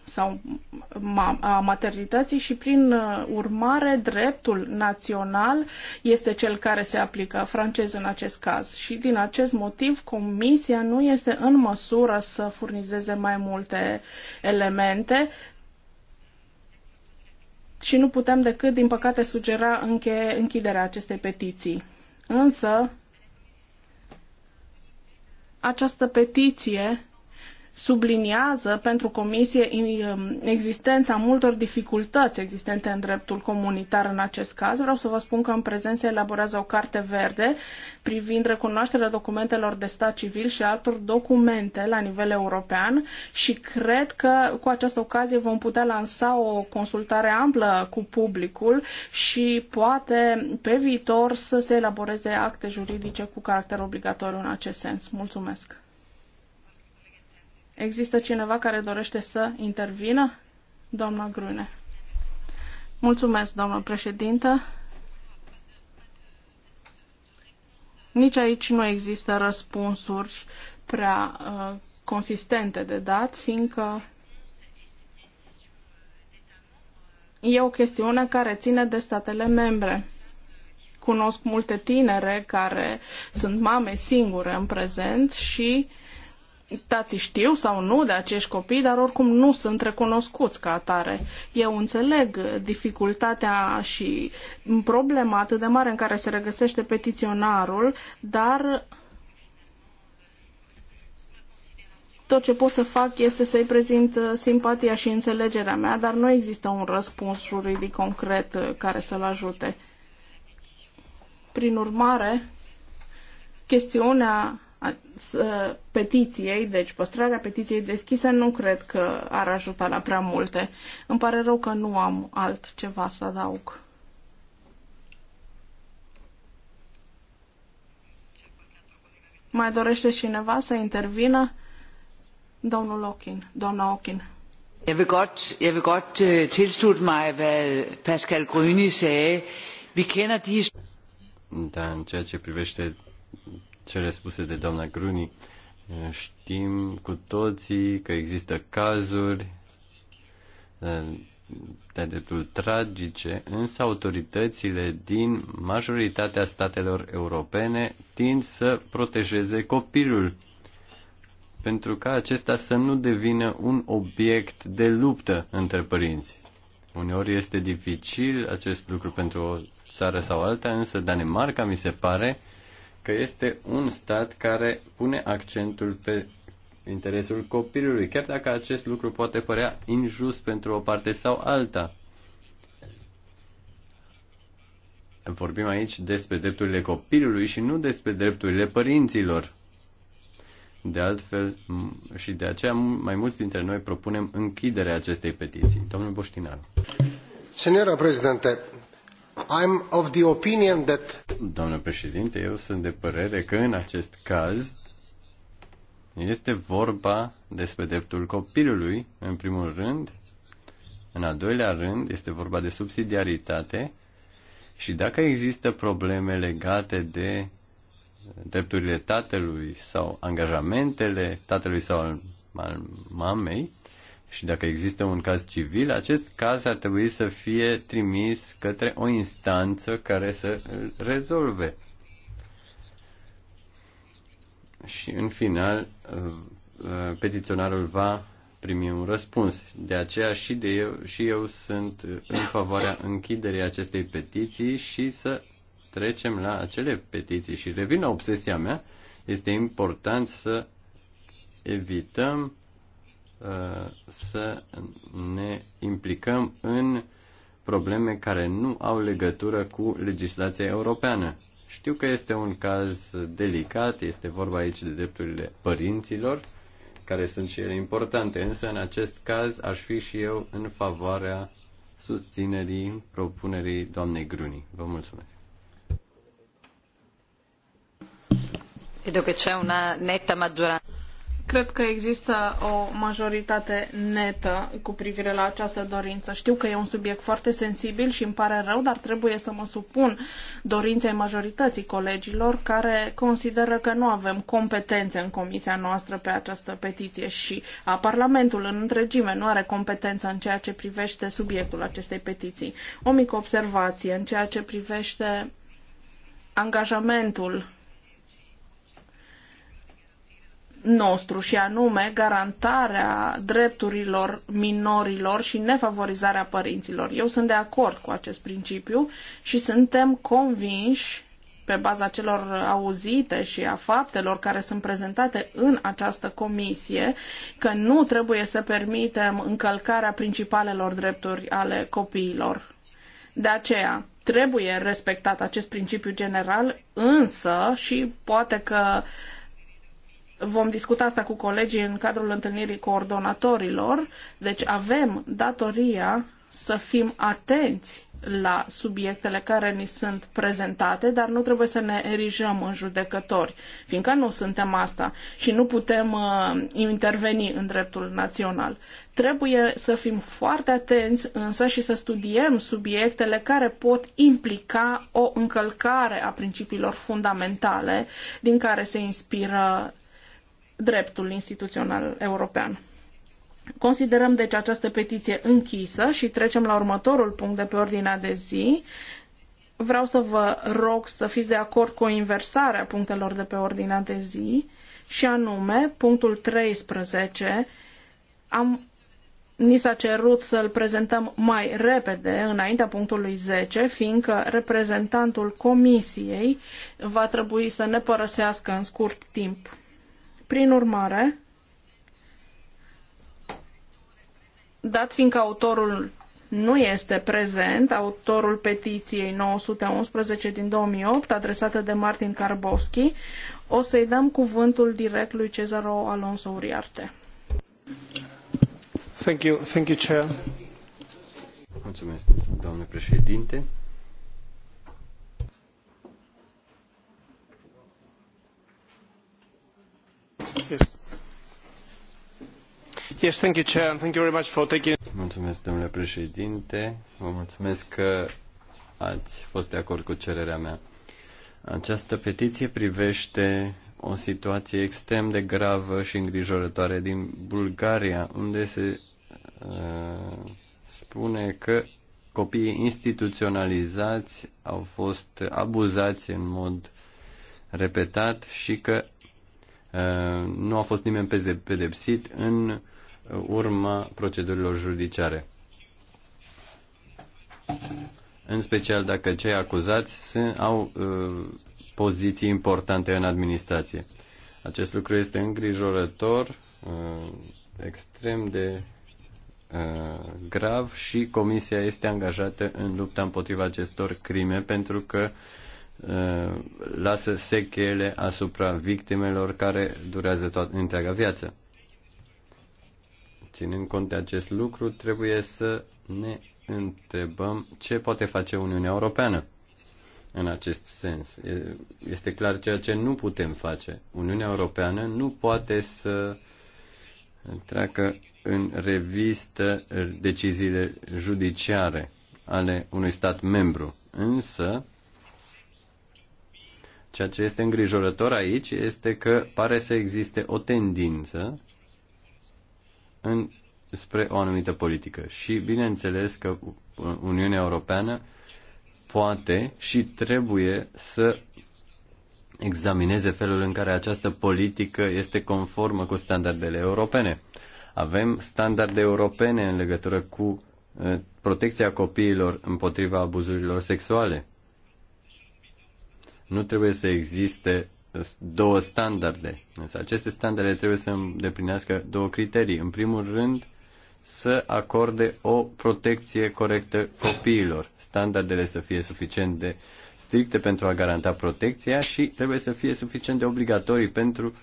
sau a maternității și prin uh, urmare dreptul național este cel care se aplică francez în acest caz și din acest motiv comisia nu este în măsură să furnizeze mai multe elemente și nu putem decât, din păcate, sugera înche- închiderea acestei petiții. Însă, această petiție subliniază pentru comisie um, existența multor dificultăți existente în dreptul comunitar în acest caz. Vreau să vă spun că în prezent se elaborează o carte verde privind recunoașterea documentelor de stat civil și altor documente la nivel european și cred că cu această ocazie vom putea lansa o consultare amplă cu publicul și poate pe viitor să se elaboreze acte juridice cu caracter obligatoriu în acest sens. Mulțumesc! Există cineva care dorește să intervină? Doamna Grune. Mulțumesc, doamnă președintă. Nici aici nu există răspunsuri prea uh, consistente de dat, fiindcă e o chestiune care ține de statele membre. Cunosc multe tinere care sunt mame singure în prezent și uh, tații știu sau nu de acești copii, dar oricum nu sunt recunoscuți ca atare. Eu înțeleg dificultatea și problema atât de mare în care se regăsește petiționarul, dar tot ce pot să fac este să-i prezint uh, simpatia și înțelegerea mea, dar nu există un răspuns juridic concret uh, care să-l ajute. Prin urmare, chestiunea petiției, deci păstrarea petiției deschise, nu cred că ar ajuta la prea multe. Îmi pare rău că nu am altceva să adaug. Mai dorește cineva să intervină? Domnul Ochin, doamna Ochin. Jeg vil godt, jeg vil godt uh, tilslutte mig, hvad Pascal Grøni sagde. Vi kender de... Da, în ceea ce privește cele spuse de doamna Gruni. Știm cu toții că există cazuri eh, de dreptul tragice, însă autoritățile din majoritatea statelor europene tind să protejeze copilul pentru ca acesta să nu devină un obiect de luptă între părinți. Uneori este dificil acest lucru pentru o țară sau alta, însă Danemarca, mi se pare, că este un stat care pune accentul pe interesul copilului, chiar dacă acest lucru poate părea injust pentru o parte sau alta. Vorbim aici despre drepturile copilului și nu despre drepturile părinților. De altfel, și de aceea mai mulți dintre noi propunem închiderea acestei petiții. Domnul Boștinaru. Senora președinte, I'm of the opinion that... Doamnă președinte, eu sunt de părere că în acest caz este vorba despre dreptul copilului, în primul rând, în al doilea rând, este vorba de subsidiaritate și dacă există probleme legate de drepturile tatălui sau angajamentele tatălui sau al, al mamei, și dacă există un caz civil, acest caz ar trebui să fie trimis către o instanță care să îl rezolve. Și în final, uh, petiționarul va primi un răspuns. De aceea și, de eu, și eu sunt în favoarea închiderii acestei petiții și să trecem la acele petiții. Și revin la obsesia mea, este important să evităm să ne implicăm în probleme care nu au legătură cu legislația europeană. Știu că este un caz delicat, este vorba aici de drepturile părinților, care sunt și ele importante, însă în acest caz aș fi și eu în favoarea susținerii propunerii doamnei Gruni. Vă mulțumesc. Credo che c'è una netta maggioranza. Cred că există o majoritate netă cu privire la această dorință. Știu că e un subiect foarte sensibil și îmi pare rău, dar trebuie să mă supun dorinței majorității colegilor care consideră că nu avem competențe în comisia noastră pe această petiție și a Parlamentul în întregime nu are competență în ceea ce privește subiectul acestei petiții. O mică observație în ceea ce privește angajamentul nostru și anume garantarea drepturilor minorilor și nefavorizarea părinților. Eu sunt de acord cu acest principiu și suntem convinși pe baza celor auzite și a faptelor care sunt prezentate în această comisie, că nu trebuie să permitem încălcarea principalelor drepturi ale copiilor. De aceea, trebuie respectat acest principiu general, însă și poate că uh, vom discuta asta cu colegii în cadrul întâlnirii coordonatorilor, deci avem datoria să fim atenți la subiectele care ni sunt prezentate, dar nu trebuie să ne erijăm în judecători, fiindcă nu suntem asta și nu putem uh, interveni în dreptul național. Trebuie să fim foarte atenți însă și să studiem subiectele care pot implica o încălcare a principiilor fundamentale din care se inspiră dreptul instituțional european. Considerăm deci această petiție închisă și trecem la următorul punct de pe ordinea de zi. Vreau să vă rog să fiți de acord cu inversarea punctelor de pe ordinea de zi și anume punctul 13. Am, ni s-a cerut să-l prezentăm mai repede înaintea punctului 10, fiindcă reprezentantul comisiei va trebui să ne părăsească în scurt timp. Prin urmare, dat fiindcă autorul nu este prezent, autorul petiției 911 din 2008, adresată de Martin Karbowski, o să-i dăm cuvântul direct lui Cezaro Alonso Uriarte. Thank you, thank you, Chair. Mulțumesc, doamne președinte. Yes, thank you, Chair, and thank you very much for taking... Mulțumesc, domnule președinte. Vă mulțumesc că ați fost de acord cu cererea mea. Această petiție privește o situație extrem de gravă și îngrijorătoare din Bulgaria, unde se uh, spune că copiii instituționalizați au fost abuzați în mod repetat și că nu a fost nimeni pedepsit în urma procedurilor judiciare. În special dacă cei acuzați sunt, au uh, poziții importante în administrație. Acest lucru este îngrijorător, uh, extrem de uh, grav și comisia este angajată în lupta împotriva acestor crime pentru că Uh, lasă sechele asupra victimelor care durează toată întreaga viață. Ținând cont de acest lucru, trebuie să ne întrebăm ce poate face Uniunea Europeană în acest sens. Este clar ceea ce nu putem face. Uniunea Europeană nu poate să treacă în revistă deciziile judiciare ale unui stat membru. Însă, Ceea ce este îngrijorător aici este că pare să existe o tendință în, spre o anumită politică. Și bineînțeles că Uniunea Europeană poate și trebuie să examineze felul în care această politică este conformă cu standardele europene. Avem standarde europene în legătură cu eh, protecția copiilor împotriva abuzurilor sexuale. Nu trebuie să existe uh, două standarde, însă aceste standarde trebuie să îndeplinească două criterii. În primul rând, să acorde o protecție corectă copiilor. Standardele să fie suficient de stricte pentru a garanta protecția și trebuie să fie suficient de obligatorii pentru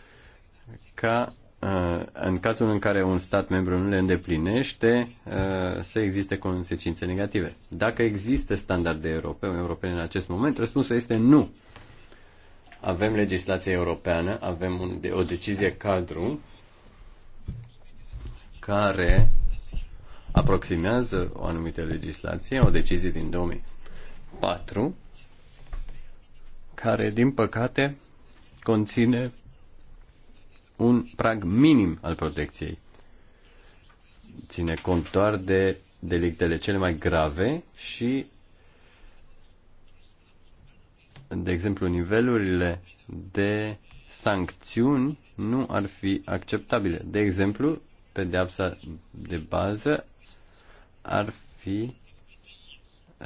ca uh, în cazul în care un stat membru nu le îndeplinește, uh, să existe consecințe negative. Dacă există standarde europene în acest moment, răspunsul este nu. Avem legislație europeană, avem un, de, o decizie cadru care aproximează o anumită legislație, o decizie din 2004, care, din păcate, conține un prag minim al protecției. Ține cont doar de delictele cele mai grave și de exemplu, nivelurile de sancțiuni nu ar fi acceptabile. De exemplu, pedeapsa de bază ar fi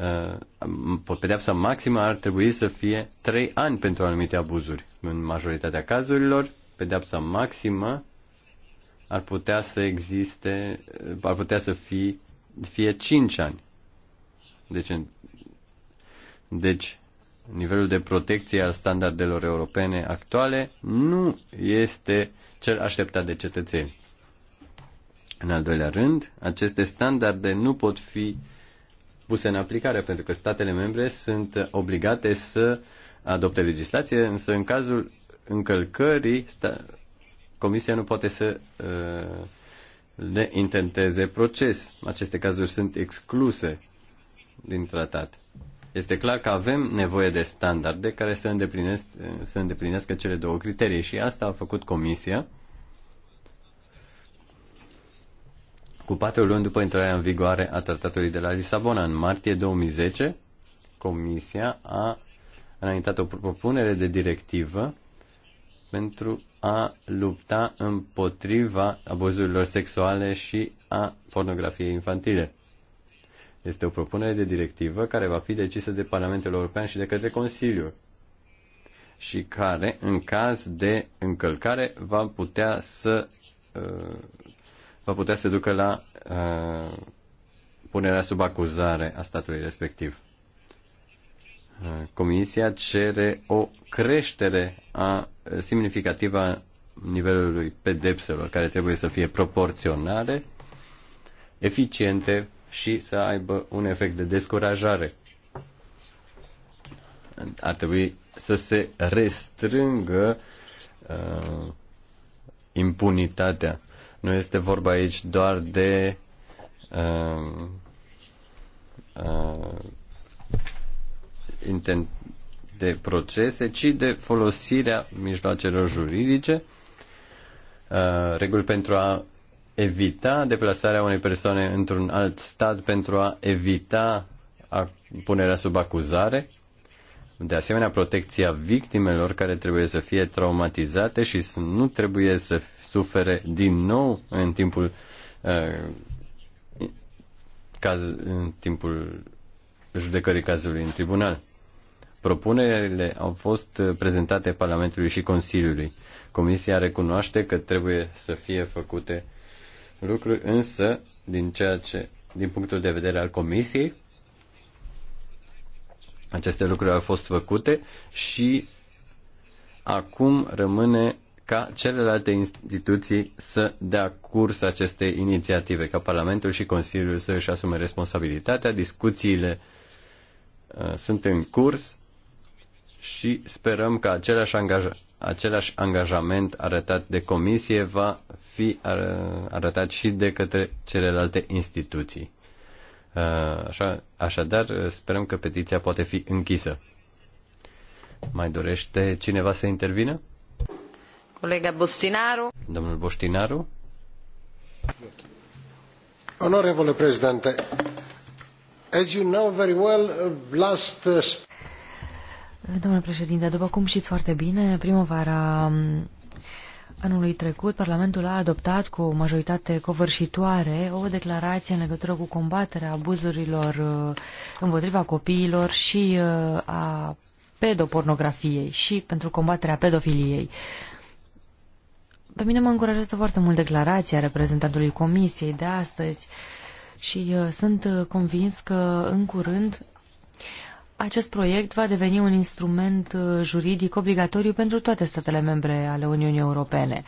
uh, pedeapsa maximă ar trebui să fie 3 ani pentru anumite abuzuri. În majoritatea cazurilor, pedeapsa maximă ar putea să existe, ar putea să fie, fie 5 ani. Deci, deci nivelul de protecție al standardelor europene actuale nu este cel așteptat de cetățeni. În al doilea rând, aceste standarde nu pot fi puse în aplicare pentru că statele membre sunt obligate să adopte legislație, însă în cazul încălcării Comisia nu poate să uh, le intenteze proces. Aceste cazuri sunt excluse din tratat. Este clar că avem nevoie de standarde care să, îndeplinesc, să îndeplinească cele două criterii și asta a făcut Comisia cu patru luni după intrarea în vigoare a tratatului de la Lisabona. În martie 2010, Comisia a înaintat o propunere de directivă pentru a lupta împotriva abuzurilor sexuale și a pornografiei infantile. Este o propunere de directivă care va fi decisă de Parlamentul European și de către Consiliu și care, în caz de încălcare, va putea să uh, va putea să ducă la uh, punerea sub acuzare a statului respectiv. Uh, Comisia cere o creștere a uh, semnificativă a nivelului pedepselor, care trebuie să fie proporționale, eficiente și să aibă un efect de descurajare. Ar trebui să se restrângă uh, impunitatea. Nu este vorba aici doar de uh, uh, intent de procese, ci de folosirea mijloacelor juridice, uh, reguli pentru a evita deplasarea unei persoane într-un alt stat pentru a evita punerea sub acuzare. De asemenea, protecția victimelor care trebuie să fie traumatizate și nu trebuie să sufere din nou în timpul caz, în timpul judecării cazului în tribunal. Propunerile au fost prezentate Parlamentului și Consiliului. Comisia recunoaște că trebuie să fie făcute uh, lucruri, însă, din ceea ce, din punctul de vedere al comisiei, aceste lucruri au fost făcute și acum rămâne ca celelalte instituții să dea curs aceste inițiative, ca Parlamentul și Consiliul să își asume responsabilitatea. Discuțiile uh, sunt în curs și sperăm ca aceleași angaja- același angajament arătat de comisie va fi arătat și de către celelalte instituții. Uh, așa, așadar, sperăm că petiția poate fi închisă. Mai dorește cineva să intervină? Colega Bostinaru. Domnul Bostinaru. Onorevole președinte, as you know very well, last Domnule președinte, după cum știți foarte bine, primăvara mm, anului trecut, Parlamentul a adoptat cu o majoritate covârșitoare o declarație în legătură cu combaterea abuzurilor uh, împotriva copiilor și uh, a pedopornografiei și pentru combaterea pedofiliei. Pe mine mă încurajează foarte mult declarația reprezentantului Comisiei de astăzi și uh, sunt convins că în curând acest proiect va deveni un instrument uh, juridic obligatoriu pentru toate statele membre ale Uniunii Europene.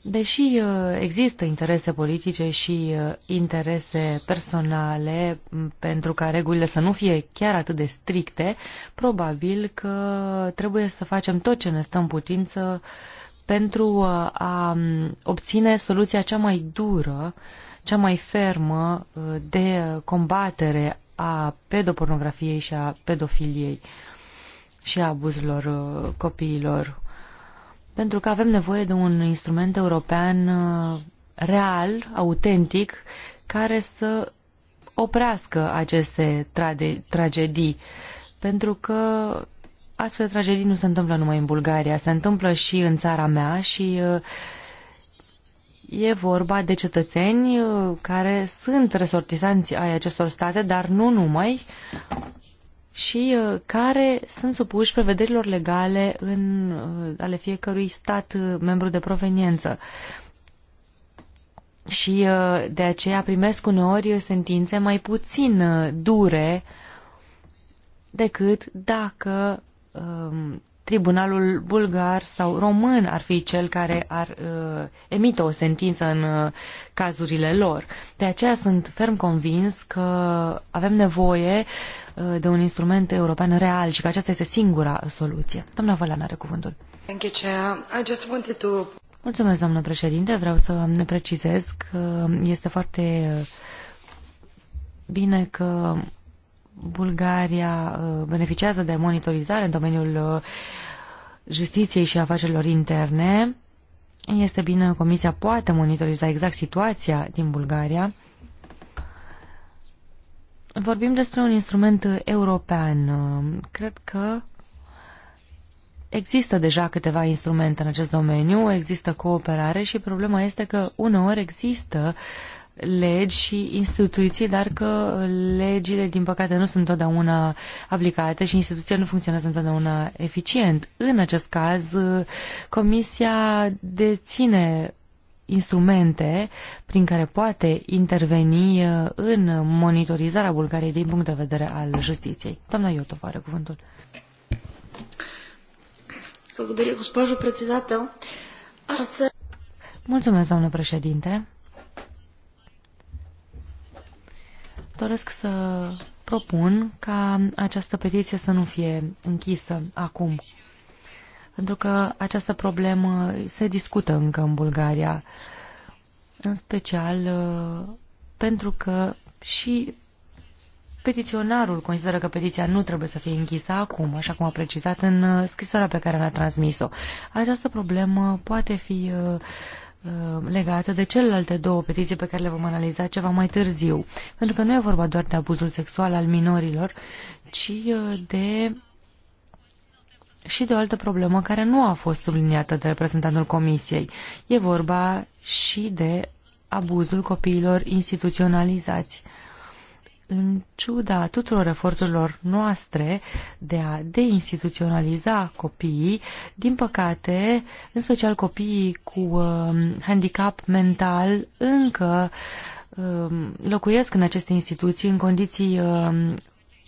Deși uh, există interese politice și uh, interese personale pentru ca regulile să nu fie chiar atât de stricte, probabil că trebuie să facem tot ce ne stă în putință pentru a obține soluția cea mai dură, cea mai fermă de combatere a pedopornografiei și a pedofiliei și a abuzurilor uh, copiilor. Pentru că avem nevoie de un instrument european uh, real, autentic, care să oprească aceste trage- tragedii. Pentru că astfel de tragedii nu se întâmplă numai în Bulgaria, se întâmplă și în țara mea și uh, E vorba de cetățeni uh, care sunt resortizanți ai acestor state, dar nu numai, și uh, care sunt supuși prevederilor legale în, uh, ale fiecărui stat membru de proveniență. Și de aceea primesc uneori sentințe mai puțin dure decât dacă um, tribunalul bulgar sau român ar fi cel care ar uh, emite o sentință în uh, cazurile lor. De aceea sunt ferm convins că avem nevoie uh, de un instrument european real și că aceasta este singura soluție. Doamna Vălan are cuvântul. Thank you, Chair. I just wanted to... Mulțumesc, doamnă președinte. Vreau să ne precizez că este foarte bine că Bulgaria uh, beneficiază de monitorizare în domeniul uh, justiției și afacerilor interne. Este bine, Comisia poate monitoriza exact situația din Bulgaria. Vorbim despre un instrument uh, european. Cred că Există deja câteva instrumente în acest domeniu, există cooperare și problema este că uneori există uh, legi și instituții, dar că legile, din păcate, nu sunt întotdeauna aplicate și instituțiile nu funcționează întotdeauna eficient. În acest caz, Comisia deține instrumente prin care poate interveni uh, în monitorizarea Bulgariei din punct de vedere al justiției. Doamna Iotov are cuvântul. Mulțumesc, doamnă președinte. doresc să propun ca această petiție să nu fie închisă acum, pentru că această problemă se discută încă în Bulgaria, în special uh, pentru că și petiționarul consideră că petiția nu trebuie să fie închisă acum, așa cum a precizat în uh, scrisoarea pe care ne-a transmis-o. Această problemă poate fi uh, Uh, legată de celelalte două petiții pe care le vom analiza ceva mai târziu. Pentru că nu e vorba doar de abuzul sexual al minorilor, ci uh, de și de o altă problemă care nu a fost subliniată de reprezentantul Comisiei. E vorba și de abuzul copiilor instituționalizați în ciuda tuturor eforturilor noastre de a deinstituționaliza copiii, din păcate, în special copiii cu uh, handicap mental, încă uh, locuiesc în aceste instituții în condiții uh,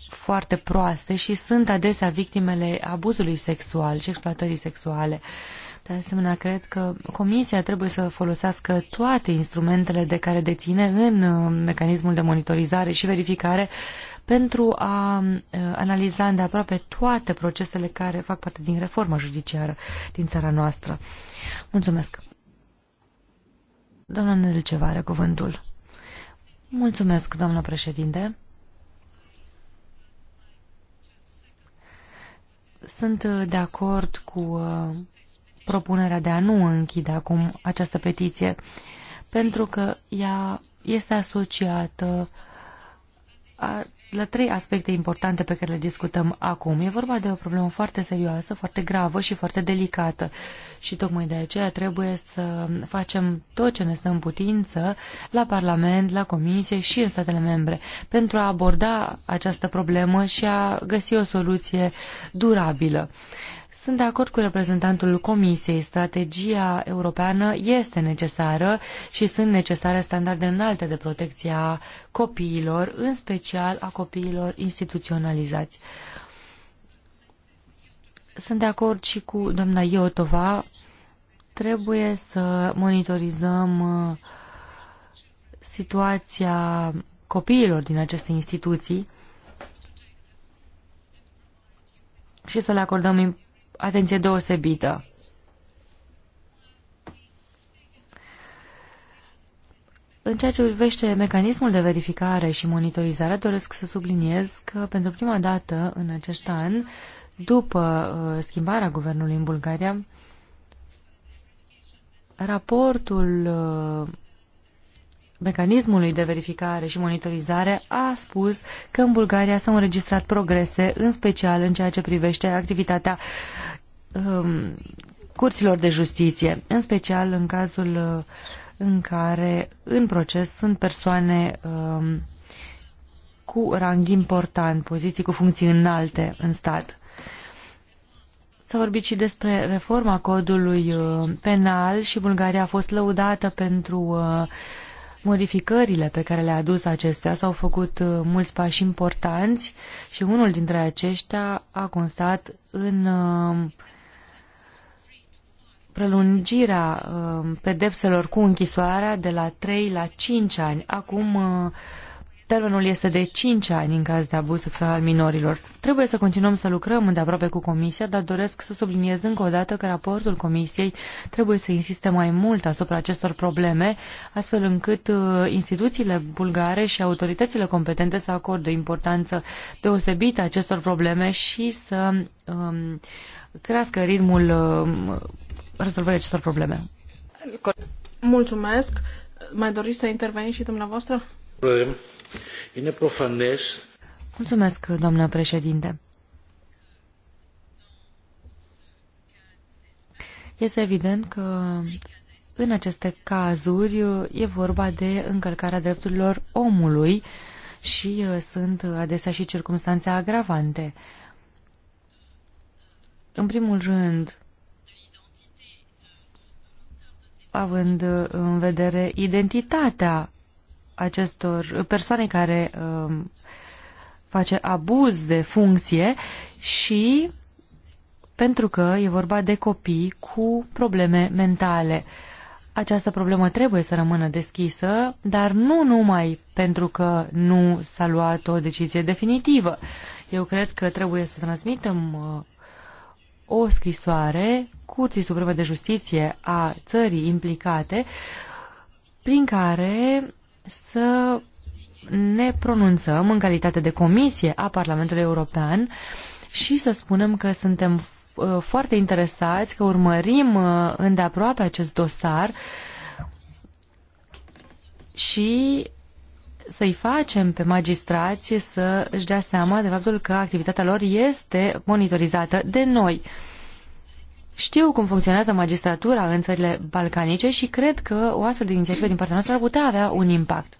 foarte proaste și sunt adesea victimele abuzului sexual și exploatării sexuale. Uh, de asemenea, cred că Comisia trebuie să folosească toate instrumentele de care deține în uh, mecanismul de monitorizare și verificare pentru a uh, analiza îndeaproape toate procesele care fac parte din reforma judiciară din țara noastră. Mulțumesc! Doamna Nelceva are cuvântul. Mulțumesc, doamna președinte. Sunt uh, de acord cu propunerea de a nu închide acum această petiție, pentru că ea este asociată a, la trei aspecte importante pe care le discutăm acum. E vorba de o problemă foarte serioasă, foarte gravă și foarte delicată și tocmai de aceea trebuie să facem tot ce ne stă în putință la Parlament, la Comisie și în statele membre pentru a aborda această problemă și a găsi o soluție durabilă. Uh, sunt de acord cu reprezentantul Comisiei. Strategia europeană este necesară și sunt necesare standarde înalte de protecție a copiilor, în special a copiilor instituționalizați. Sunt de acord și cu doamna Iotova. Trebuie să monitorizăm uh, situația copiilor din aceste instituții și să le acordăm atenție deosebită. În ceea ce privește mecanismul de verificare și monitorizare, doresc să subliniez că pentru prima dată în acest an, după uh, schimbarea guvernului în Bulgaria, raportul uh, mecanismului de verificare și monitorizare a spus că în Bulgaria s-au înregistrat progrese, în special în ceea ce privește activitatea um, curților de justiție, în special în cazul uh, în care în proces sunt persoane um, cu rang important, poziții cu funcții înalte în stat. S-a vorbit și despre reforma codului uh, penal și Bulgaria a fost lăudată pentru uh, modificările pe care le-a adus acestea. S-au făcut uh, mulți pași importanți și unul dintre aceștia a constat în uh, prelungirea uh, pedepselor cu închisoarea de la 3 la 5 ani. Acum Termenul este de 5 ani în caz de abuz sexual al minorilor. Trebuie să continuăm să lucrăm îndeaproape cu Comisia, dar doresc să subliniez încă o dată că raportul Comisiei trebuie să insiste mai mult asupra acestor probleme, astfel încât uh, instituțiile bulgare și autoritățile competente să acorde importanță deosebită acestor probleme și să um, crească ritmul um, rezolvării acestor probleme. Mulțumesc! Mai doriți să interveniți și dumneavoastră? Είναι προφανές... Mulțumesc, doamnă președinte. Este evident că în aceste cazuri e vorba de încălcarea drepturilor omului și uh, sunt adesea și circunstanțe agravante. În primul rând, având în vedere identitatea acestor persoane care um, face abuz de funcție și pentru că e vorba de copii cu probleme mentale. Această problemă trebuie să rămână deschisă, dar nu numai pentru că nu s-a luat o decizie definitivă. Eu cred că trebuie să transmitem uh, o scrisoare Curții Supreme de Justiție a țării implicate, prin care să ne pronunțăm în calitate de comisie a Parlamentului European și să spunem că suntem uh, foarte interesați, că urmărim uh, îndeaproape acest dosar și să-i facem pe magistrați să își dea seama de faptul că activitatea lor este monitorizată de noi. Știu cum funcționează magistratura în țările balcanice și cred că o astfel de inițiativă din partea noastră ar putea avea un impact.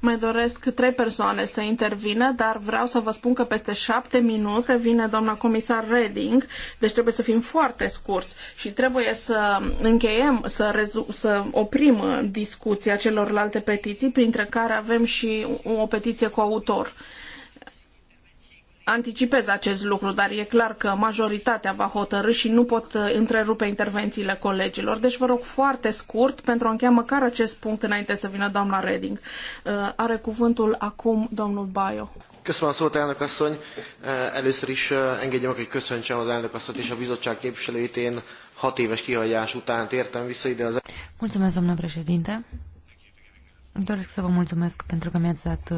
Mai doresc trei persoane să intervină, dar vreau să vă spun că peste șapte minute vine doamna comisar Reding, deci trebuie să fim foarte scurți și trebuie să încheiem, să, să oprim discuția celorlalte petiții, printre care avem și o petiție cu autor anticipez acest lucru, dar e clar că majoritatea va hotărî și nu pot uh, întrerupe intervențiile colegilor. Deci vă rog foarte scurt pentru a încheia măcar acest punct înainte să vină doamna Reding. Uh, are cuvântul acum domnul Baio. Köszönöm szót, elnök asszony. Uh, először is engedje meg, hogy köszöntsem az elnök asszonyt és a bizottság képviselőit. Én hat éves kihagyás után tértem vissza ide az... Mulțumesc, domnule președinte. Doresc să vă mulțumesc pentru că mi-ați dat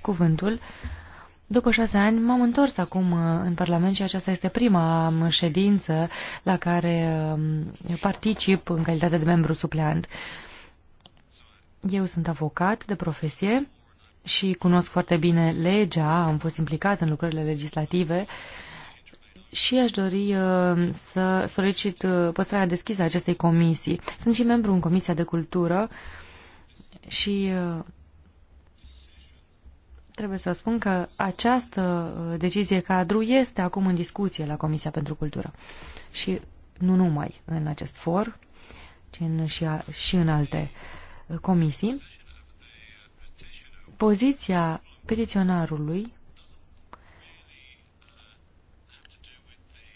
cuvântul. După șase ani m-am întors acum uh, în Parlament și aceasta este prima um, ședință la care um, particip în calitate de membru supleant. Eu sunt avocat de profesie și cunosc foarte bine legea, am fost implicat în lucrările legislative și aș dori uh, să solicit uh, păstrarea deschisă a acestei comisii. Sunt și membru în Comisia de Cultură și Trebuie să spun că această uh, decizie cadru este acum în discuție la Comisia pentru Cultură. Și nu numai în acest for, ci în, și, a, și în alte uh, comisii. Poziția petiționarului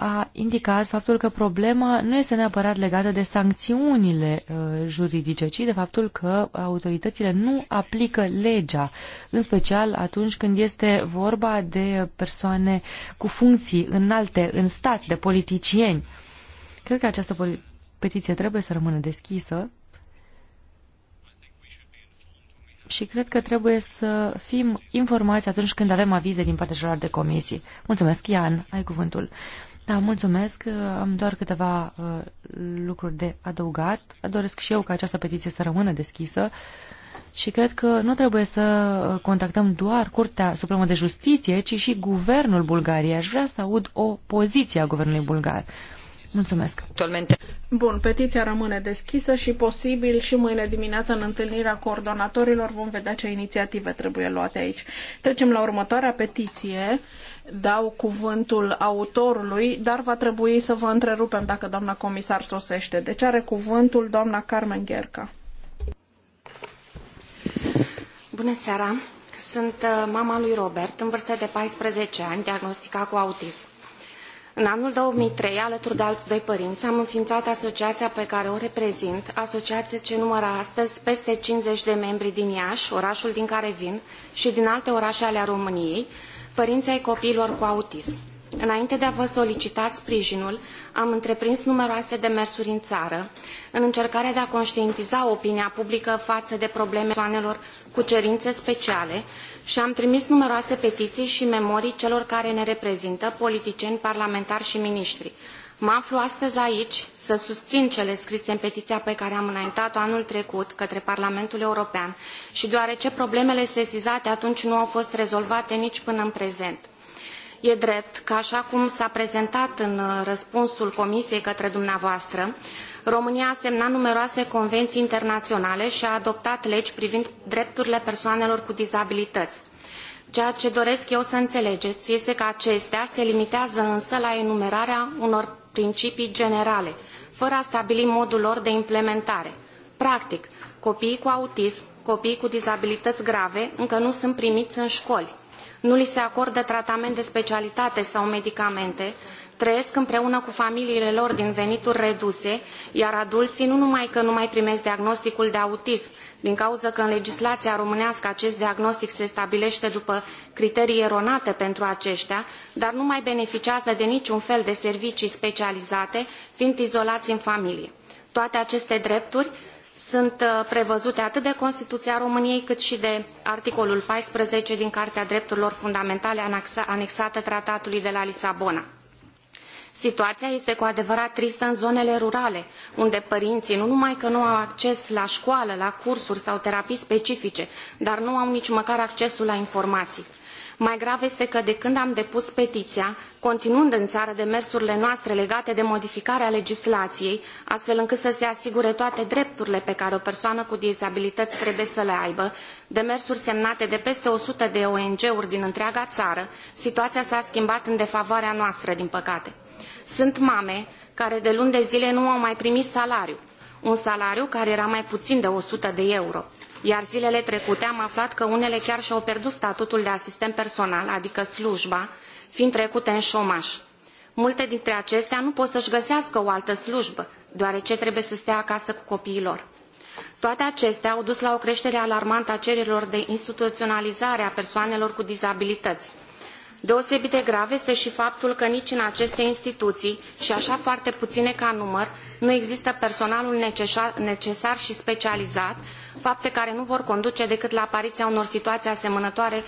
a indicat faptul că problema nu este neapărat legată de sancțiunile uh, juridice, ci de faptul că autoritățile nu aplică legea, în special atunci când este vorba de persoane cu funcții înalte în stat, de politicieni. Cred că această petiție trebuie să rămână deschisă și cred că trebuie să fim informați atunci când avem avize din partea celor de comisii. Mulțumesc, Ian, ai cuvântul. Da, mulțumesc. Am doar câteva uh, lucruri de adăugat. Doresc și eu ca această petiție să rămână deschisă și cred că nu trebuie să uh, contactăm doar Curtea Supremă de Justiție, ci și Guvernul Bulgariei. Aș vrea să aud o poziție a Guvernului Bulgar. Uh, Mulțumesc. Bun, petiția rămâne deschisă și posibil și mâine dimineață în întâlnirea coordonatorilor vom vedea ce inițiative trebuie luate aici. Trecem la următoarea petiție. Dau cuvântul autorului, dar va trebui să vă întrerupem dacă doamna comisar sosește. Deci are cuvântul doamna Carmen Gherca. Bună seara! Sunt uh, mama lui Robert, în vârstă de 14 ani, diagnosticat cu autism. În anul 2003, alături de alți doi părinți, am înființat asociația pe care o reprezint, asociație ce numără astăzi peste 50 de membri din Iași, orașul din care vin, și din alte orașe ale României, părinții ai copiilor cu autism. Înainte de a vă solicita sprijinul, am întreprins numeroase demersuri în țară, în încercarea de a conștientiza opinia publică față de problemele persoanelor cu cerințe speciale și am trimis numeroase petiții și memorii celor care ne reprezintă, politicieni, parlamentari și miniștri. Mă aflu astăzi aici să susțin cele scrise în petiția pe care am înaintat-o anul trecut către Parlamentul European și deoarece problemele sesizate atunci nu au fost rezolvate nici până în prezent. E drept că, așa cum s-a prezentat în uh, răspunsul Comisiei către dumneavoastră, România a semnat numeroase convenții internaționale și a adoptat legi privind drepturile persoanelor cu dizabilități. Ceea ce doresc eu să înțelegeți este că acestea se limitează însă la enumerarea unor principii generale, fără a stabili modul lor de implementare. Practic, copiii cu autism, copiii cu dizabilități grave încă nu sunt primiți în școli. Nu li se acordă tratament de specialitate sau medicamente, trăiesc împreună cu familiile lor din venituri reduse, iar adulții nu numai că nu mai primesc diagnosticul de autism, din cauza că în legislația românească acest diagnostic se stabilește după criterii eronate pentru aceștia, dar nu mai beneficiază de niciun fel de servicii specializate, fiind izolați în familie. Toate aceste drepturi sunt uh, prevăzute atât de Constituția României cât și de articolul 14 din Cartea Drepturilor Fundamentale anexată Tratatului de la Lisabona. Situația este cu adevărat tristă în zonele rurale, unde părinții nu numai că nu au acces la școală, la cursuri sau terapii specifice, dar nu au nici măcar accesul la informații. Mai grav este că de când am depus petiția, continuând în țară demersurile noastre legate de modificarea legislației, astfel încât să se asigure toate drepturile pe care o persoană cu dizabilități trebuie să le aibă, demersuri semnate de peste 100 de ONG-uri din întreaga țară, situația s-a schimbat în defavoarea noastră, din păcate. Sunt mame care de luni de zile nu au mai primit salariu, un salariu care era mai puțin de 100 de euro iar zilele trecute am aflat că unele chiar și-au pierdut statutul de asistent personal, adică slujba, fiind trecute în șomaș. Multe dintre acestea nu pot să-și găsească o altă slujbă, deoarece trebuie să stea acasă cu copiilor. Toate acestea au dus la o creștere alarmantă a cererilor de instituționalizare a persoanelor cu dizabilități. Deosebit de grav este și faptul că nici în aceste instituții, și așa foarte puține ca număr, nu există personalul necesar și specializat fapte care nu vor conduce decât la apariția unor situații asemănătoare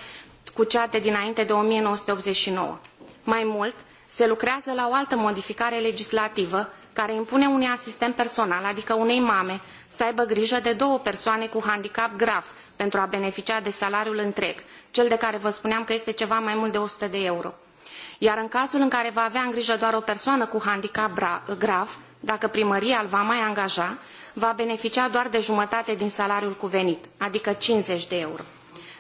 cu cea de dinainte de 1989. Mai mult, se lucrează la o altă modificare legislativă care impune unui asistent personal, adică unei mame, să aibă grijă de două persoane cu handicap grav pentru a beneficia de salariul întreg, cel de care vă spuneam că este ceva mai mult de 100 de euro. Iar în cazul în care va avea în grijă doar o persoană cu handicap grav, dacă primăria îl va mai angaja, va beneficia doar de jumătate din salariul cuvenit, adică 50 de euro.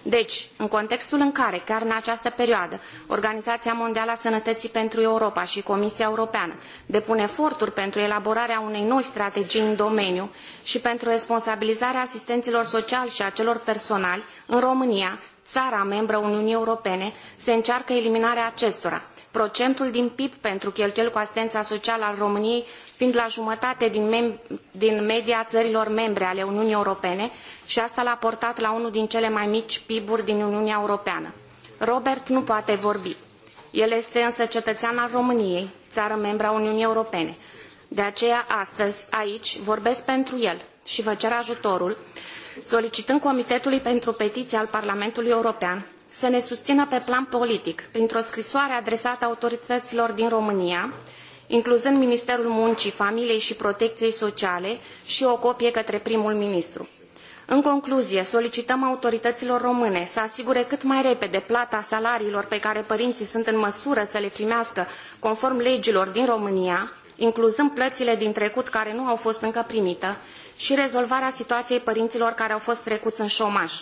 Deci, în contextul în care, chiar în această perioadă, Organizația Mondială a Sănătății pentru Europa și Comisia Europeană depun eforturi pentru elaborarea unei noi strategii în domeniu și pentru responsabilizarea asistenților sociali și a celor personali, în România, țara membră Uniunii Europene, se încearcă eliminarea acestora, procentul din PIB pentru cheltuieli cu asistența socială al României fiind la jumătate din, din media țărilor membre ale Uniunii Europene și asta l-a portat la unul din cele mai mici PIB-uri din Uniunea Europeană. Robert nu poate vorbi. El este însă cetățean al României, țară membra Uniunii Europene. De aceea, astăzi, aici, vorbesc pentru el și vă cer ajutorul, solicitând Comitetului pentru Petiții al Parlamentului European să ne susțină pe plan politic printr-o scrisoare adresată autorităților din România, incluzând Ministerul Muncii, Familiei și Protecției Sociale și o copie către primul ministru. În concluzie, solicităm autorităților române să asigure cât mai repede plata salariilor pe care părinții sunt în măsură să le primească conform legilor din România, incluzând plățile din trecut care nu au fost încă primite și rezolvarea situației părinților care au fost trecuți în șomaj.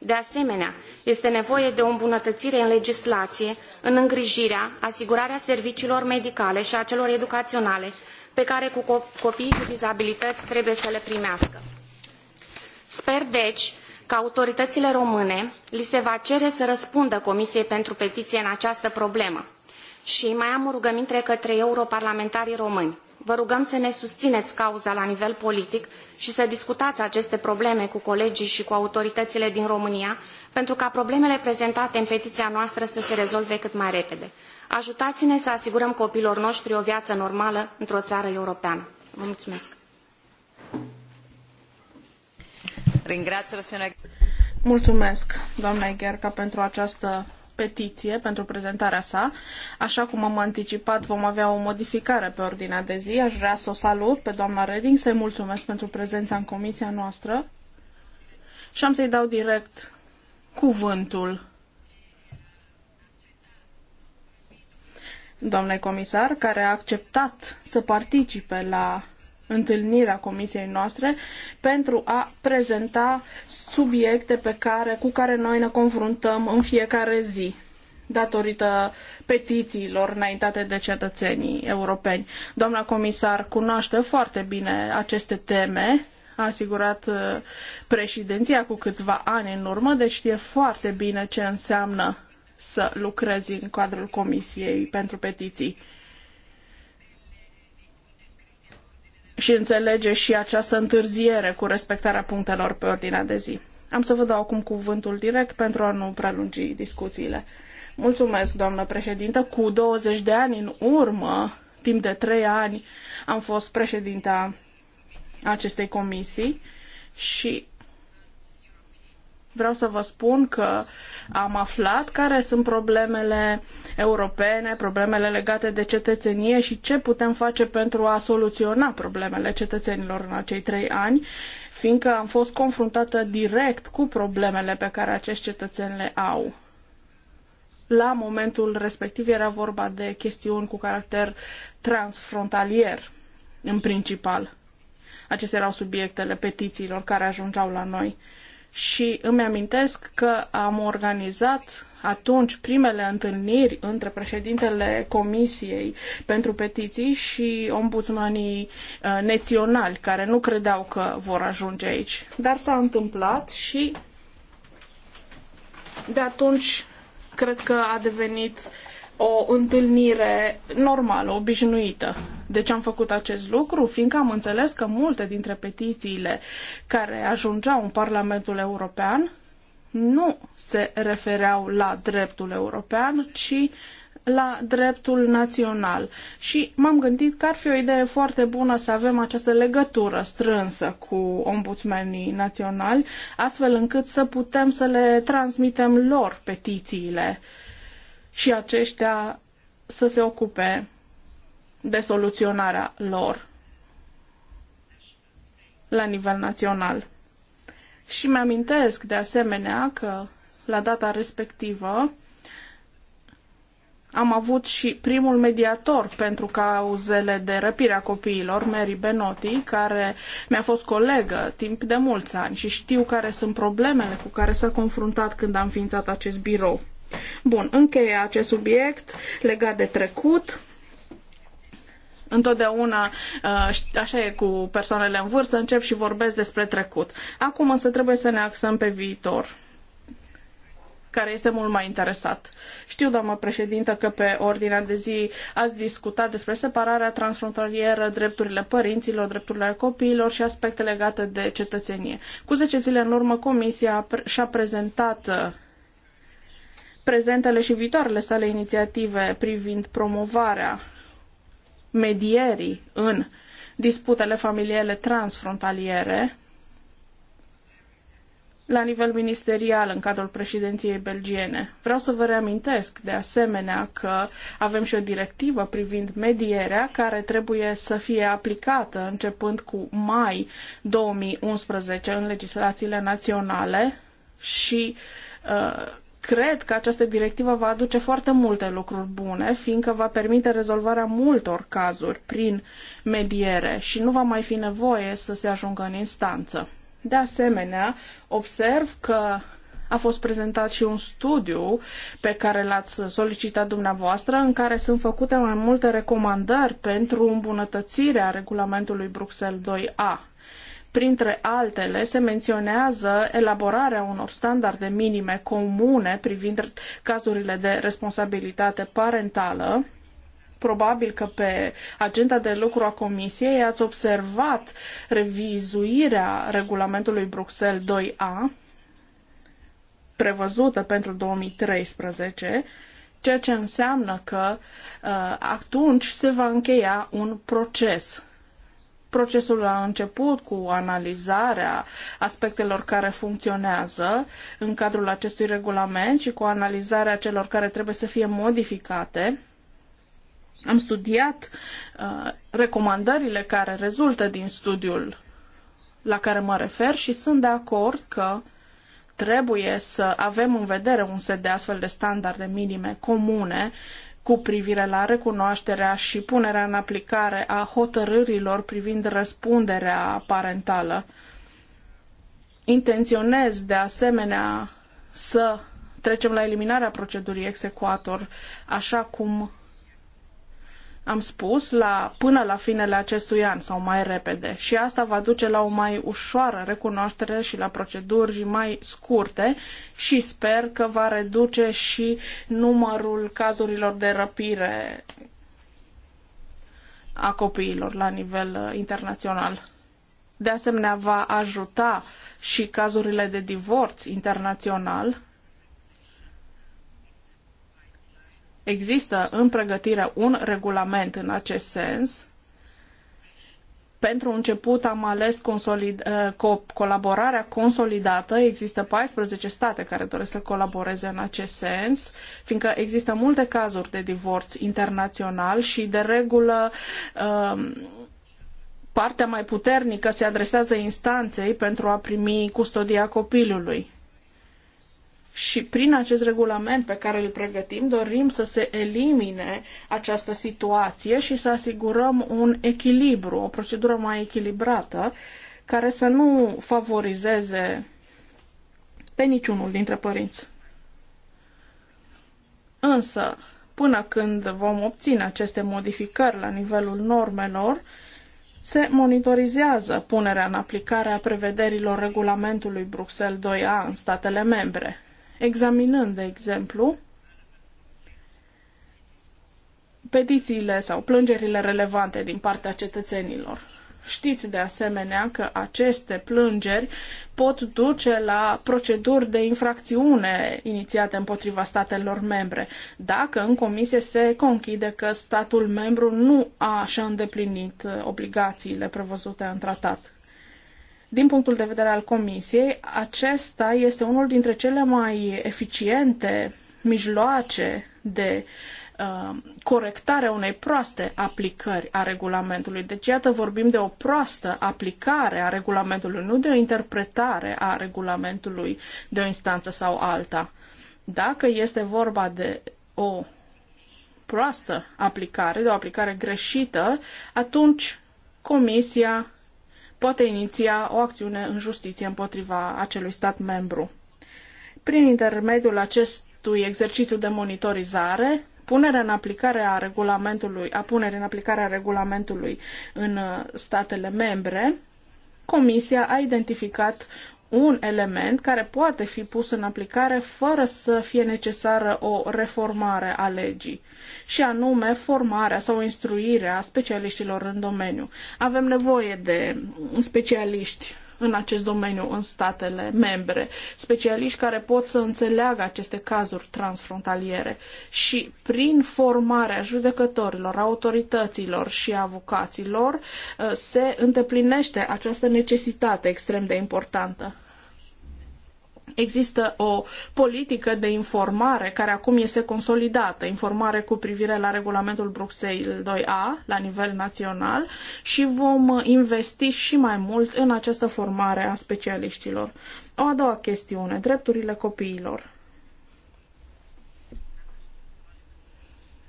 De asemenea, este nevoie de o îmbunătățire în legislație, în îngrijirea, asigurarea serviciilor medicale și a celor educaționale pe care cu copiii cu dizabilități trebuie să le primească. Sper deci că autoritățile române li se va cere să răspundă Comisiei pentru Petiție în această problemă. Și mai am o rugăminte către europarlamentarii români vă rugăm să ne susțineți cauza la nivel politic și să discutați aceste probleme cu colegii și cu autoritățile din România, pentru ca problemele prezentate în petiția noastră să se rezolve cât mai repede. Ajutați-ne să asigurăm copiilor noștri o viață normală într-o țară europeană. Vă mulțumesc! Mulțumesc, doamna Gherca, pentru această petiție pentru prezentarea sa. Așa cum am anticipat, vom avea o modificare pe ordinea de zi. Aș vrea să o salut pe doamna Reding, să-i mulțumesc pentru prezența în comisia noastră și am să-i dau direct cuvântul. Doamne comisar, care a acceptat să participe la întâlnirea comisiei noastre pentru a prezenta subiecte pe care, cu care noi ne confruntăm în fiecare zi datorită petițiilor înaintate de cetățenii europeni. Doamna comisar cunoaște foarte bine aceste teme, a asigurat uh, președinția cu câțiva ani în urmă, deci știe foarte bine ce înseamnă să lucrezi în cadrul Comisiei pentru Petiții. și înțelege și această întârziere cu respectarea punctelor pe ordinea de zi. Am să vă dau acum cuvântul direct pentru a nu prelungi discuțiile. Mulțumesc, doamnă președintă. Cu 20 de ani în urmă, timp de 3 ani, am fost președinta acestei comisii și vreau să vă spun că am aflat care sunt problemele europene, problemele legate de cetățenie și ce putem face pentru a soluționa problemele cetățenilor în acei trei ani, fiindcă am fost confruntată direct cu problemele pe care acești cetățeni le au la momentul respectiv era vorba de chestiuni cu caracter transfrontalier, în principal. Acestea erau subiectele petițiilor care ajungeau la noi și îmi amintesc că am organizat atunci primele întâlniri între președintele Comisiei pentru Petiții și ombudsmanii uh, naționali, care nu credeau că vor ajunge aici. Dar s-a întâmplat și de atunci cred că a devenit o întâlnire normală, obișnuită. De ce am făcut acest lucru? Fiindcă am înțeles că multe dintre petițiile care ajungeau în Parlamentul European nu se refereau la dreptul european, ci la dreptul național. Și m-am gândit că ar fi o idee foarte bună să avem această legătură strânsă cu ombudsmenii naționali, astfel încât să putem să le transmitem lor petițiile și aceștia să se ocupe de soluționarea lor la nivel național. Și mi-amintesc de asemenea că la data respectivă am avut și primul mediator pentru cauzele de răpire a copiilor, Mary Benotti, care mi-a fost colegă timp de mulți ani și știu care sunt problemele cu care s-a confruntat când a înființat acest birou. Bun, încheie acest subiect legat de trecut. Întotdeauna, uh, așa e cu persoanele în vârstă, încep și vorbesc despre trecut. Acum însă trebuie să ne axăm pe viitor care este mult mai interesat. Știu, doamnă președintă, că pe ordinea de zi ați discutat despre separarea transfrontalieră, drepturile părinților, drepturile copiilor și aspecte legate de cetățenie. Cu 10 zile în urmă, Comisia și-a prezentat uh, prezentele și viitoarele sale inițiative privind promovarea medierii în disputele familiale transfrontaliere la nivel ministerial în cadrul președinției belgiene. Vreau să vă reamintesc de asemenea că avem și o directivă privind medierea care trebuie să fie aplicată începând cu mai 2011 în legislațiile naționale și uh, Cred că această directivă va aduce foarte multe lucruri bune, fiindcă va permite rezolvarea multor cazuri prin mediere și nu va mai fi nevoie să se ajungă în instanță. De asemenea, observ că a fost prezentat și un studiu pe care l-ați solicitat dumneavoastră, în care sunt făcute mai multe recomandări pentru îmbunătățirea regulamentului Bruxelles 2A. Printre altele, se menționează elaborarea unor standarde minime comune privind cazurile de responsabilitate parentală, probabil că pe agenda de lucru a Comisiei ați observat revizuirea regulamentului Bruxelles 2A prevăzută pentru 2013, ceea ce înseamnă că uh, atunci se va încheia un proces Procesul a început cu analizarea aspectelor care funcționează în cadrul acestui regulament și cu analizarea celor care trebuie să fie modificate. Am studiat uh, recomandările care rezultă din studiul la care mă refer și sunt de acord că trebuie să avem în vedere un set de astfel de standarde minime comune cu privire la recunoașterea și punerea în aplicare a hotărârilor privind răspunderea parentală. Intenționez de asemenea să trecem la eliminarea procedurii executor, așa cum am spus, la, până la finele acestui an sau mai repede. Și asta va duce la o mai ușoară recunoaștere și la proceduri mai scurte și sper că va reduce și numărul cazurilor de răpire a copiilor la nivel uh, internațional. De asemenea, va ajuta și cazurile de divorț internațional, Există în pregătire un regulament în acest sens. Pentru început am ales consolid, eh, co- colaborarea consolidată. Există 14 state care doresc să colaboreze în acest sens, fiindcă există multe cazuri de divorț internațional și de regulă um, partea mai puternică se adresează instanței pentru a primi custodia copilului. Și prin acest regulament pe care îl pregătim, dorim să se elimine această situație și să asigurăm un echilibru, o procedură mai echilibrată, care să nu favorizeze pe niciunul dintre părinți. Însă, până când vom obține aceste modificări la nivelul normelor, se monitorizează punerea în aplicare a prevederilor regulamentului Bruxelles 2A în statele membre examinând, de exemplu, petițiile sau plângerile relevante din partea cetățenilor. Știți de asemenea că aceste plângeri pot duce la proceduri de infracțiune inițiate împotriva statelor membre, dacă în comisie se conchide că statul membru nu a și-a îndeplinit uh, obligațiile prevăzute în tratat. Din punctul de vedere al Comisiei, acesta este unul dintre cele mai eficiente mijloace de uh, corectare corectarea unei proaste aplicări a regulamentului. Deci, iată, vorbim de o proastă aplicare a regulamentului, nu de o interpretare a regulamentului de o instanță sau alta. Dacă este vorba de o proastă aplicare, de o aplicare greșită, atunci Comisia poate iniția o acțiune în justiție împotriva acelui stat membru. Prin intermediul acestui exercițiu de monitorizare, punerea în aplicare a regulamentului, a punerea în aplicare a regulamentului în uh, statele membre, Comisia a identificat un element care poate fi pus în aplicare fără să fie necesară o reformare a legii, și anume formarea sau instruirea specialiștilor în domeniu. Avem nevoie de specialiști în acest domeniu în statele membre, specialiști care pot să înțeleagă aceste cazuri transfrontaliere și prin formarea judecătorilor, autorităților și avocaților uh, se îndeplinește această necesitate extrem de importantă. Există o politică de informare care acum este consolidată, informare cu privire la regulamentul Bruxelles 2A la nivel național și vom investi și mai mult în această formare a specialiștilor. O a doua chestiune, drepturile copiilor.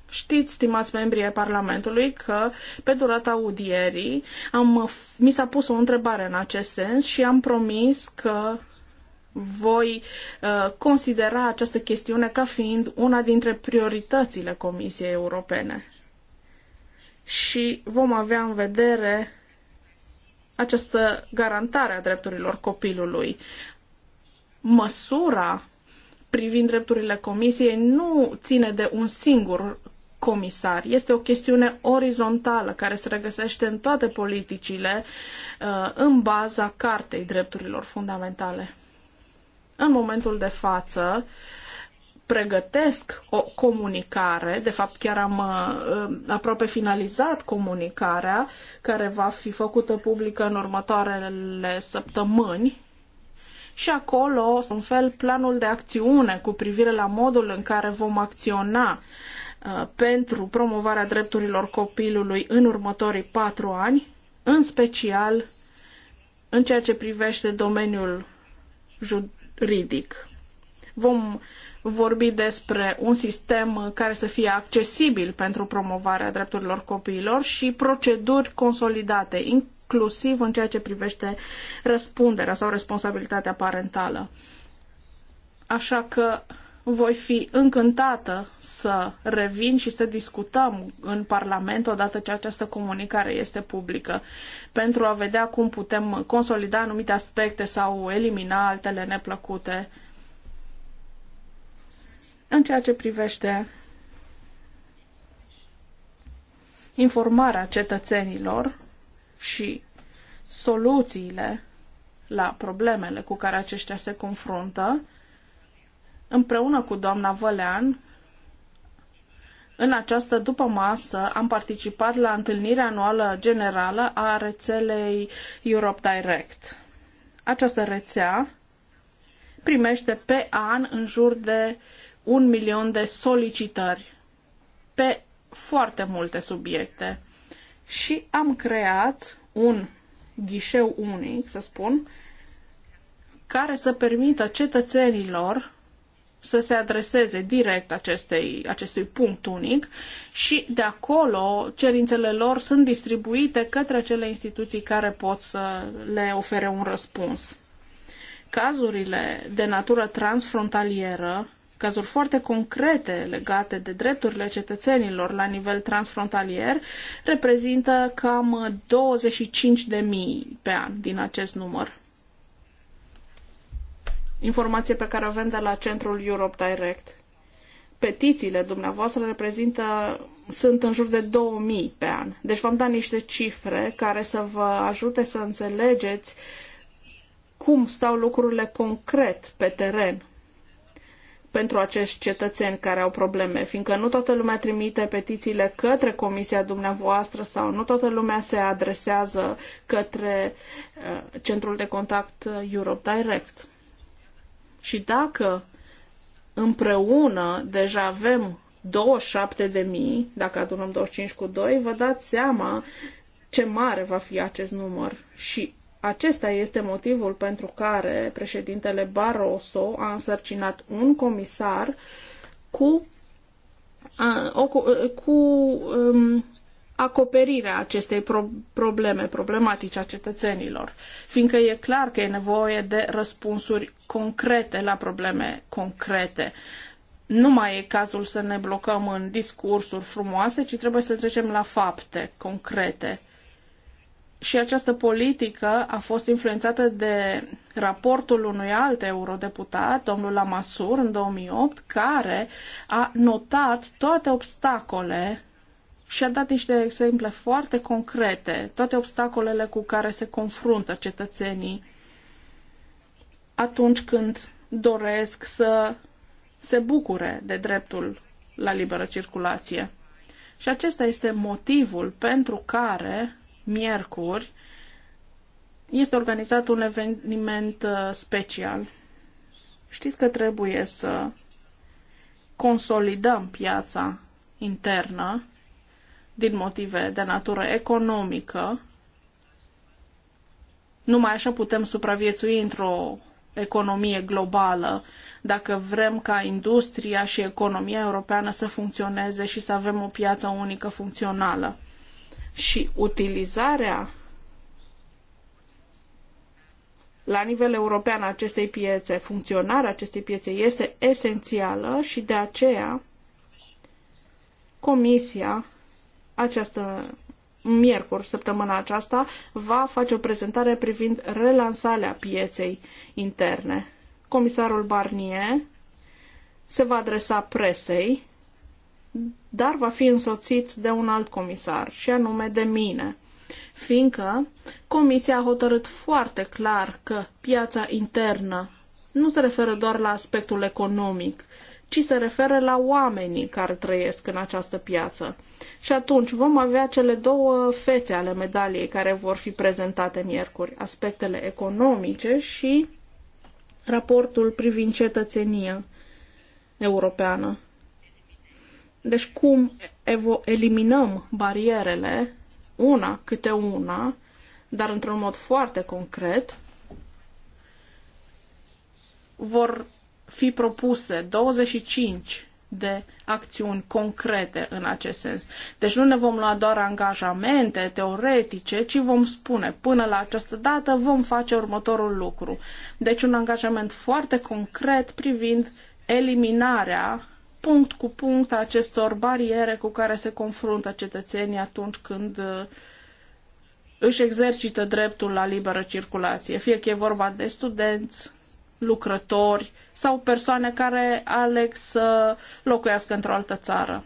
Știți, stimați membrii ai Parlamentului, că pe durata audierii am, mi s-a pus o întrebare în acest sens și am promis că voi uh, considera această chestiune ca fiind una dintre prioritățile Comisiei Europene. Și vom avea în vedere această garantare a drepturilor copilului. Măsura privind drepturile Comisiei nu ține de un singur comisar. Este o chestiune orizontală care se regăsește în toate politicile uh, în baza Cartei Drepturilor Fundamentale. În momentul de față, pregătesc o comunicare, de fapt chiar am uh, uh, aproape finalizat comunicarea care va fi făcută publică în următoarele săptămâni și acolo un fel planul de acțiune cu privire la modul în care vom acționa uh, pentru promovarea drepturilor copilului în următorii patru ani, în special în ceea ce privește domeniul jud- ridic. Vom vorbi despre un sistem care să fie accesibil pentru promovarea drepturilor copiilor și proceduri consolidate, inclusiv în ceea ce privește răspunderea sau responsabilitatea parentală. Așa că voi fi încântată să revin și să discutăm în Parlament odată ce această comunicare este publică pentru a vedea cum putem consolida anumite aspecte sau elimina altele neplăcute în ceea ce privește informarea cetățenilor și soluțiile la problemele cu care aceștia se confruntă, Împreună cu doamna Vălean, în această dupămasă am participat la întâlnirea anuală generală a rețelei Europe Direct. Această rețea primește pe an în jur de un milion de solicitări pe foarte multe subiecte. Și am creat un ghișeu unic, să spun, care să permită cetățenilor să se adreseze direct acestei, acestui punct unic și de acolo cerințele lor sunt distribuite către acele instituții care pot să le ofere un răspuns. Cazurile de natură transfrontalieră, cazuri foarte concrete legate de drepturile cetățenilor la nivel transfrontalier, reprezintă cam 25.000 pe an din acest număr informație pe care o avem de la centrul Europe Direct. Petițiile dumneavoastră reprezintă, sunt în jur de 2000 pe an. Deci v-am dat niște cifre care să vă ajute să înțelegeți cum stau lucrurile concret pe teren pentru acești cetățeni care au probleme, fiindcă nu toată lumea trimite petițiile către comisia dumneavoastră sau nu toată lumea se adresează către uh, centrul de contact uh, Europe Direct. Și dacă împreună deja avem 27 de mii, dacă adunăm 25 cu 2, vă dați seama ce mare va fi acest număr. Și acesta este motivul pentru care președintele Barroso a însărcinat un comisar cu, a, o, cu um, acoperirea acestei pro- probleme problematice a cetățenilor, fiindcă e clar că e nevoie de răspunsuri concrete la probleme concrete. Nu mai e cazul să ne blocăm în discursuri frumoase, ci trebuie să trecem la fapte concrete. Și această politică a fost influențată de raportul unui alt eurodeputat, domnul Lamassoure, în 2008, care a notat toate obstacole și a dat niște exemple foarte concrete, toate obstacolele cu care se confruntă cetățenii atunci când doresc să se bucure de dreptul la liberă circulație. Și acesta este motivul pentru care, miercuri, este organizat un eveniment uh, special. Știți că trebuie să consolidăm piața internă din motive de natură economică. Numai așa putem supraviețui într-o economie globală dacă vrem ca industria și economia europeană să funcționeze și să avem o piață unică funcțională. Și utilizarea la nivel european a acestei piețe, funcționarea acestei piețe este esențială și de aceea Comisia această miercuri, săptămâna aceasta, va face o prezentare privind relansarea pieței interne. Comisarul Barnier se va adresa presei, dar va fi însoțit de un alt comisar, și anume de mine, fiindcă Comisia a hotărât foarte clar că piața internă nu se referă doar la aspectul economic, ci se referă la oamenii care trăiesc în această piață. Și atunci vom avea cele două fețe ale medaliei care vor fi prezentate miercuri, aspectele economice și raportul privind cetățenia europeană. Deci cum eliminăm barierele, una câte una, dar într-un mod foarte concret, vor fi propuse 25 de acțiuni concrete în acest sens. Deci nu ne vom lua doar angajamente teoretice, ci vom spune până la această dată vom face următorul lucru. Deci un angajament foarte concret privind eliminarea punct cu punct a acestor bariere cu care se confruntă cetățenii atunci când uh, își exercită dreptul la liberă circulație. Fie că e vorba de studenți, lucrători sau persoane care aleg să locuiască într-o altă țară.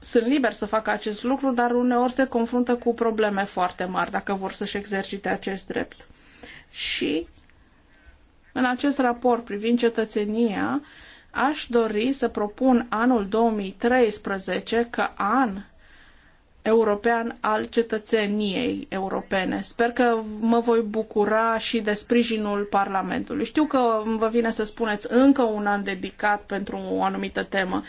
Sunt liberi să facă acest lucru, dar uneori se confruntă cu probleme foarte mari dacă vor să-și exercite acest drept. Și în acest raport privind cetățenia, aș dori să propun anul 2013 ca an european al cetățeniei europene. Sper că mă voi bucura și de sprijinul Parlamentului. Știu că vă vine să spuneți încă un an dedicat pentru o anumită temă.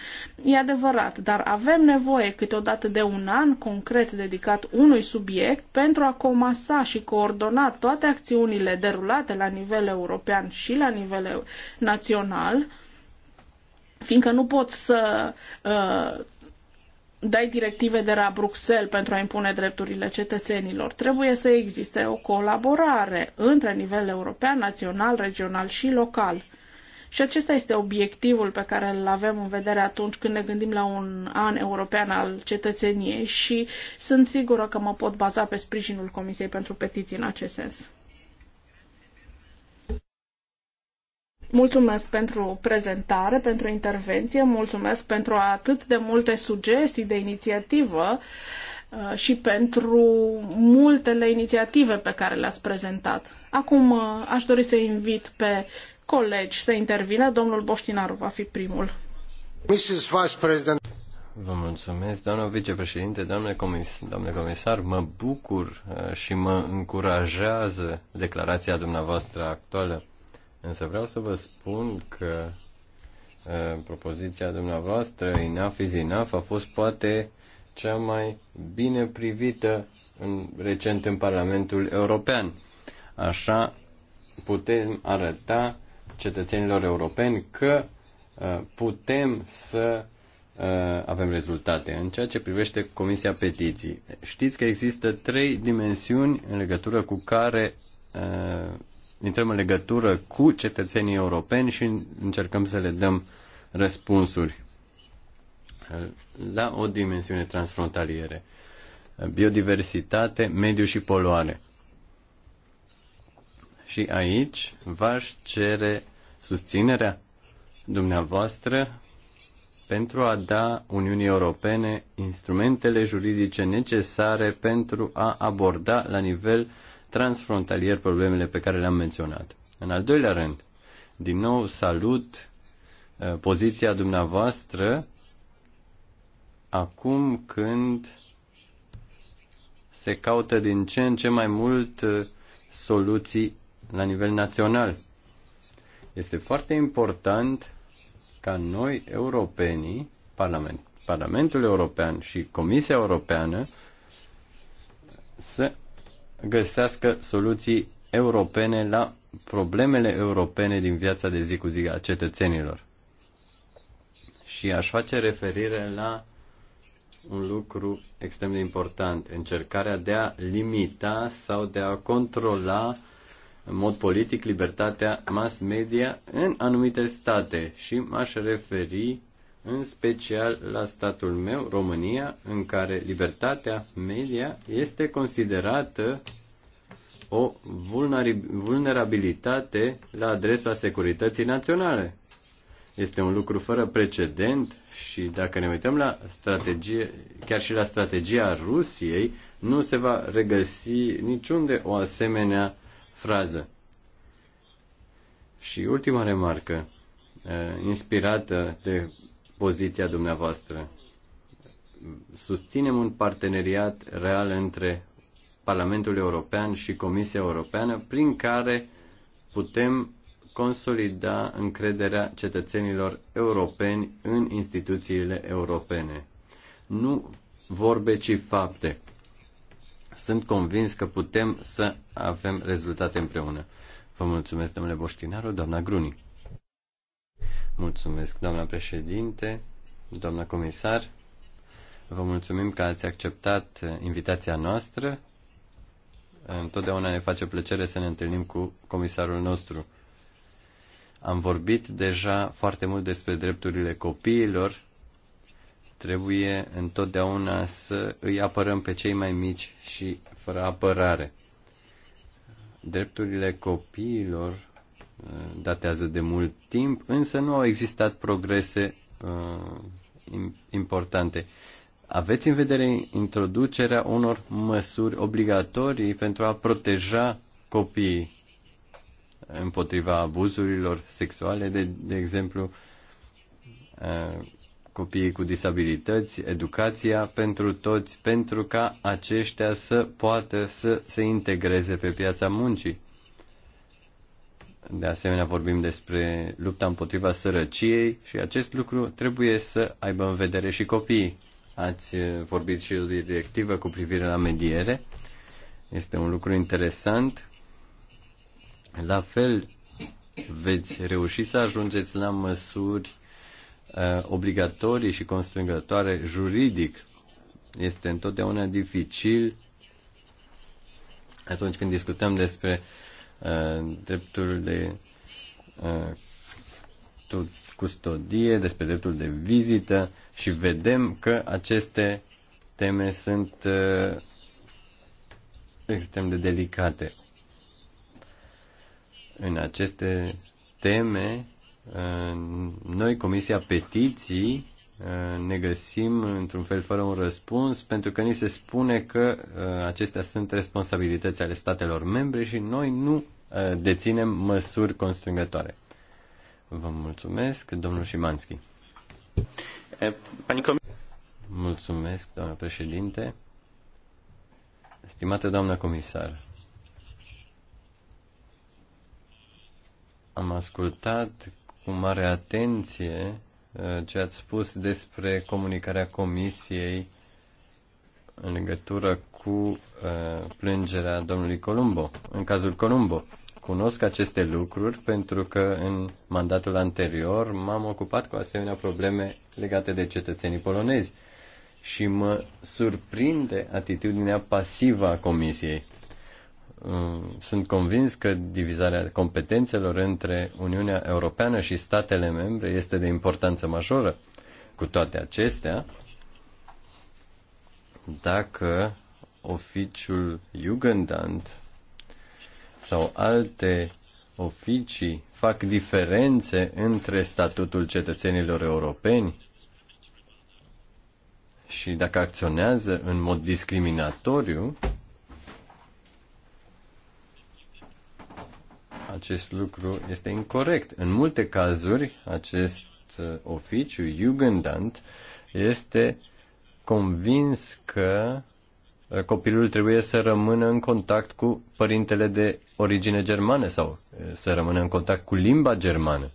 E adevărat, dar avem nevoie câteodată de un an concret dedicat unui subiect pentru a comasa și coordona toate acțiunile derulate la nivel european și la nivel național fiindcă nu pot să uh, dai directive de la Bruxelles pentru a impune drepturile cetățenilor. Trebuie să existe o colaborare între nivel european, național, regional și local. Și acesta este obiectivul pe care îl avem în vedere atunci când ne gândim la un an european al cetățeniei și sunt sigură că mă pot baza pe sprijinul Comisiei pentru Petiții în acest sens. Mulțumesc pentru prezentare, pentru intervenție, mulțumesc pentru atât de multe sugestii de inițiativă uh, și pentru multele inițiative pe care le-ați prezentat. Acum uh, aș dori să invit pe colegi să intervină. Domnul Boștinaru va fi primul. Mrs. Vice President. Vă mulțumesc, doamnă vicepreședinte, doamne, comis, doamne comisar, mă bucur uh, și mă încurajează declarația dumneavoastră actuală Însă vreau să vă spun că uh, propoziția dumneavoastră, Enough is Enough, a fost poate cea mai bine privită în, recent în Parlamentul European. Așa putem arăta cetățenilor europeni că uh, putem să uh, avem rezultate. În ceea ce privește Comisia Petiții, știți că există trei dimensiuni în legătură cu care uh, intrăm în legătură cu cetățenii europeni și încercăm să le dăm răspunsuri la o dimensiune transfrontaliere. Biodiversitate, mediu și poluare. Și aici v-aș cere susținerea dumneavoastră pentru a da Uniunii Europene instrumentele juridice necesare pentru a aborda la nivel uh, transfrontalier problemele pe care le-am menționat. În al doilea rând, din nou salut uh, poziția dumneavoastră acum când se caută din ce în ce mai mult uh, soluții la nivel național. Este foarte important ca noi, europenii, Parlament, Parlamentul European și Comisia Europeană, să găsească soluții europene la problemele europene din viața de zi cu zi a cetățenilor. Și aș face referire la un lucru extrem de important, încercarea de a limita sau de a controla în mod politic libertatea mass media în anumite state și m-aș referi în special la statul meu, România, în care libertatea media este considerată o vulnerabilitate la adresa securității naționale. Este un lucru fără precedent și dacă ne uităm la strategie, chiar și la strategia Rusiei, nu se va regăsi niciunde o asemenea frază. Și ultima remarcă, eh, inspirată de poziția dumneavoastră. Susținem un parteneriat real între Parlamentul European și Comisia Europeană prin care putem consolida încrederea cetățenilor europeni în instituțiile europene. Nu vorbe, ci fapte. Sunt convins că putem să avem rezultate împreună. Vă mulțumesc, domnule Boștinaru, doamna Gruni. Mulțumesc, doamna președinte, doamna comisar. Vă mulțumim că ați acceptat uh, invitația noastră. Întotdeauna ne face plăcere să ne întâlnim cu comisarul nostru. Am vorbit deja foarte mult despre drepturile copiilor. Trebuie întotdeauna să îi apărăm pe cei mai mici și fără apărare. Drepturile copiilor datează de mult timp, însă nu au existat progrese uh, importante. Aveți în vedere introducerea unor măsuri obligatorii pentru a proteja copiii împotriva abuzurilor sexuale, de, de exemplu, uh, copiii cu disabilități, educația pentru toți, pentru ca aceștia să poată să se integreze pe piața muncii. De asemenea, vorbim despre lupta împotriva sărăciei și acest lucru trebuie să aibă în vedere și copiii. Ați eh, vorbit și de o directivă cu privire la mediere. Este un lucru interesant. La fel, veți reuși să ajungeți la măsuri uh, obligatorii și constrângătoare juridic. Este întotdeauna dificil atunci când discutăm despre uh, Uh, dreptul de uh, custodie, despre dreptul de vizită și vedem că aceste teme sunt uh, extrem de delicate. În aceste teme, noi, Comisia Petiții, ne găsim într-un fel fără un răspuns, pentru că ni se spune că acestea sunt responsabilități ale statelor membre și noi nu Eh, deținem măsuri constrângătoare. Vă mulțumesc, domnul Șimanski. Eh, mulțumesc, doamnă președinte. Stimată doamnă comisar, am ascultat cu mare atenție eh, ce ați spus despre comunicarea comisiei în legătură cu plângerea domnului Columbo, în cazul Columbo cunosc aceste lucruri pentru că în mandatul anterior m-am ocupat cu asemenea probleme legate de cetățenii polonezi și mă surprinde atitudinea pasivă a Comisiei. Mm, sunt convins că divizarea competențelor între Uniunea Europeană și statele membre este de importanță majoră. Cu toate acestea, dacă oficiul Jugendamt sau alte oficii fac diferențe între statutul cetățenilor europeni și dacă acționează în mod discriminatoriu, acest lucru este incorrect. În multe cazuri, acest uh, oficiu, jugendant este convins că uh, copilul trebuie să rămână în contact cu părintele de origine germană sau să rămână în contact cu limba germană.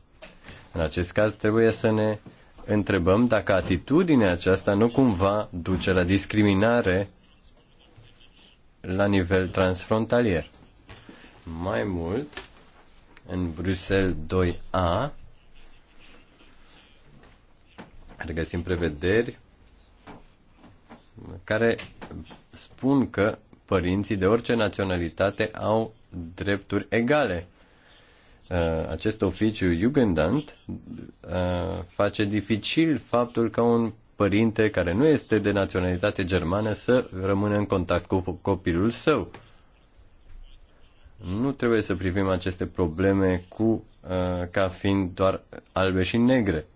În acest caz trebuie să ne întrebăm dacă atitudinea aceasta nu cumva duce la discriminare la nivel transfrontalier. Mai mult, în Bruxelles 2A regăsim prevederi care spun că părinții de orice naționalitate au drepturi egale. Uh, acest oficiu jugendant uh, face dificil faptul ca un părinte care nu este de naționalitate germană să rămână în contact cu copilul său. Nu trebuie să privim aceste probleme cu, uh, ca fiind doar albe și negre.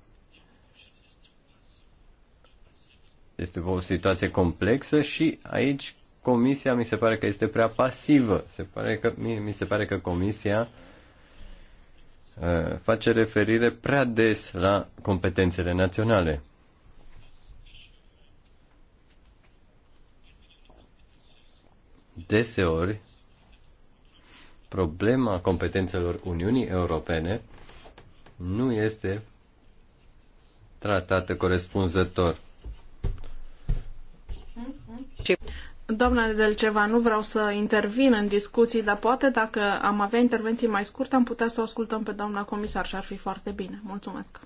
Este o situație complexă și aici comisia mi se pare că este prea pasivă. Se pare că, mi se pare că comisia uh, face referire prea des la competențele naționale. Deseori, problema competențelor Uniunii Europene nu este tratată corespunzător. Doamna Delceva, nu vreau să intervin în discuții, dar poate dacă am avea intervenții mai scurte, am putea să o ascultăm pe doamna comisar și ar fi foarte bine. Mulțumesc!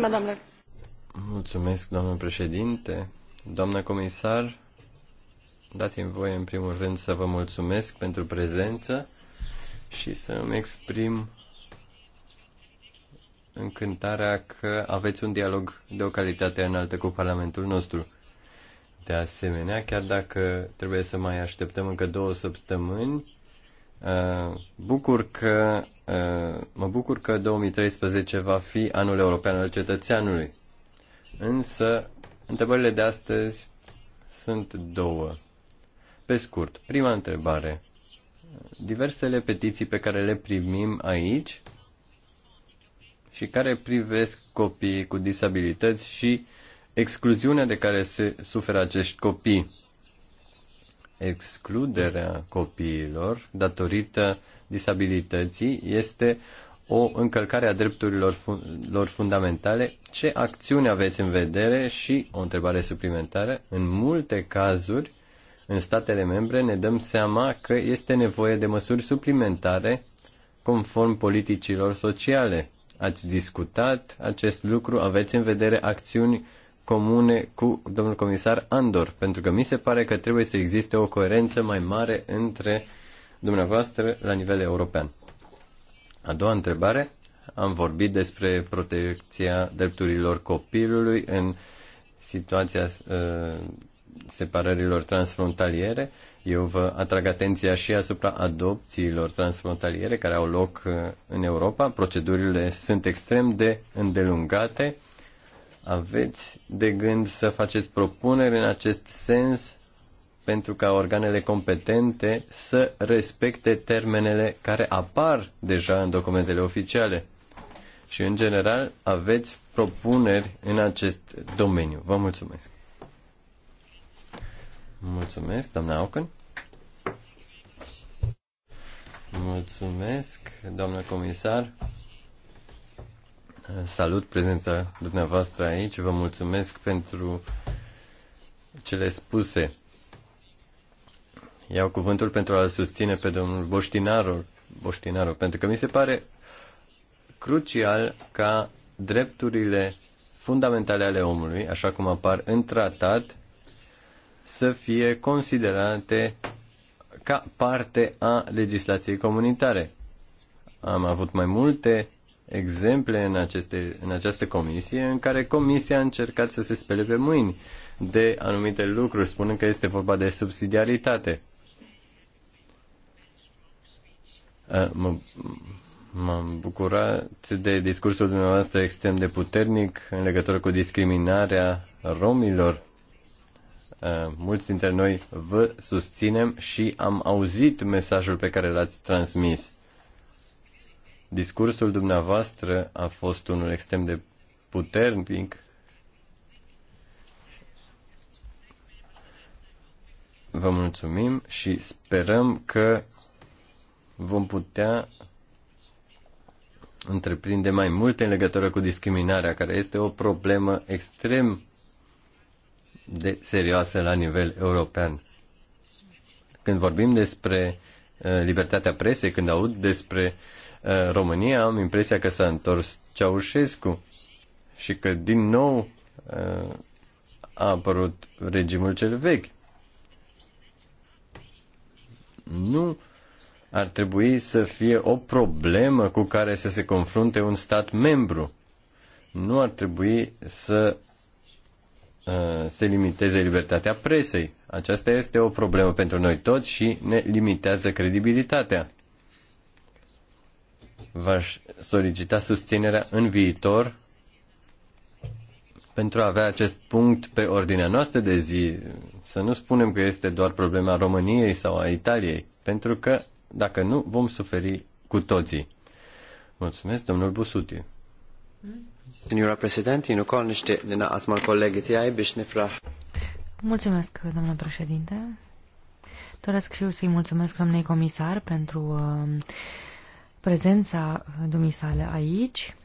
madame. Mulțumesc, doamnă președinte. Doamna comisar, dați-mi voie în primul rând să vă mulțumesc pentru prezență și să îmi exprim încântarea că aveți un dialog de o calitate înaltă cu Parlamentul nostru. De asemenea, chiar dacă trebuie să mai așteptăm încă două săptămâni, uh, bucur că, uh, mă bucur că 2013 va fi anul european al cetățeanului. Însă, întrebările de astăzi sunt două. Pe scurt, prima întrebare. Diversele petiții pe care le primim aici și care privesc copiii cu disabilități și excluziunea de care se suferă acești copii. Excluderea copiilor datorită disabilității este o încălcare a drepturilor fun- lor fundamentale. Ce acțiuni aveți în vedere? Și o întrebare suplimentară. În multe cazuri, în statele membre, ne dăm seama că este nevoie de măsuri suplimentare conform politicilor sociale ați discutat acest lucru, aveți în vedere acțiuni comune cu domnul comisar Andor, pentru că mi se pare că trebuie să existe o coerență mai mare între dumneavoastră la nivel european. A doua întrebare, am vorbit despre protecția drepturilor copilului în situația uh, separărilor transfrontaliere. Eu vă atrag atenția și asupra adopțiilor transfrontaliere care au loc uh, în Europa. Procedurile sunt extrem de îndelungate. Aveți de gând să faceți propuneri în acest sens pentru ca organele competente să respecte termenele care apar deja în documentele oficiale. Și, în general, aveți propuneri în acest domeniu. Vă mulțumesc. Mulțumesc, doamna Auken. Mulțumesc, doamna comisar. Salut prezența dumneavoastră aici. Vă mulțumesc pentru cele spuse. Iau cuvântul pentru a susține pe domnul boștinarul, boștinarul, pentru că mi se pare crucial ca drepturile fundamentale ale omului, așa cum apar în tratat, să fie considerate ca parte a legislației comunitare. Am avut mai multe exemple în, aceste, în această comisie în care comisia a încercat să se spele pe mâini de anumite lucruri, spunând că este vorba de subsidiaritate. M-am bucurat de discursul dumneavoastră extrem de puternic în legătură cu discriminarea romilor Uh, mulți dintre noi vă susținem și am auzit mesajul pe care l-ați transmis. Discursul dumneavoastră a fost unul extrem de puternic. Vă mulțumim și sperăm că vom putea întreprinde mai multe în legătură cu discriminarea, care este o problemă extrem de serioasă la nivel european. Când vorbim despre uh, libertatea presei, când aud despre uh, România, am impresia că s-a întors Ceaușescu și că din nou uh, a apărut regimul cel vechi. Nu ar trebui să fie o problemă cu care să se confrunte un stat membru. Nu ar trebui să Uh, se limiteze libertatea presei. Aceasta este o problemă pentru noi toți și ne limitează credibilitatea. V-aș solicita susținerea în viitor pentru a avea acest punct pe ordinea noastră de zi. Să nu spunem că este doar problema României sau a Italiei, pentru că dacă nu, vom suferi cu toții. Mulțumesc, domnul Busuti. Mm? Signora Presidente, in ukoll nixtieq li naqgħad mal-kollegi tiegħi biex nifraħ. Mulțumesc, doamnă președinte. Doresc și eu să-i mulțumesc domnului comisar pentru uh, prezența dumisale aici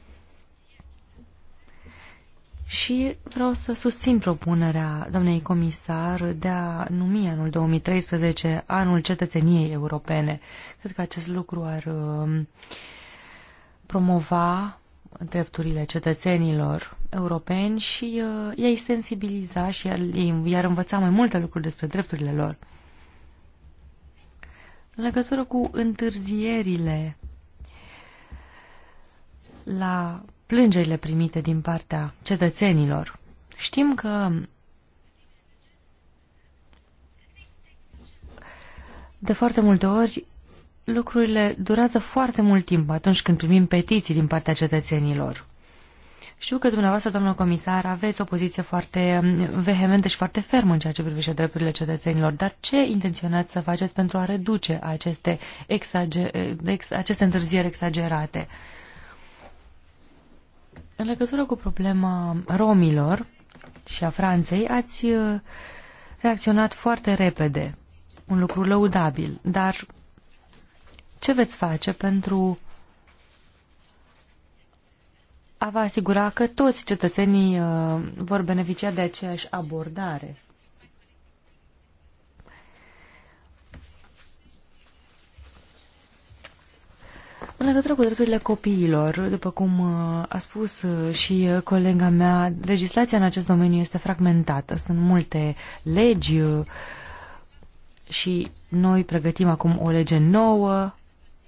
și vreau să susțin propunerea doamnei comisar de a numi anul 2013 anul cetățeniei europene. Cred că acest lucru ar uh, promova drepturile cetățenilor europeni și uh, ei sensibiliza și iar, ei i-ar învăța mai multe lucruri despre drepturile lor. În legătură cu întârzierile la plângerile primite din partea cetățenilor, știm că de foarte multe ori lucrurile durează foarte mult timp atunci când primim petiții din partea cetățenilor. Știu că dumneavoastră, doamnă comisar, aveți o poziție foarte um, vehementă și foarte fermă în ceea ce privește drepturile cetățenilor, dar ce intenționați să faceți pentru a reduce aceste, exager... ex... aceste întârzieri exagerate? În legătură cu problema romilor și a Franței, ați uh, reacționat foarte repede, un lucru lăudabil, dar ce veți face pentru a vă asigura că toți cetățenii uh, vor beneficia de aceeași abordare? În legătură cu drepturile copiilor, după cum uh, a spus uh, și uh, colega mea, legislația în acest domeniu este fragmentată. Sunt multe legi și noi pregătim acum o lege nouă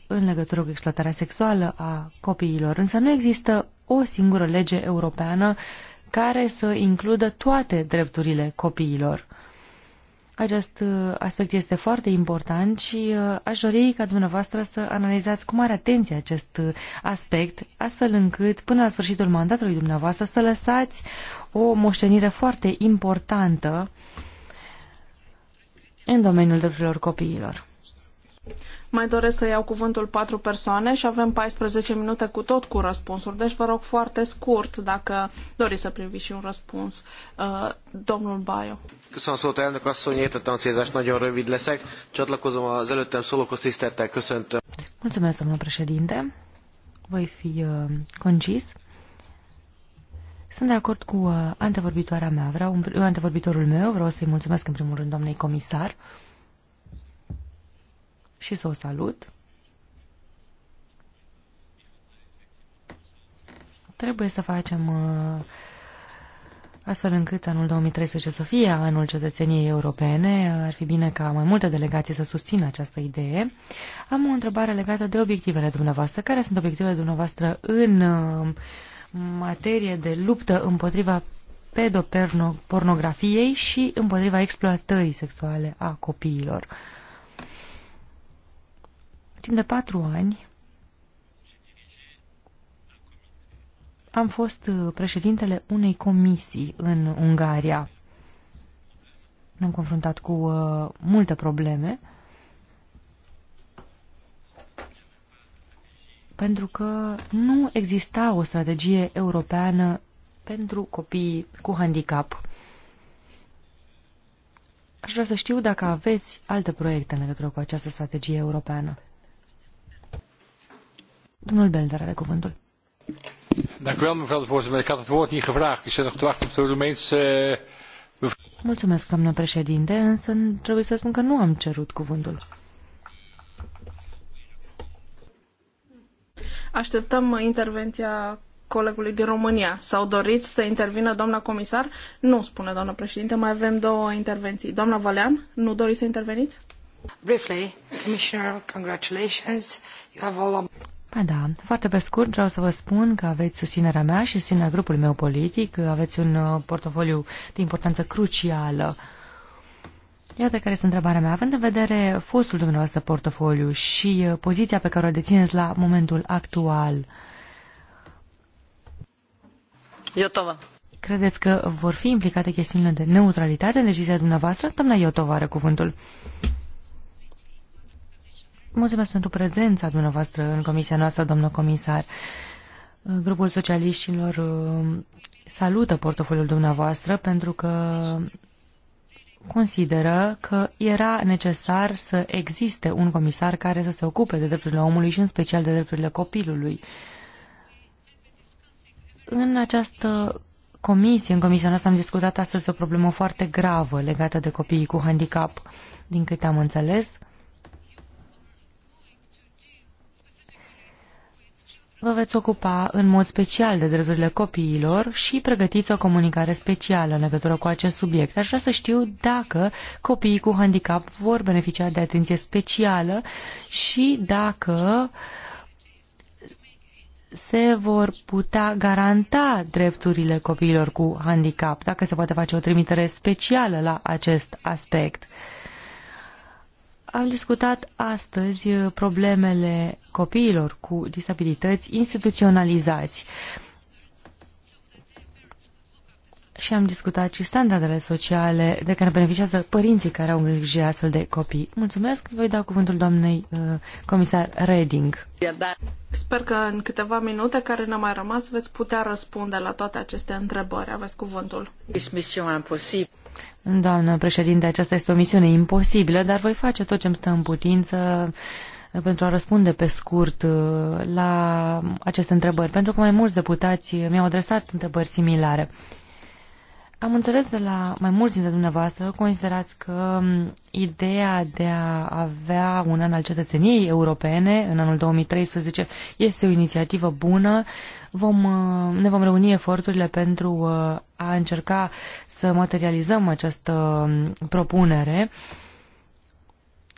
în legătură cu exploatarea sexuală a copiilor, însă nu există o singură lege europeană care să includă toate drepturile copiilor. Acest uh, aspect este foarte important și uh, aș dori ca dumneavoastră să analizați cu mare atenție acest uh, aspect, astfel încât până la sfârșitul mandatului dumneavoastră să lăsați o moștenire foarte importantă în domeniul drepturilor copiilor. Mai doresc să iau cuvântul patru persoane și avem 14 minute cu tot cu răspunsuri, deci vă rog foarte scurt dacă doriți să primiți și un răspuns. Uh, domnul Baio. Köszönöm szót, elnök asszony, értettem célzást, nagyon rövid leszek. Csatlakozom az előttem szólókhoz, tisztelettel köszöntöm. Mulțumesc, domnul președinte. Voi fi uh, concis. Sunt de acord cu uh, antevorbitoarea mea. Vreau, antevorbitorul meu, vreau să-i mulțumesc în primul rând doamnei comisar. Uh, și să o salut. Trebuie să facem uh, astfel încât anul 2013 să fie anul cetățeniei europene. Ar fi bine ca mai multe delegații să susțină această idee. Am o întrebare legată de obiectivele dumneavoastră. Care sunt obiectivele dumneavoastră în uh, materie de luptă împotriva pedopornografiei și împotriva exploatării sexuale a copiilor? Timp de patru ani am fost uh, președintele unei comisii în Ungaria. Ne-am confruntat cu uh, multe probleme pentru că nu exista o strategie europeană pentru copiii cu handicap. Aș vrea să știu dacă aveți alte proiecte în legătură cu această strategie europeană. Domnul Belder are cuvântul. Dank u wel, mevrouw de voorzitter. Ik had het woord niet gevraagd. Ik zit nog te wachten op de Roemeense... Eh, Mulțumesc, doamnă președinte, însă trebuie să spun că nu am cerut cuvântul. Așteptăm intervenția colegului din România. s Sau doriți să intervină doamna comisar? Nu, spune doamna președinte, mai avem două intervenții. Doamna Valean, nu doriți să interveniți? Briefly, Commissioner, congratulations. You have all... Da, foarte pe scurt vreau să vă spun că aveți susținerea mea și susținerea grupului meu politic, aveți un uh, portofoliu de importanță crucială. Iată care este întrebarea mea. Având în vedere fostul dumneavoastră portofoliu și uh, poziția pe care o dețineți la momentul actual, Iotova. Credeți că vor fi implicate chestiunile de neutralitate în decizia dumneavoastră? Doamna Iotova are cuvântul. Mulțumesc pentru prezența dumneavoastră în comisia noastră, domnul comisar. Grupul socialiștilor uh, salută portofoliul dumneavoastră pentru că consideră că era necesar să existe un comisar care să se ocupe de drepturile omului și în special de drepturile copilului. În această comisie, în comisia noastră, am discutat astăzi o problemă foarte gravă legată de copiii cu handicap. Din câte am înțeles, vă veți ocupa în mod special de drepturile copiilor și pregătiți o comunicare specială în legătură cu acest subiect. Aș vrea să știu dacă copiii cu handicap vor beneficia de atenție specială și dacă se vor putea garanta drepturile copiilor cu handicap, dacă se poate face o trimitere specială la acest aspect. Am discutat astăzi problemele copiilor cu disabilități instituționalizați. Și am discutat și standardele sociale de care beneficiază părinții care au îngrijire astfel de copii. Mulțumesc, voi da cuvântul doamnei uh, comisar Reding. Sper că în câteva minute care ne-au mai rămas veți putea răspunde la toate aceste întrebări. Aveți cuvântul. Doamnă președinte, aceasta este o misiune imposibilă, dar voi face tot ce îmi stă în putință pentru a răspunde pe scurt uh, la aceste întrebări, pentru că mai mulți deputați mi-au adresat întrebări similare. Am înțeles de la mai mulți dintre dumneavoastră, considerați că um, ideea de a avea un an al cetățeniei europene în anul 2013 este o inițiativă bună. Vom, uh, ne vom reuni eforturile pentru uh, a încerca să materializăm această um, propunere.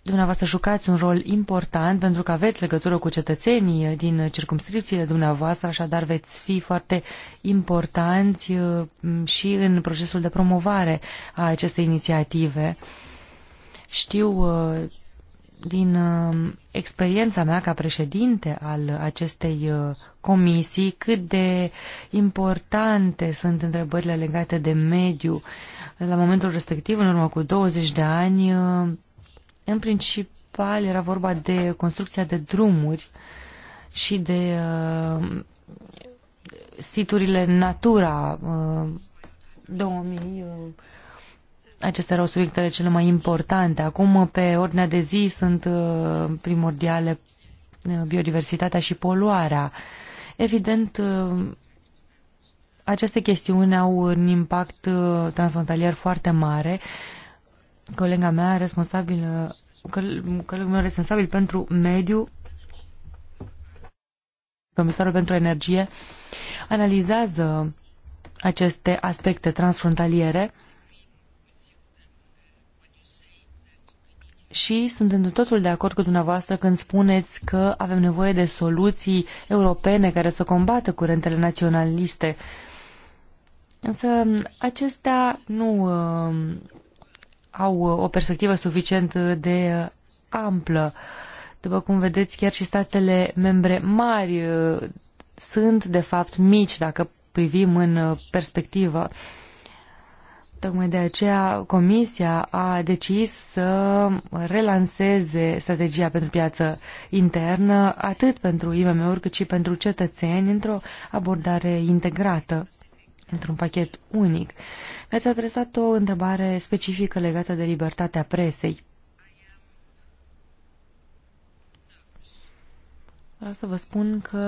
Dumneavoastră jucați un rol important pentru că aveți legătură cu cetățenii eh, din eh, circumscripțiile dumneavoastră, așadar veți fi foarte importanți eh, și în procesul de promovare a acestei inițiative. Știu din experiența mea ca președinte al acestei comisii cât de importante sunt întrebările legate de mediu. La momentul respectiv, în urmă cu 20 de ani, în principal era vorba de construcția de drumuri și de uh, siturile Natura uh, 2000. Uh, acestea erau subiectele cele mai importante. Acum, pe ordinea de zi, sunt uh, primordiale uh, biodiversitatea și poluarea. Evident, uh, aceste chestiuni au un impact uh, transfrontalier foarte mare Colega mea responsabilă, colegul meu responsabil pentru mediu, comisarul pentru energie, analizează aceste aspecte transfrontaliere și sunt în totul de acord cu dumneavoastră când spuneți că avem nevoie de soluții europene care să combată curentele naționaliste. Însă acestea nu uh, au uh, o perspectivă suficient uh, de uh, amplă. După cum vedeți, chiar și statele membre mari sunt, de fapt, mici dacă privim în perspectivă. Tocmai de aceea Comisia a decis să relanseze strategia pentru piață internă, atât pentru IMM-uri cât și pentru cetățeni, într-o abordare integrată într-un pachet unic. Mi-ați adresat o întrebare specifică legată de libertatea presei. Vreau să vă spun că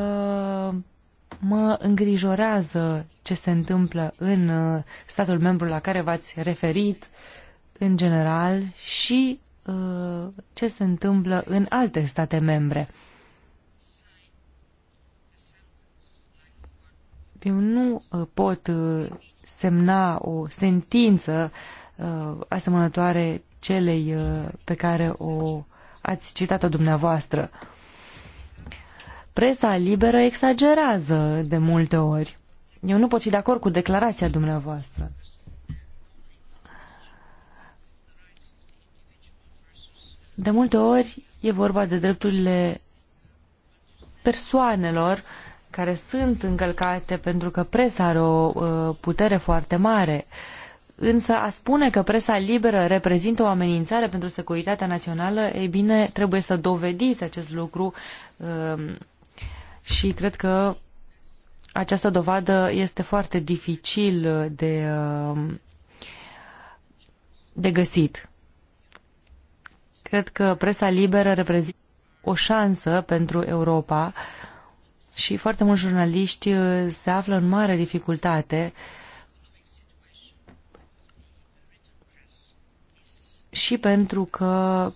mă îngrijorează ce se întâmplă în uh, statul membru la care v-ați referit în general și uh, ce se întâmplă în alte state membre. Eu nu uh, pot uh, semna o sentință uh, asemănătoare celei pe care o ați citat-o dumneavoastră. Presa liberă exagerează de multe ori. Eu nu pot fi de acord cu declarația dumneavoastră. De multe ori e vorba de drepturile persoanelor uh, care sunt încălcate pentru că presa are o uh, putere foarte mare. Însă a spune că presa liberă reprezintă o amenințare pentru securitatea națională, ei bine, trebuie să dovediți acest lucru um, și cred că această dovadă este foarte dificil de, um, de găsit. Cred că presa liberă reprezintă o șansă pentru Europa uh, și foarte mulți jurnaliști uh, se află în mare dificultate și pentru că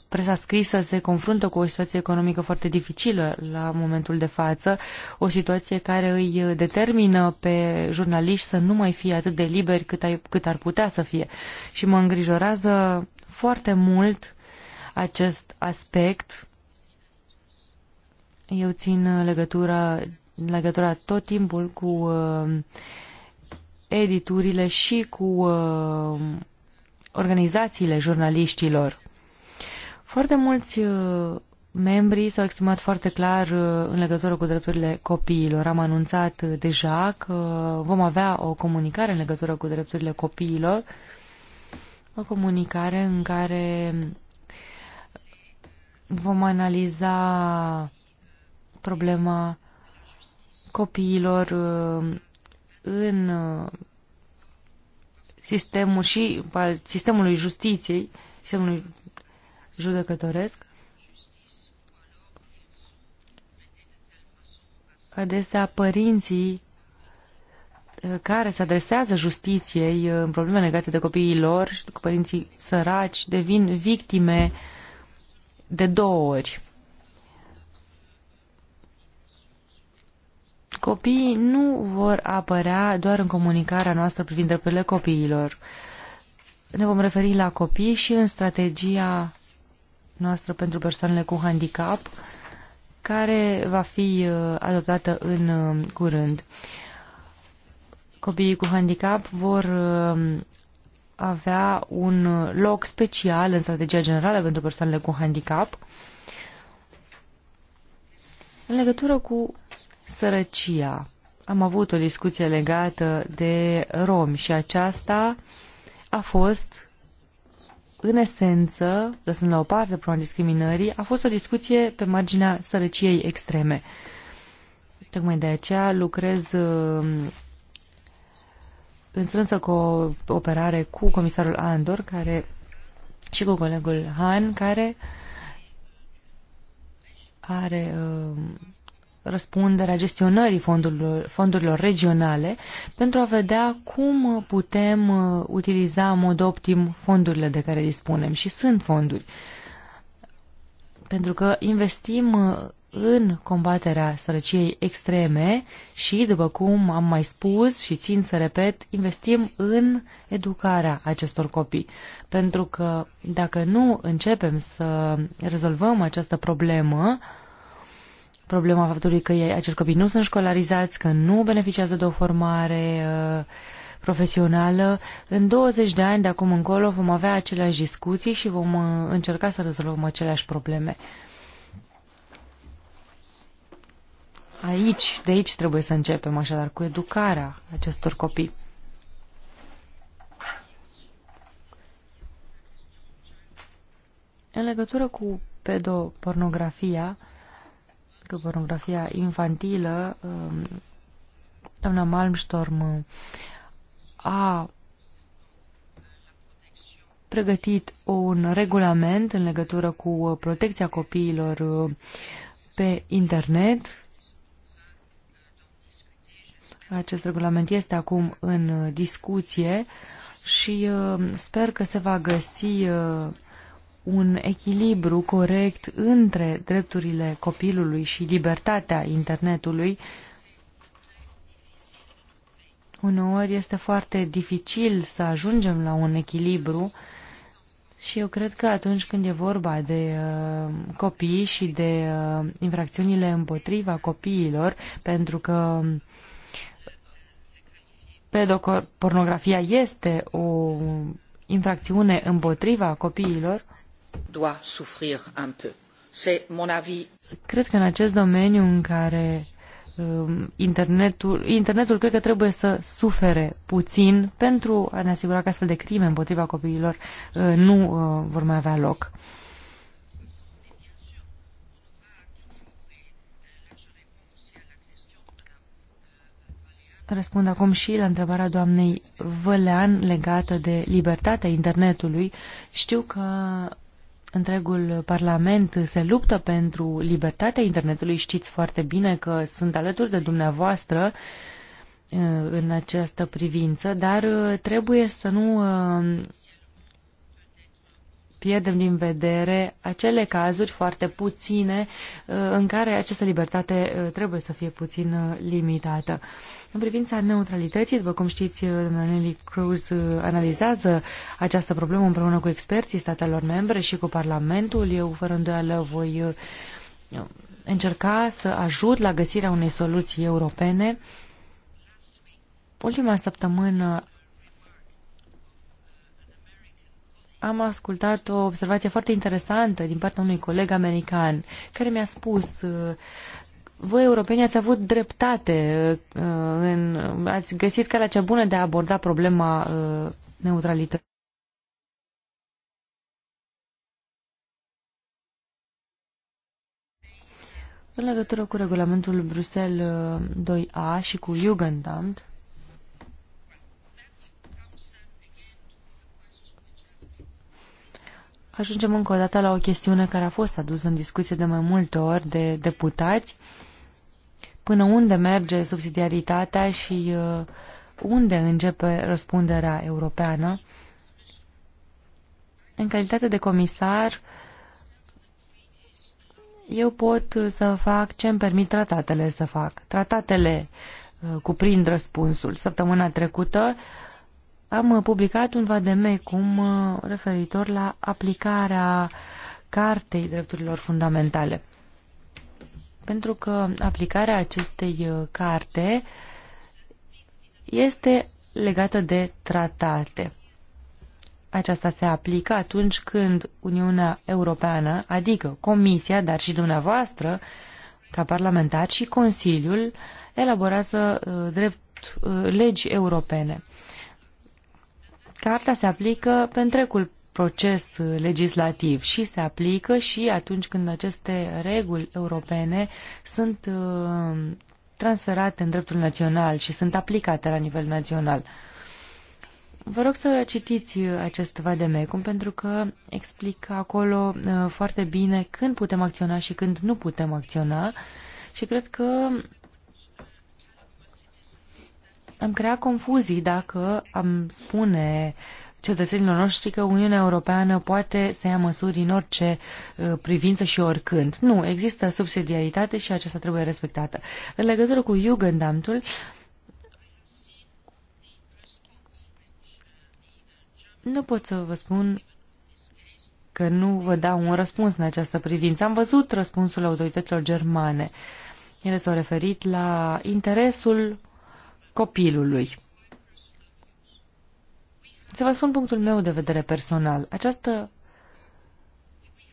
presa scrisă se confruntă cu o situație economică foarte dificilă la momentul de față, o situație care îi uh, determină pe jurnaliști să nu mai fie atât de liberi cât, ai, cât ar putea să fie. Și mă îngrijorează foarte mult acest aspect eu țin uh, legătura, legătura tot timpul cu uh, editurile și cu uh, organizațiile jurnaliștilor. Foarte mulți uh, membrii s-au exprimat foarte clar uh, în legătură cu drepturile copiilor. Am anunțat uh, deja că vom avea o comunicare în legătură cu drepturile copiilor, o comunicare în care vom analiza problema copiilor uh, în uh, sistemul și al sistemului justiției, sistemului judecătoresc. Adesea părinții uh, care se adresează justiției în probleme legate de copiii lor, cu părinții săraci, devin victime de două ori. copiii nu vor apărea doar în comunicarea noastră privind drepturile copiilor. Ne vom referi la copii și în strategia noastră pentru persoanele cu handicap, care va fi uh, adoptată în uh, curând. Copiii cu handicap vor uh, avea un loc special în strategia generală pentru persoanele cu handicap în legătură cu sărăcia. Am avut o discuție legată de romi și aceasta a fost, în esență, lăsând la o parte problema discriminării, a fost o discuție pe marginea sărăciei extreme. Tocmai de aceea lucrez um, în strânsă cooperare cu comisarul Andor care, și cu colegul Han, care are um, răspunderea gestionării fondurilor, fondurilor regionale pentru a vedea cum putem uh, utiliza în mod optim fondurile de care dispunem și sunt fonduri. Pentru că investim uh, în combaterea sărăciei extreme și, după cum am mai spus și țin să repet, investim în educarea acestor copii. Pentru că dacă nu începem să rezolvăm această problemă, uh, problema faptului că ei, acești copii nu sunt școlarizați, că nu beneficiază de o formare uh, profesională. În 20 de ani de acum încolo vom avea aceleași discuții și vom uh, încerca să rezolvăm aceleași probleme. Aici, de aici trebuie să începem așadar, cu educarea acestor copii. În legătură cu pedopornografia, cu pornografia infantilă, um, doamna Malmstorm uh, a pregătit un regulament în legătură cu uh, protecția copiilor uh, pe internet. Acest regulament este acum în discuție și sper că se va găsi un echilibru corect între drepturile copilului și libertatea internetului, uneori este foarte dificil să ajungem la un echilibru și eu cred că atunci când e vorba de uh, copii și de uh, infracțiunile împotriva copiilor, pentru că pedopornografia este o infracțiune împotriva copiilor, doit souffrir un peu. C'est mon avis. Cred că în acest domeniu în care um, internetul, internetul cred că trebuie să sufere puțin pentru a ne asigura că astfel de crime împotriva copiilor uh, nu uh, vor mai avea loc. Răspund acum și la întrebarea doamnei Vălean legată de libertatea internetului. Știu că întregul Parlament se luptă pentru libertatea internetului. Știți foarte bine că sunt alături de dumneavoastră uh, în această privință, dar uh, trebuie să nu uh, pierdem din vedere acele cazuri foarte puține uh, în care această libertate uh, trebuie să fie puțin uh, limitată. În privința neutralității, după cum știți, Nelly Cruz analizează această problemă împreună cu experții statelor membre și cu Parlamentul. Eu, fără îndoială, voi încerca să ajut la găsirea unei soluții europene. Ultima săptămână am ascultat o observație foarte interesantă din partea unui coleg american care mi-a spus uh, voi europeni ați avut dreptate, uh, în, ați găsit calea cea bună de a aborda problema uh, neutralității. În legătură cu regulamentul Bruxelles 2A și cu Jugendamt, ajungem încă o dată la o chestiune care a fost adusă în discuție de mai multe ori de deputați. Până unde merge subsidiaritatea și uh, unde începe răspunderea europeană? În calitate de comisar, eu pot uh, să fac ce îmi permit tratatele să fac. Tratatele uh, cuprind răspunsul. Săptămâna trecută uh, am uh, publicat un vademecum uh, referitor la aplicarea Cartei Drepturilor Fundamentale. Pentru că aplicarea acestei uh, carte este legată de tratate. Aceasta se aplică atunci când Uniunea Europeană, adică Comisia, dar și dumneavoastră, ca parlamentar și Consiliul, elaborează drept legi europene. Carta se aplică pe întregul proces uh, legislativ și se aplică și atunci când aceste reguli europene sunt uh, transferate în dreptul național și sunt aplicate la nivel național. Vă rog să citiți uh, acest vademecum pentru că explică acolo foarte bine când putem acționa și când nu putem acționa și cred că am creat confuzii dacă am spune cetățenilor noștri că Uniunea Europeană poate să ia măsuri în orice uh, privință și oricând. Nu, există subsidiaritate și aceasta trebuie respectată. În legătură cu Jugendamtul, nu pot să vă spun că nu vă dau un răspuns în această privință. Am văzut răspunsul autorităților germane. Ele s-au referit la interesul copilului. Să vă spun punctul meu de vedere personal. Această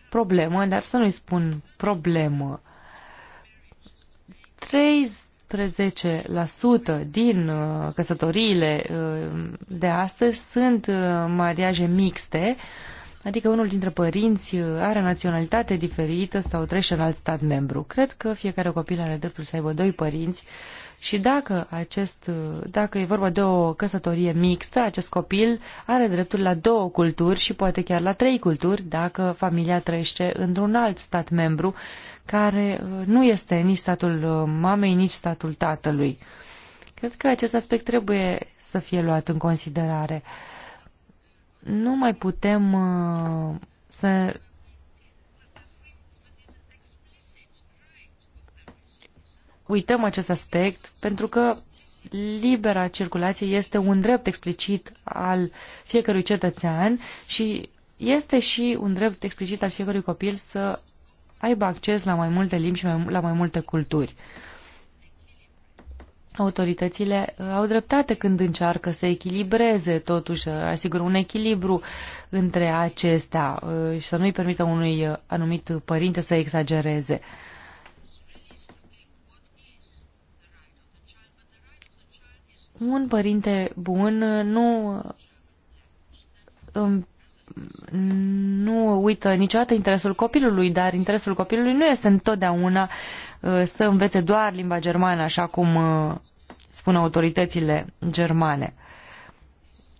problemă, dar să nu-i spun problemă, 13% din uh, căsătoriile uh, de astăzi sunt uh, mariaje mixte, adică unul dintre părinți are naționalitate diferită sau trece în alt stat membru. Cred că fiecare copil are dreptul să aibă doi părinți și dacă, acest, dacă e vorba de o căsătorie mixtă, acest copil are dreptul la două culturi și poate chiar la trei culturi dacă familia trăiește într-un alt stat membru care uh, nu este nici statul uh, mamei, nici statul tatălui. Cred că acest aspect trebuie să fie luat în considerare. Nu mai putem uh, să uităm acest aspect, pentru că libera circulație este un drept explicit al fiecărui cetățean și este și un drept explicit al fiecărui copil să aibă acces la mai multe limbi și la mai multe culturi. Autoritățile uh, au dreptate când încearcă să echilibreze, totuși, să asigură un echilibru între acestea uh, și să nu-i permită unui uh, anumit părinte să exagereze. Uh, Un părinte bun nu nu uită niciodată interesul copilului, dar interesul copilului nu este întotdeauna uh, să învețe doar limba germană, așa cum uh, spun autoritățile germane.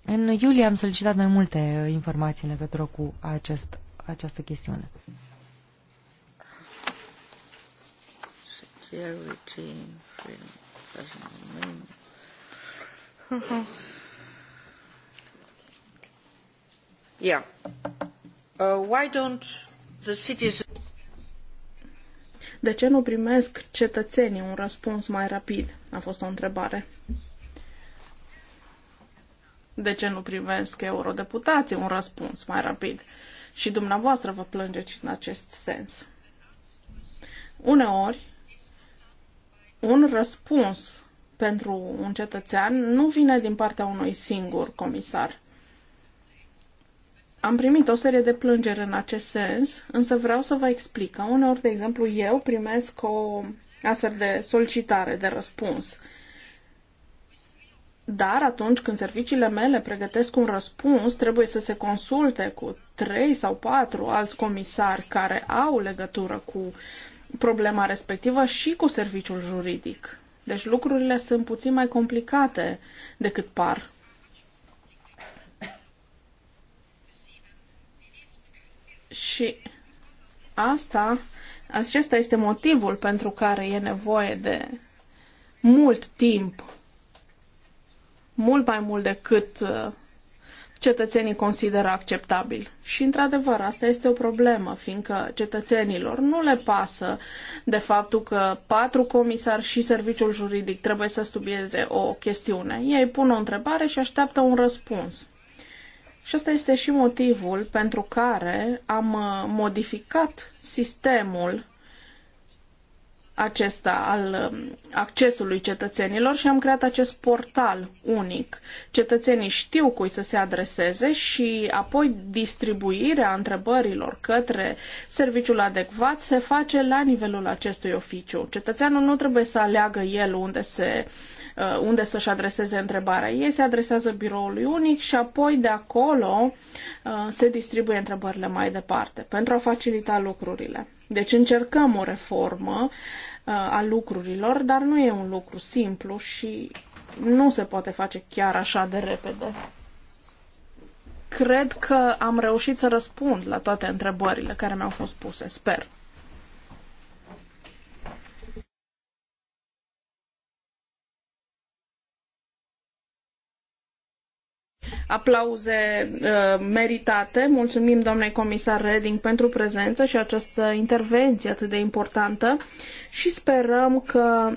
În iulie am solicitat mai multe uh, informații în legătură cu acest, această chestiune. Security, freedom, [LAUGHS] Uh, why don't the De ce nu primesc cetățenii un răspuns mai rapid? A fost o întrebare. De ce nu primesc eurodeputații un răspuns mai rapid? Și dumneavoastră vă plângeți în acest sens. Uneori, un răspuns pentru un cetățean nu vine din partea unui singur comisar. Am primit o serie de plângeri în acest sens, însă vreau să vă explic că uneori, de exemplu, eu primesc o astfel de solicitare de răspuns. Dar atunci când serviciile mele pregătesc un răspuns, trebuie să se consulte cu trei sau patru alți comisari care au legătură cu problema respectivă și cu serviciul juridic. Deci lucrurile sunt puțin mai complicate decât par. Și asta, acesta este motivul pentru care e nevoie de mult timp, mult mai mult decât uh, cetățenii consideră acceptabil. Și, într-adevăr, asta este o problemă, fiindcă cetățenilor nu le pasă de faptul că patru comisari și serviciul juridic trebuie să studieze o chestiune. Ei pun o întrebare și așteaptă un răspuns. Și asta este și motivul pentru care am uh, modificat sistemul acesta al um, accesului cetățenilor și am creat acest portal unic. Cetățenii știu cui să se adreseze și apoi distribuirea întrebărilor către serviciul adecvat se face la nivelul acestui oficiu. Cetățeanul nu trebuie să aleagă el unde se uh, unde să-și adreseze întrebarea. Ei se adresează biroului unic și apoi de acolo uh, se distribuie întrebările mai departe pentru a facilita lucrurile. Deci încercăm o reformă uh, a lucrurilor, dar nu e un lucru simplu și nu se poate face chiar așa de repede. Cred că am reușit să răspund la toate întrebările care mi-au fost puse, sper. aplauze uh, meritate. Mulțumim doamnei comisar Reding pentru prezență și această intervenție atât de importantă și sperăm că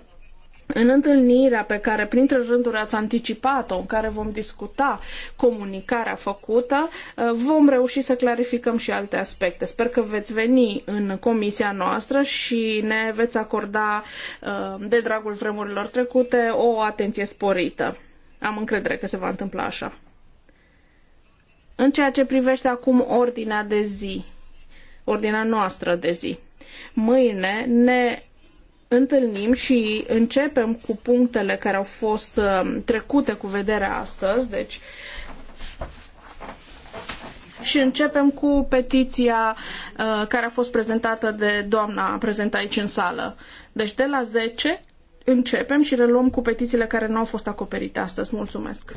în întâlnirea pe care printre rânduri ați anticipat-o, în care vom discuta comunicarea făcută, uh, vom reuși să clarificăm și alte aspecte. Sper că veți veni în comisia noastră și ne veți acorda, uh, de dragul vremurilor trecute, o atenție sporită. Am încredere că se va întâmpla așa. În ceea ce privește acum ordinea de zi, ordinea noastră de zi, mâine ne întâlnim și începem cu punctele care au fost um, trecute cu vederea astăzi, deci și începem cu petiția uh, care a fost prezentată de doamna prezentă aici în sală. Deci de la 10 începem și reluăm cu petițiile care nu au fost acoperite astăzi. Mulțumesc!